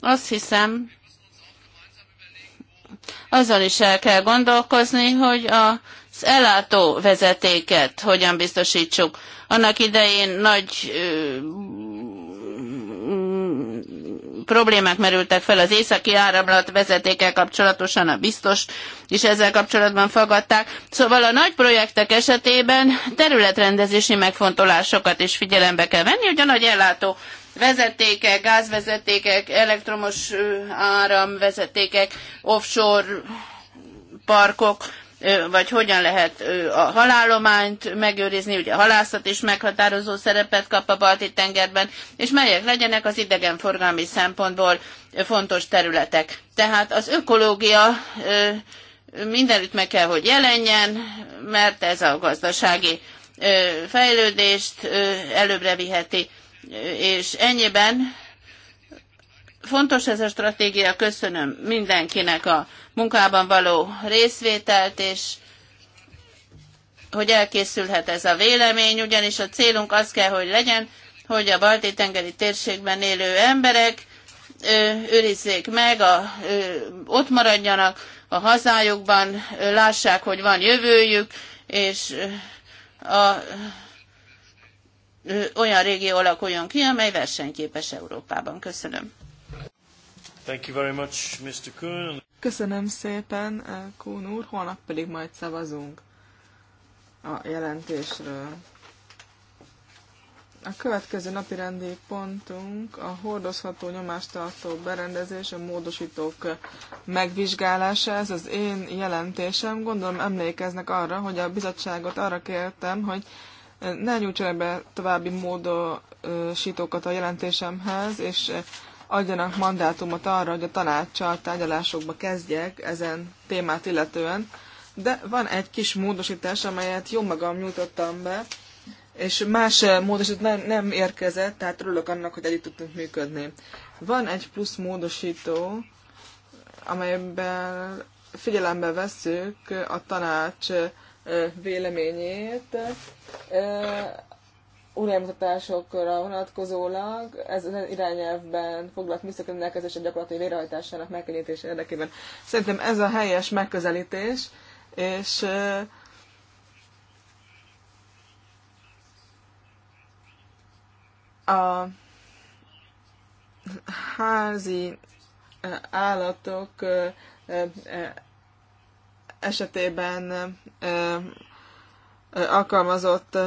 Azt hiszem, azzal is el kell gondolkozni, hogy a ellátó vezetéket hogyan biztosítsuk. Annak idején nagy ö, problémák merültek fel az északi áramlat vezetékkel kapcsolatosan, a biztos is ezzel kapcsolatban fogadták. Szóval a nagy projektek esetében területrendezési megfontolásokat is figyelembe kell venni, hogy a nagy ellátó vezetékek, gázvezetékek, elektromos áramvezetékek, offshore parkok, vagy hogyan lehet a halálományt megőrizni, ugye a halászat is meghatározó szerepet kap a balti tengerben, és melyek legyenek az idegenforgalmi szempontból fontos területek. Tehát az ökológia mindenütt meg kell, hogy jelenjen, mert ez a gazdasági fejlődést előbbre viheti, és ennyiben fontos ez a stratégia, köszönöm mindenkinek a munkában való részvételt, és hogy elkészülhet ez a vélemény, ugyanis a célunk az kell, hogy legyen, hogy a balti-tengeri térségben élő emberek őrizzék meg, a, ö, ott maradjanak a hazájukban, ö, lássák, hogy van jövőjük, és ö, a, ö, olyan régió alakuljon ki, amely versenyképes Európában. Köszönöm. Thank you very much, Mr. Kuhn. Köszönöm szépen, Kún úr, holnap pedig majd szavazunk a jelentésről. A következő napi rendi pontunk a hordozható nyomástartó berendezés, a módosítók megvizsgálása. Ez az én jelentésem. Gondolom emlékeznek arra, hogy a bizottságot arra kértem, hogy ne nyújtsanak be további módosítókat a jelentésemhez, és adjanak mandátumot arra, hogy a tanácssal tárgyalásokba kezdjek ezen témát illetően, de van egy kis módosítás, amelyet jó magam nyújtottam be, és más eh, módosítás nem, nem érkezett, tehát örülök annak, hogy együtt tudtunk működni. Van egy plusz módosító, amelyben figyelembe vesszük a tanács eh, véleményét eh, órajámutatásokra vonatkozólag ez az irányelvben foglalt műszaki rendelkezések gyakorlati végrehajtásának megkönnyítése érdekében. Szerintem ez a helyes megközelítés, és a házi állatok esetében alkalmazott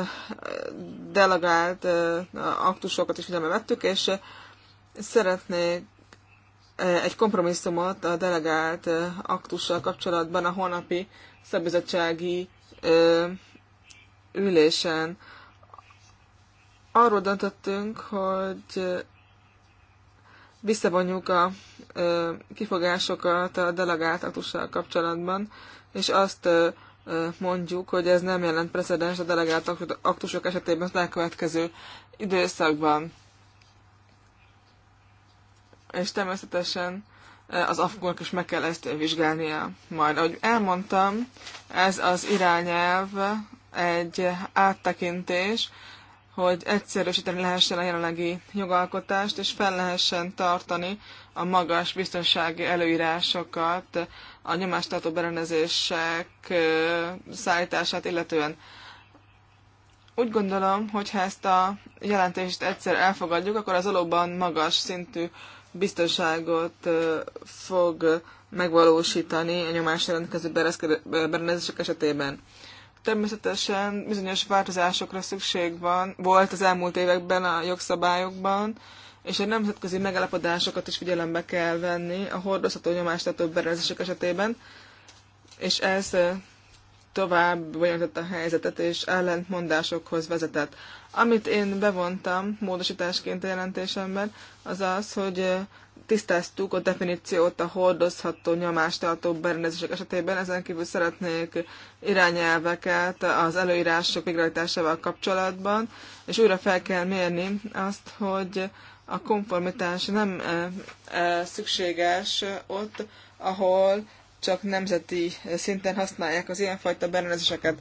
delegált aktusokat is figyelme vettük, és szeretnék egy kompromisszumot a delegált aktussal kapcsolatban a holnapi szabizottsági ülésen. Arról döntöttünk, hogy visszavonjuk a kifogásokat a delegált aktussal kapcsolatban, és azt mondjuk, hogy ez nem jelent precedens a delegált aktusok esetében az elkövetkező időszakban. És természetesen az afgónak is meg kell ezt vizsgálnia majd. Ahogy elmondtam, ez az irányelv egy áttekintés, hogy egyszerűsíteni lehessen a jelenlegi jogalkotást, és fel lehessen tartani a magas biztonsági előírásokat a nyomástartó berendezések szállítását illetően. Úgy gondolom, hogy ha ezt a jelentést egyszer elfogadjuk, akkor az valóban magas szintű biztonságot fog megvalósítani a nyomás jelentkező berendezések esetében. Természetesen bizonyos változásokra szükség van, volt az elmúlt években a jogszabályokban, és a nemzetközi megállapodásokat is figyelembe kell venni a hordozható több berezések esetében, és ez tovább bonyolított a helyzetet, és ellentmondásokhoz vezetett. Amit én bevontam módosításként a jelentésemben, az az, hogy tisztáztuk a definíciót a hordozható nyomástartó berendezések esetében, ezen kívül szeretnék irányelveket az előírások végrehajtásával kapcsolatban, és újra fel kell mérni azt, hogy a konformitás nem szükséges ott, ahol csak nemzeti szinten használják az ilyenfajta berendezéseket.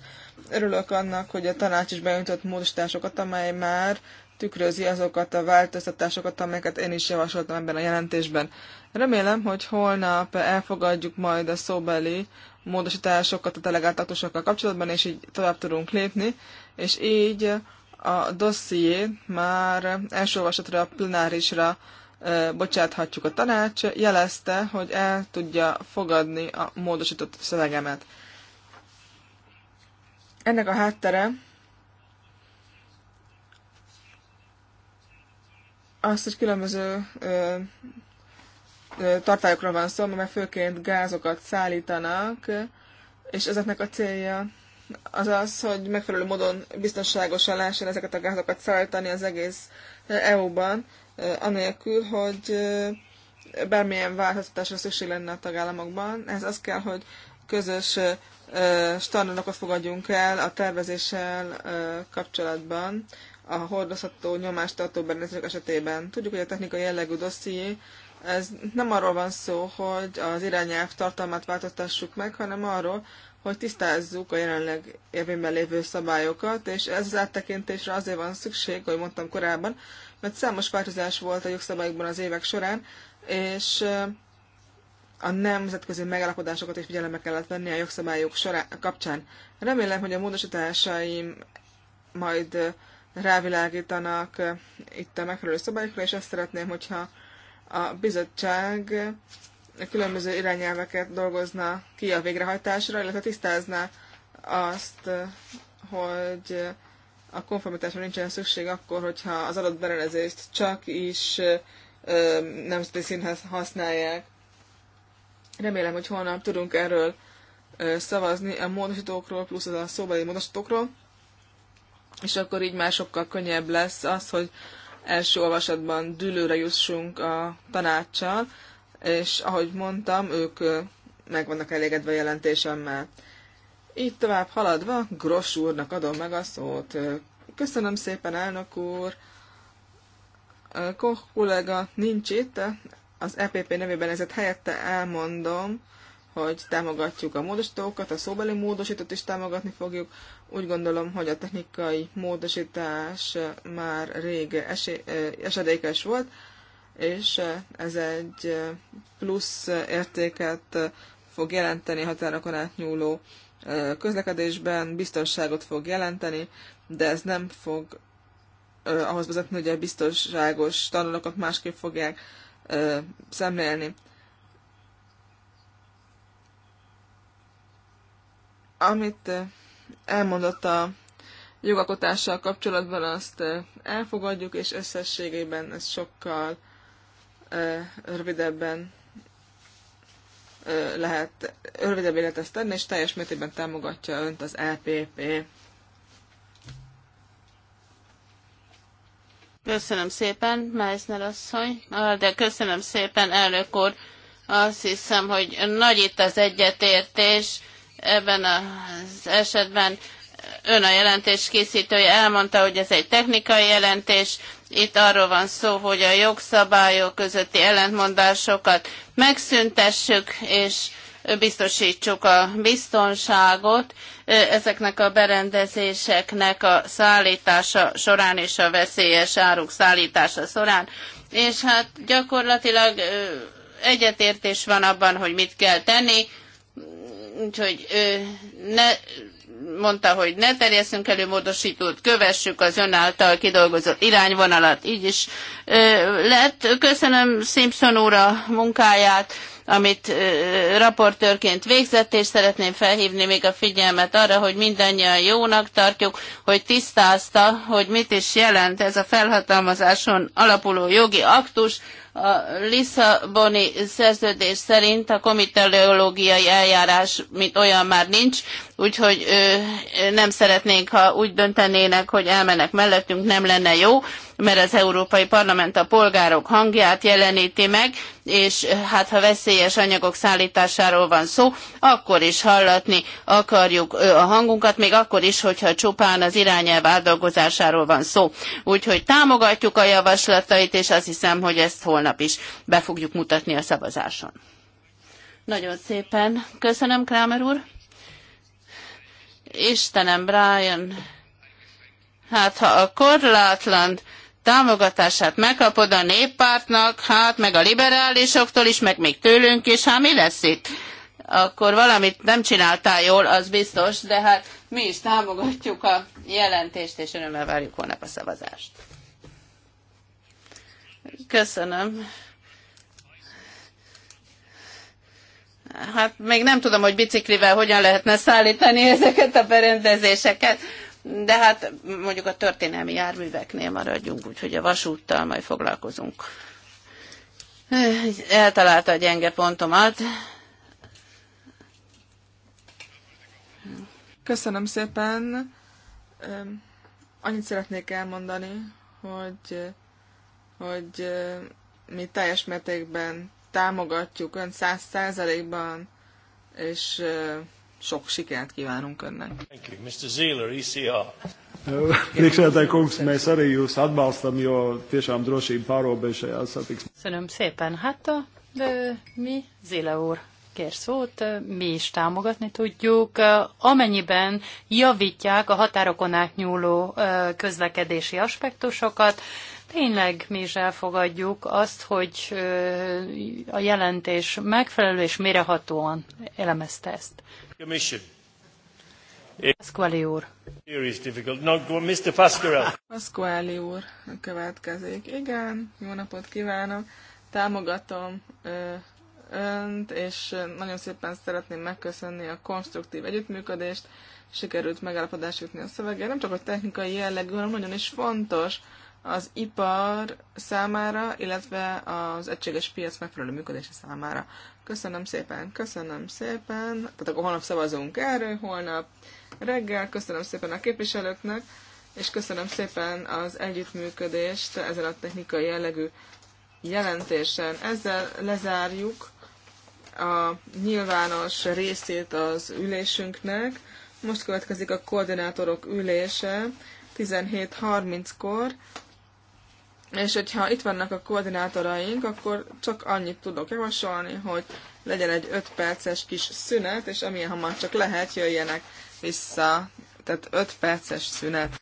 Örülök annak, hogy a tanács is bejutott módosításokat, amely már tükrözi azokat a változtatásokat, amelyeket én is javasoltam ebben a jelentésben. Remélem, hogy holnap elfogadjuk majd a szóbeli módosításokat a delegált kapcsolatban, és így tovább tudunk lépni, és így a dosszié, már első olvasatra a plenárisra bocsáthatjuk a tanács, jelezte, hogy el tudja fogadni a módosított szövegemet. Ennek a háttere az, hogy különböző ö, ö, tartályokról van szó, mert főként gázokat szállítanak, és ezeknek a célja az az, hogy megfelelő módon biztonságosan lehessen ezeket a gázokat szállítani az egész eh, EU-ban, eh, anélkül, hogy eh, bármilyen változtatásra szükség lenne a tagállamokban. Ez az kell, hogy közös standardokat fogadjunk el a tervezéssel kapcsolatban a hordozható nyomástartó berendezések esetében. Tudjuk, hogy a technikai jellegű dosszié, ez nem arról van szó, hogy az irányelv tartalmát változtassuk meg, hanem arról, hogy tisztázzuk a jelenleg érvényben lévő szabályokat, és ez az áttekintésre azért van szükség, ahogy mondtam korábban, mert számos változás volt a jogszabályokban az évek során, és a nemzetközi megállapodásokat is figyelembe kellett venni a jogszabályok során, kapcsán. Remélem, hogy a módosításaim majd rávilágítanak itt a megfelelő szabályokra, és azt szeretném, hogyha a bizottság különböző irányelveket dolgozna ki a végrehajtásra, illetve tisztázná azt, hogy a konformitásra nincsen szükség akkor, hogyha az adott berendezést csak is nemzeti színhez használják. Remélem, hogy holnap tudunk erről szavazni a módosítókról, plusz az a szóbeli módosítókról, és akkor így már sokkal könnyebb lesz az, hogy első olvasatban dülőre jussunk a tanácssal, és ahogy mondtam, ők meg vannak elégedve a jelentésemmel. Így tovább haladva, Gross úrnak adom meg a szót. Köszönöm szépen, elnök úr! Koch kollega nincs itt, az EPP nevében ezért helyette elmondom, hogy támogatjuk a módosítókat, a szóbeli módosítót is támogatni fogjuk. Úgy gondolom, hogy a technikai módosítás már rég esedékes volt, és ez egy plusz értéket fog jelenteni határokon átnyúló közlekedésben, biztonságot fog jelenteni, de ez nem fog ahhoz vezetni, hogy a biztonságos tanulókat másképp fogják szemlélni. Amit elmondott a jogakotással kapcsolatban, azt elfogadjuk, és összességében ez sokkal rövidebben lehet, rövidebb életet tenni, és teljes mértékben támogatja önt az EPP. Köszönöm szépen, Meisner asszony, de köszönöm szépen, elnök úr. Azt hiszem, hogy nagy itt az egyetértés ebben az esetben ön a jelentés készítője elmondta, hogy ez egy technikai jelentés, itt arról van szó, hogy a jogszabályok közötti ellentmondásokat megszüntessük, és biztosítsuk a biztonságot ezeknek a berendezéseknek a szállítása során és a veszélyes áruk szállítása során. És hát gyakorlatilag egyetértés van abban, hogy mit kell tenni, úgyhogy ne mondta, hogy ne terjesszünk elő módosítót, kövessük az ön által kidolgozott irányvonalat. Így is lett. Köszönöm Simpson úr a munkáját amit raportőrként végzett, és szeretném felhívni még a figyelmet arra, hogy mindannyian jónak tartjuk, hogy tisztázta, hogy mit is jelent ez a felhatalmazáson alapuló jogi aktus, a Lisszaboni szerződés szerint a komiteológiai eljárás, mint olyan már nincs, úgyhogy ö, nem szeretnénk, ha úgy döntenének, hogy elmennek mellettünk, nem lenne jó mert az Európai Parlament a polgárok hangját jeleníti meg, és hát ha veszélyes anyagok szállításáról van szó, akkor is hallatni akarjuk a hangunkat, még akkor is, hogyha csupán az irányelv átdolgozásáról van szó. Úgyhogy támogatjuk a javaslatait, és azt hiszem, hogy ezt holnap is be fogjuk mutatni a szavazáson. Nagyon szépen köszönöm, Krámer úr. Istenem, Brian, hát ha a korlátlan támogatását megkapod a néppártnak, hát meg a liberálisoktól is, meg még tőlünk is, hát mi lesz itt? Akkor valamit nem csináltál jól, az biztos, de hát mi is támogatjuk a jelentést, és örömmel várjuk holnap a szavazást. Köszönöm. Hát még nem tudom, hogy biciklivel hogyan lehetne szállítani ezeket a berendezéseket de hát mondjuk a történelmi járműveknél maradjunk, úgyhogy a vasúttal majd foglalkozunk. Eltalálta a gyenge pontomat. Köszönöm szépen. Annyit szeretnék elmondani, hogy, hogy mi teljes mértékben támogatjuk ön száz százalékban, és sok sikert kívánunk önnek. Thank you. Mr. Zieler, ECR. Priekšētāji kungs, mēs arī jūs atbalstam, jo tiešām drošība satiksmē. Köszönöm szépen. Hát a, de, mi, Zile úr, kér szót, mi is támogatni tudjuk, amennyiben javítják a határokon átnyúló közlekedési aspektusokat. Tényleg mi is elfogadjuk azt, hogy a jelentés megfelelő és mérehatóan elemezte ezt. Commission. Pasquale úr. Here is difficult. Mr. Pasquale. Pasquale úr következik. Igen, jó napot kívánom. Támogatom önt, és nagyon szépen szeretném megköszönni a konstruktív együttműködést. Sikerült megállapodást jutni a szöveggel. Nem csak a technikai jellegű, hanem nagyon is fontos az ipar számára, illetve az egységes piac megfelelő működése számára. Köszönöm szépen, köszönöm szépen. Tehát akkor holnap szavazunk erről, holnap reggel. Köszönöm szépen a képviselőknek, és köszönöm szépen az együttműködést ezzel a technikai jellegű jelentésen. Ezzel lezárjuk a nyilvános részét az ülésünknek. Most következik a koordinátorok ülése 17.30-kor. És hogyha itt vannak a koordinátoraink, akkor csak annyit tudok javasolni, hogy legyen egy 5 perces kis szünet, és amilyen hamar csak lehet, jöjjenek vissza. Tehát 5 perces szünet.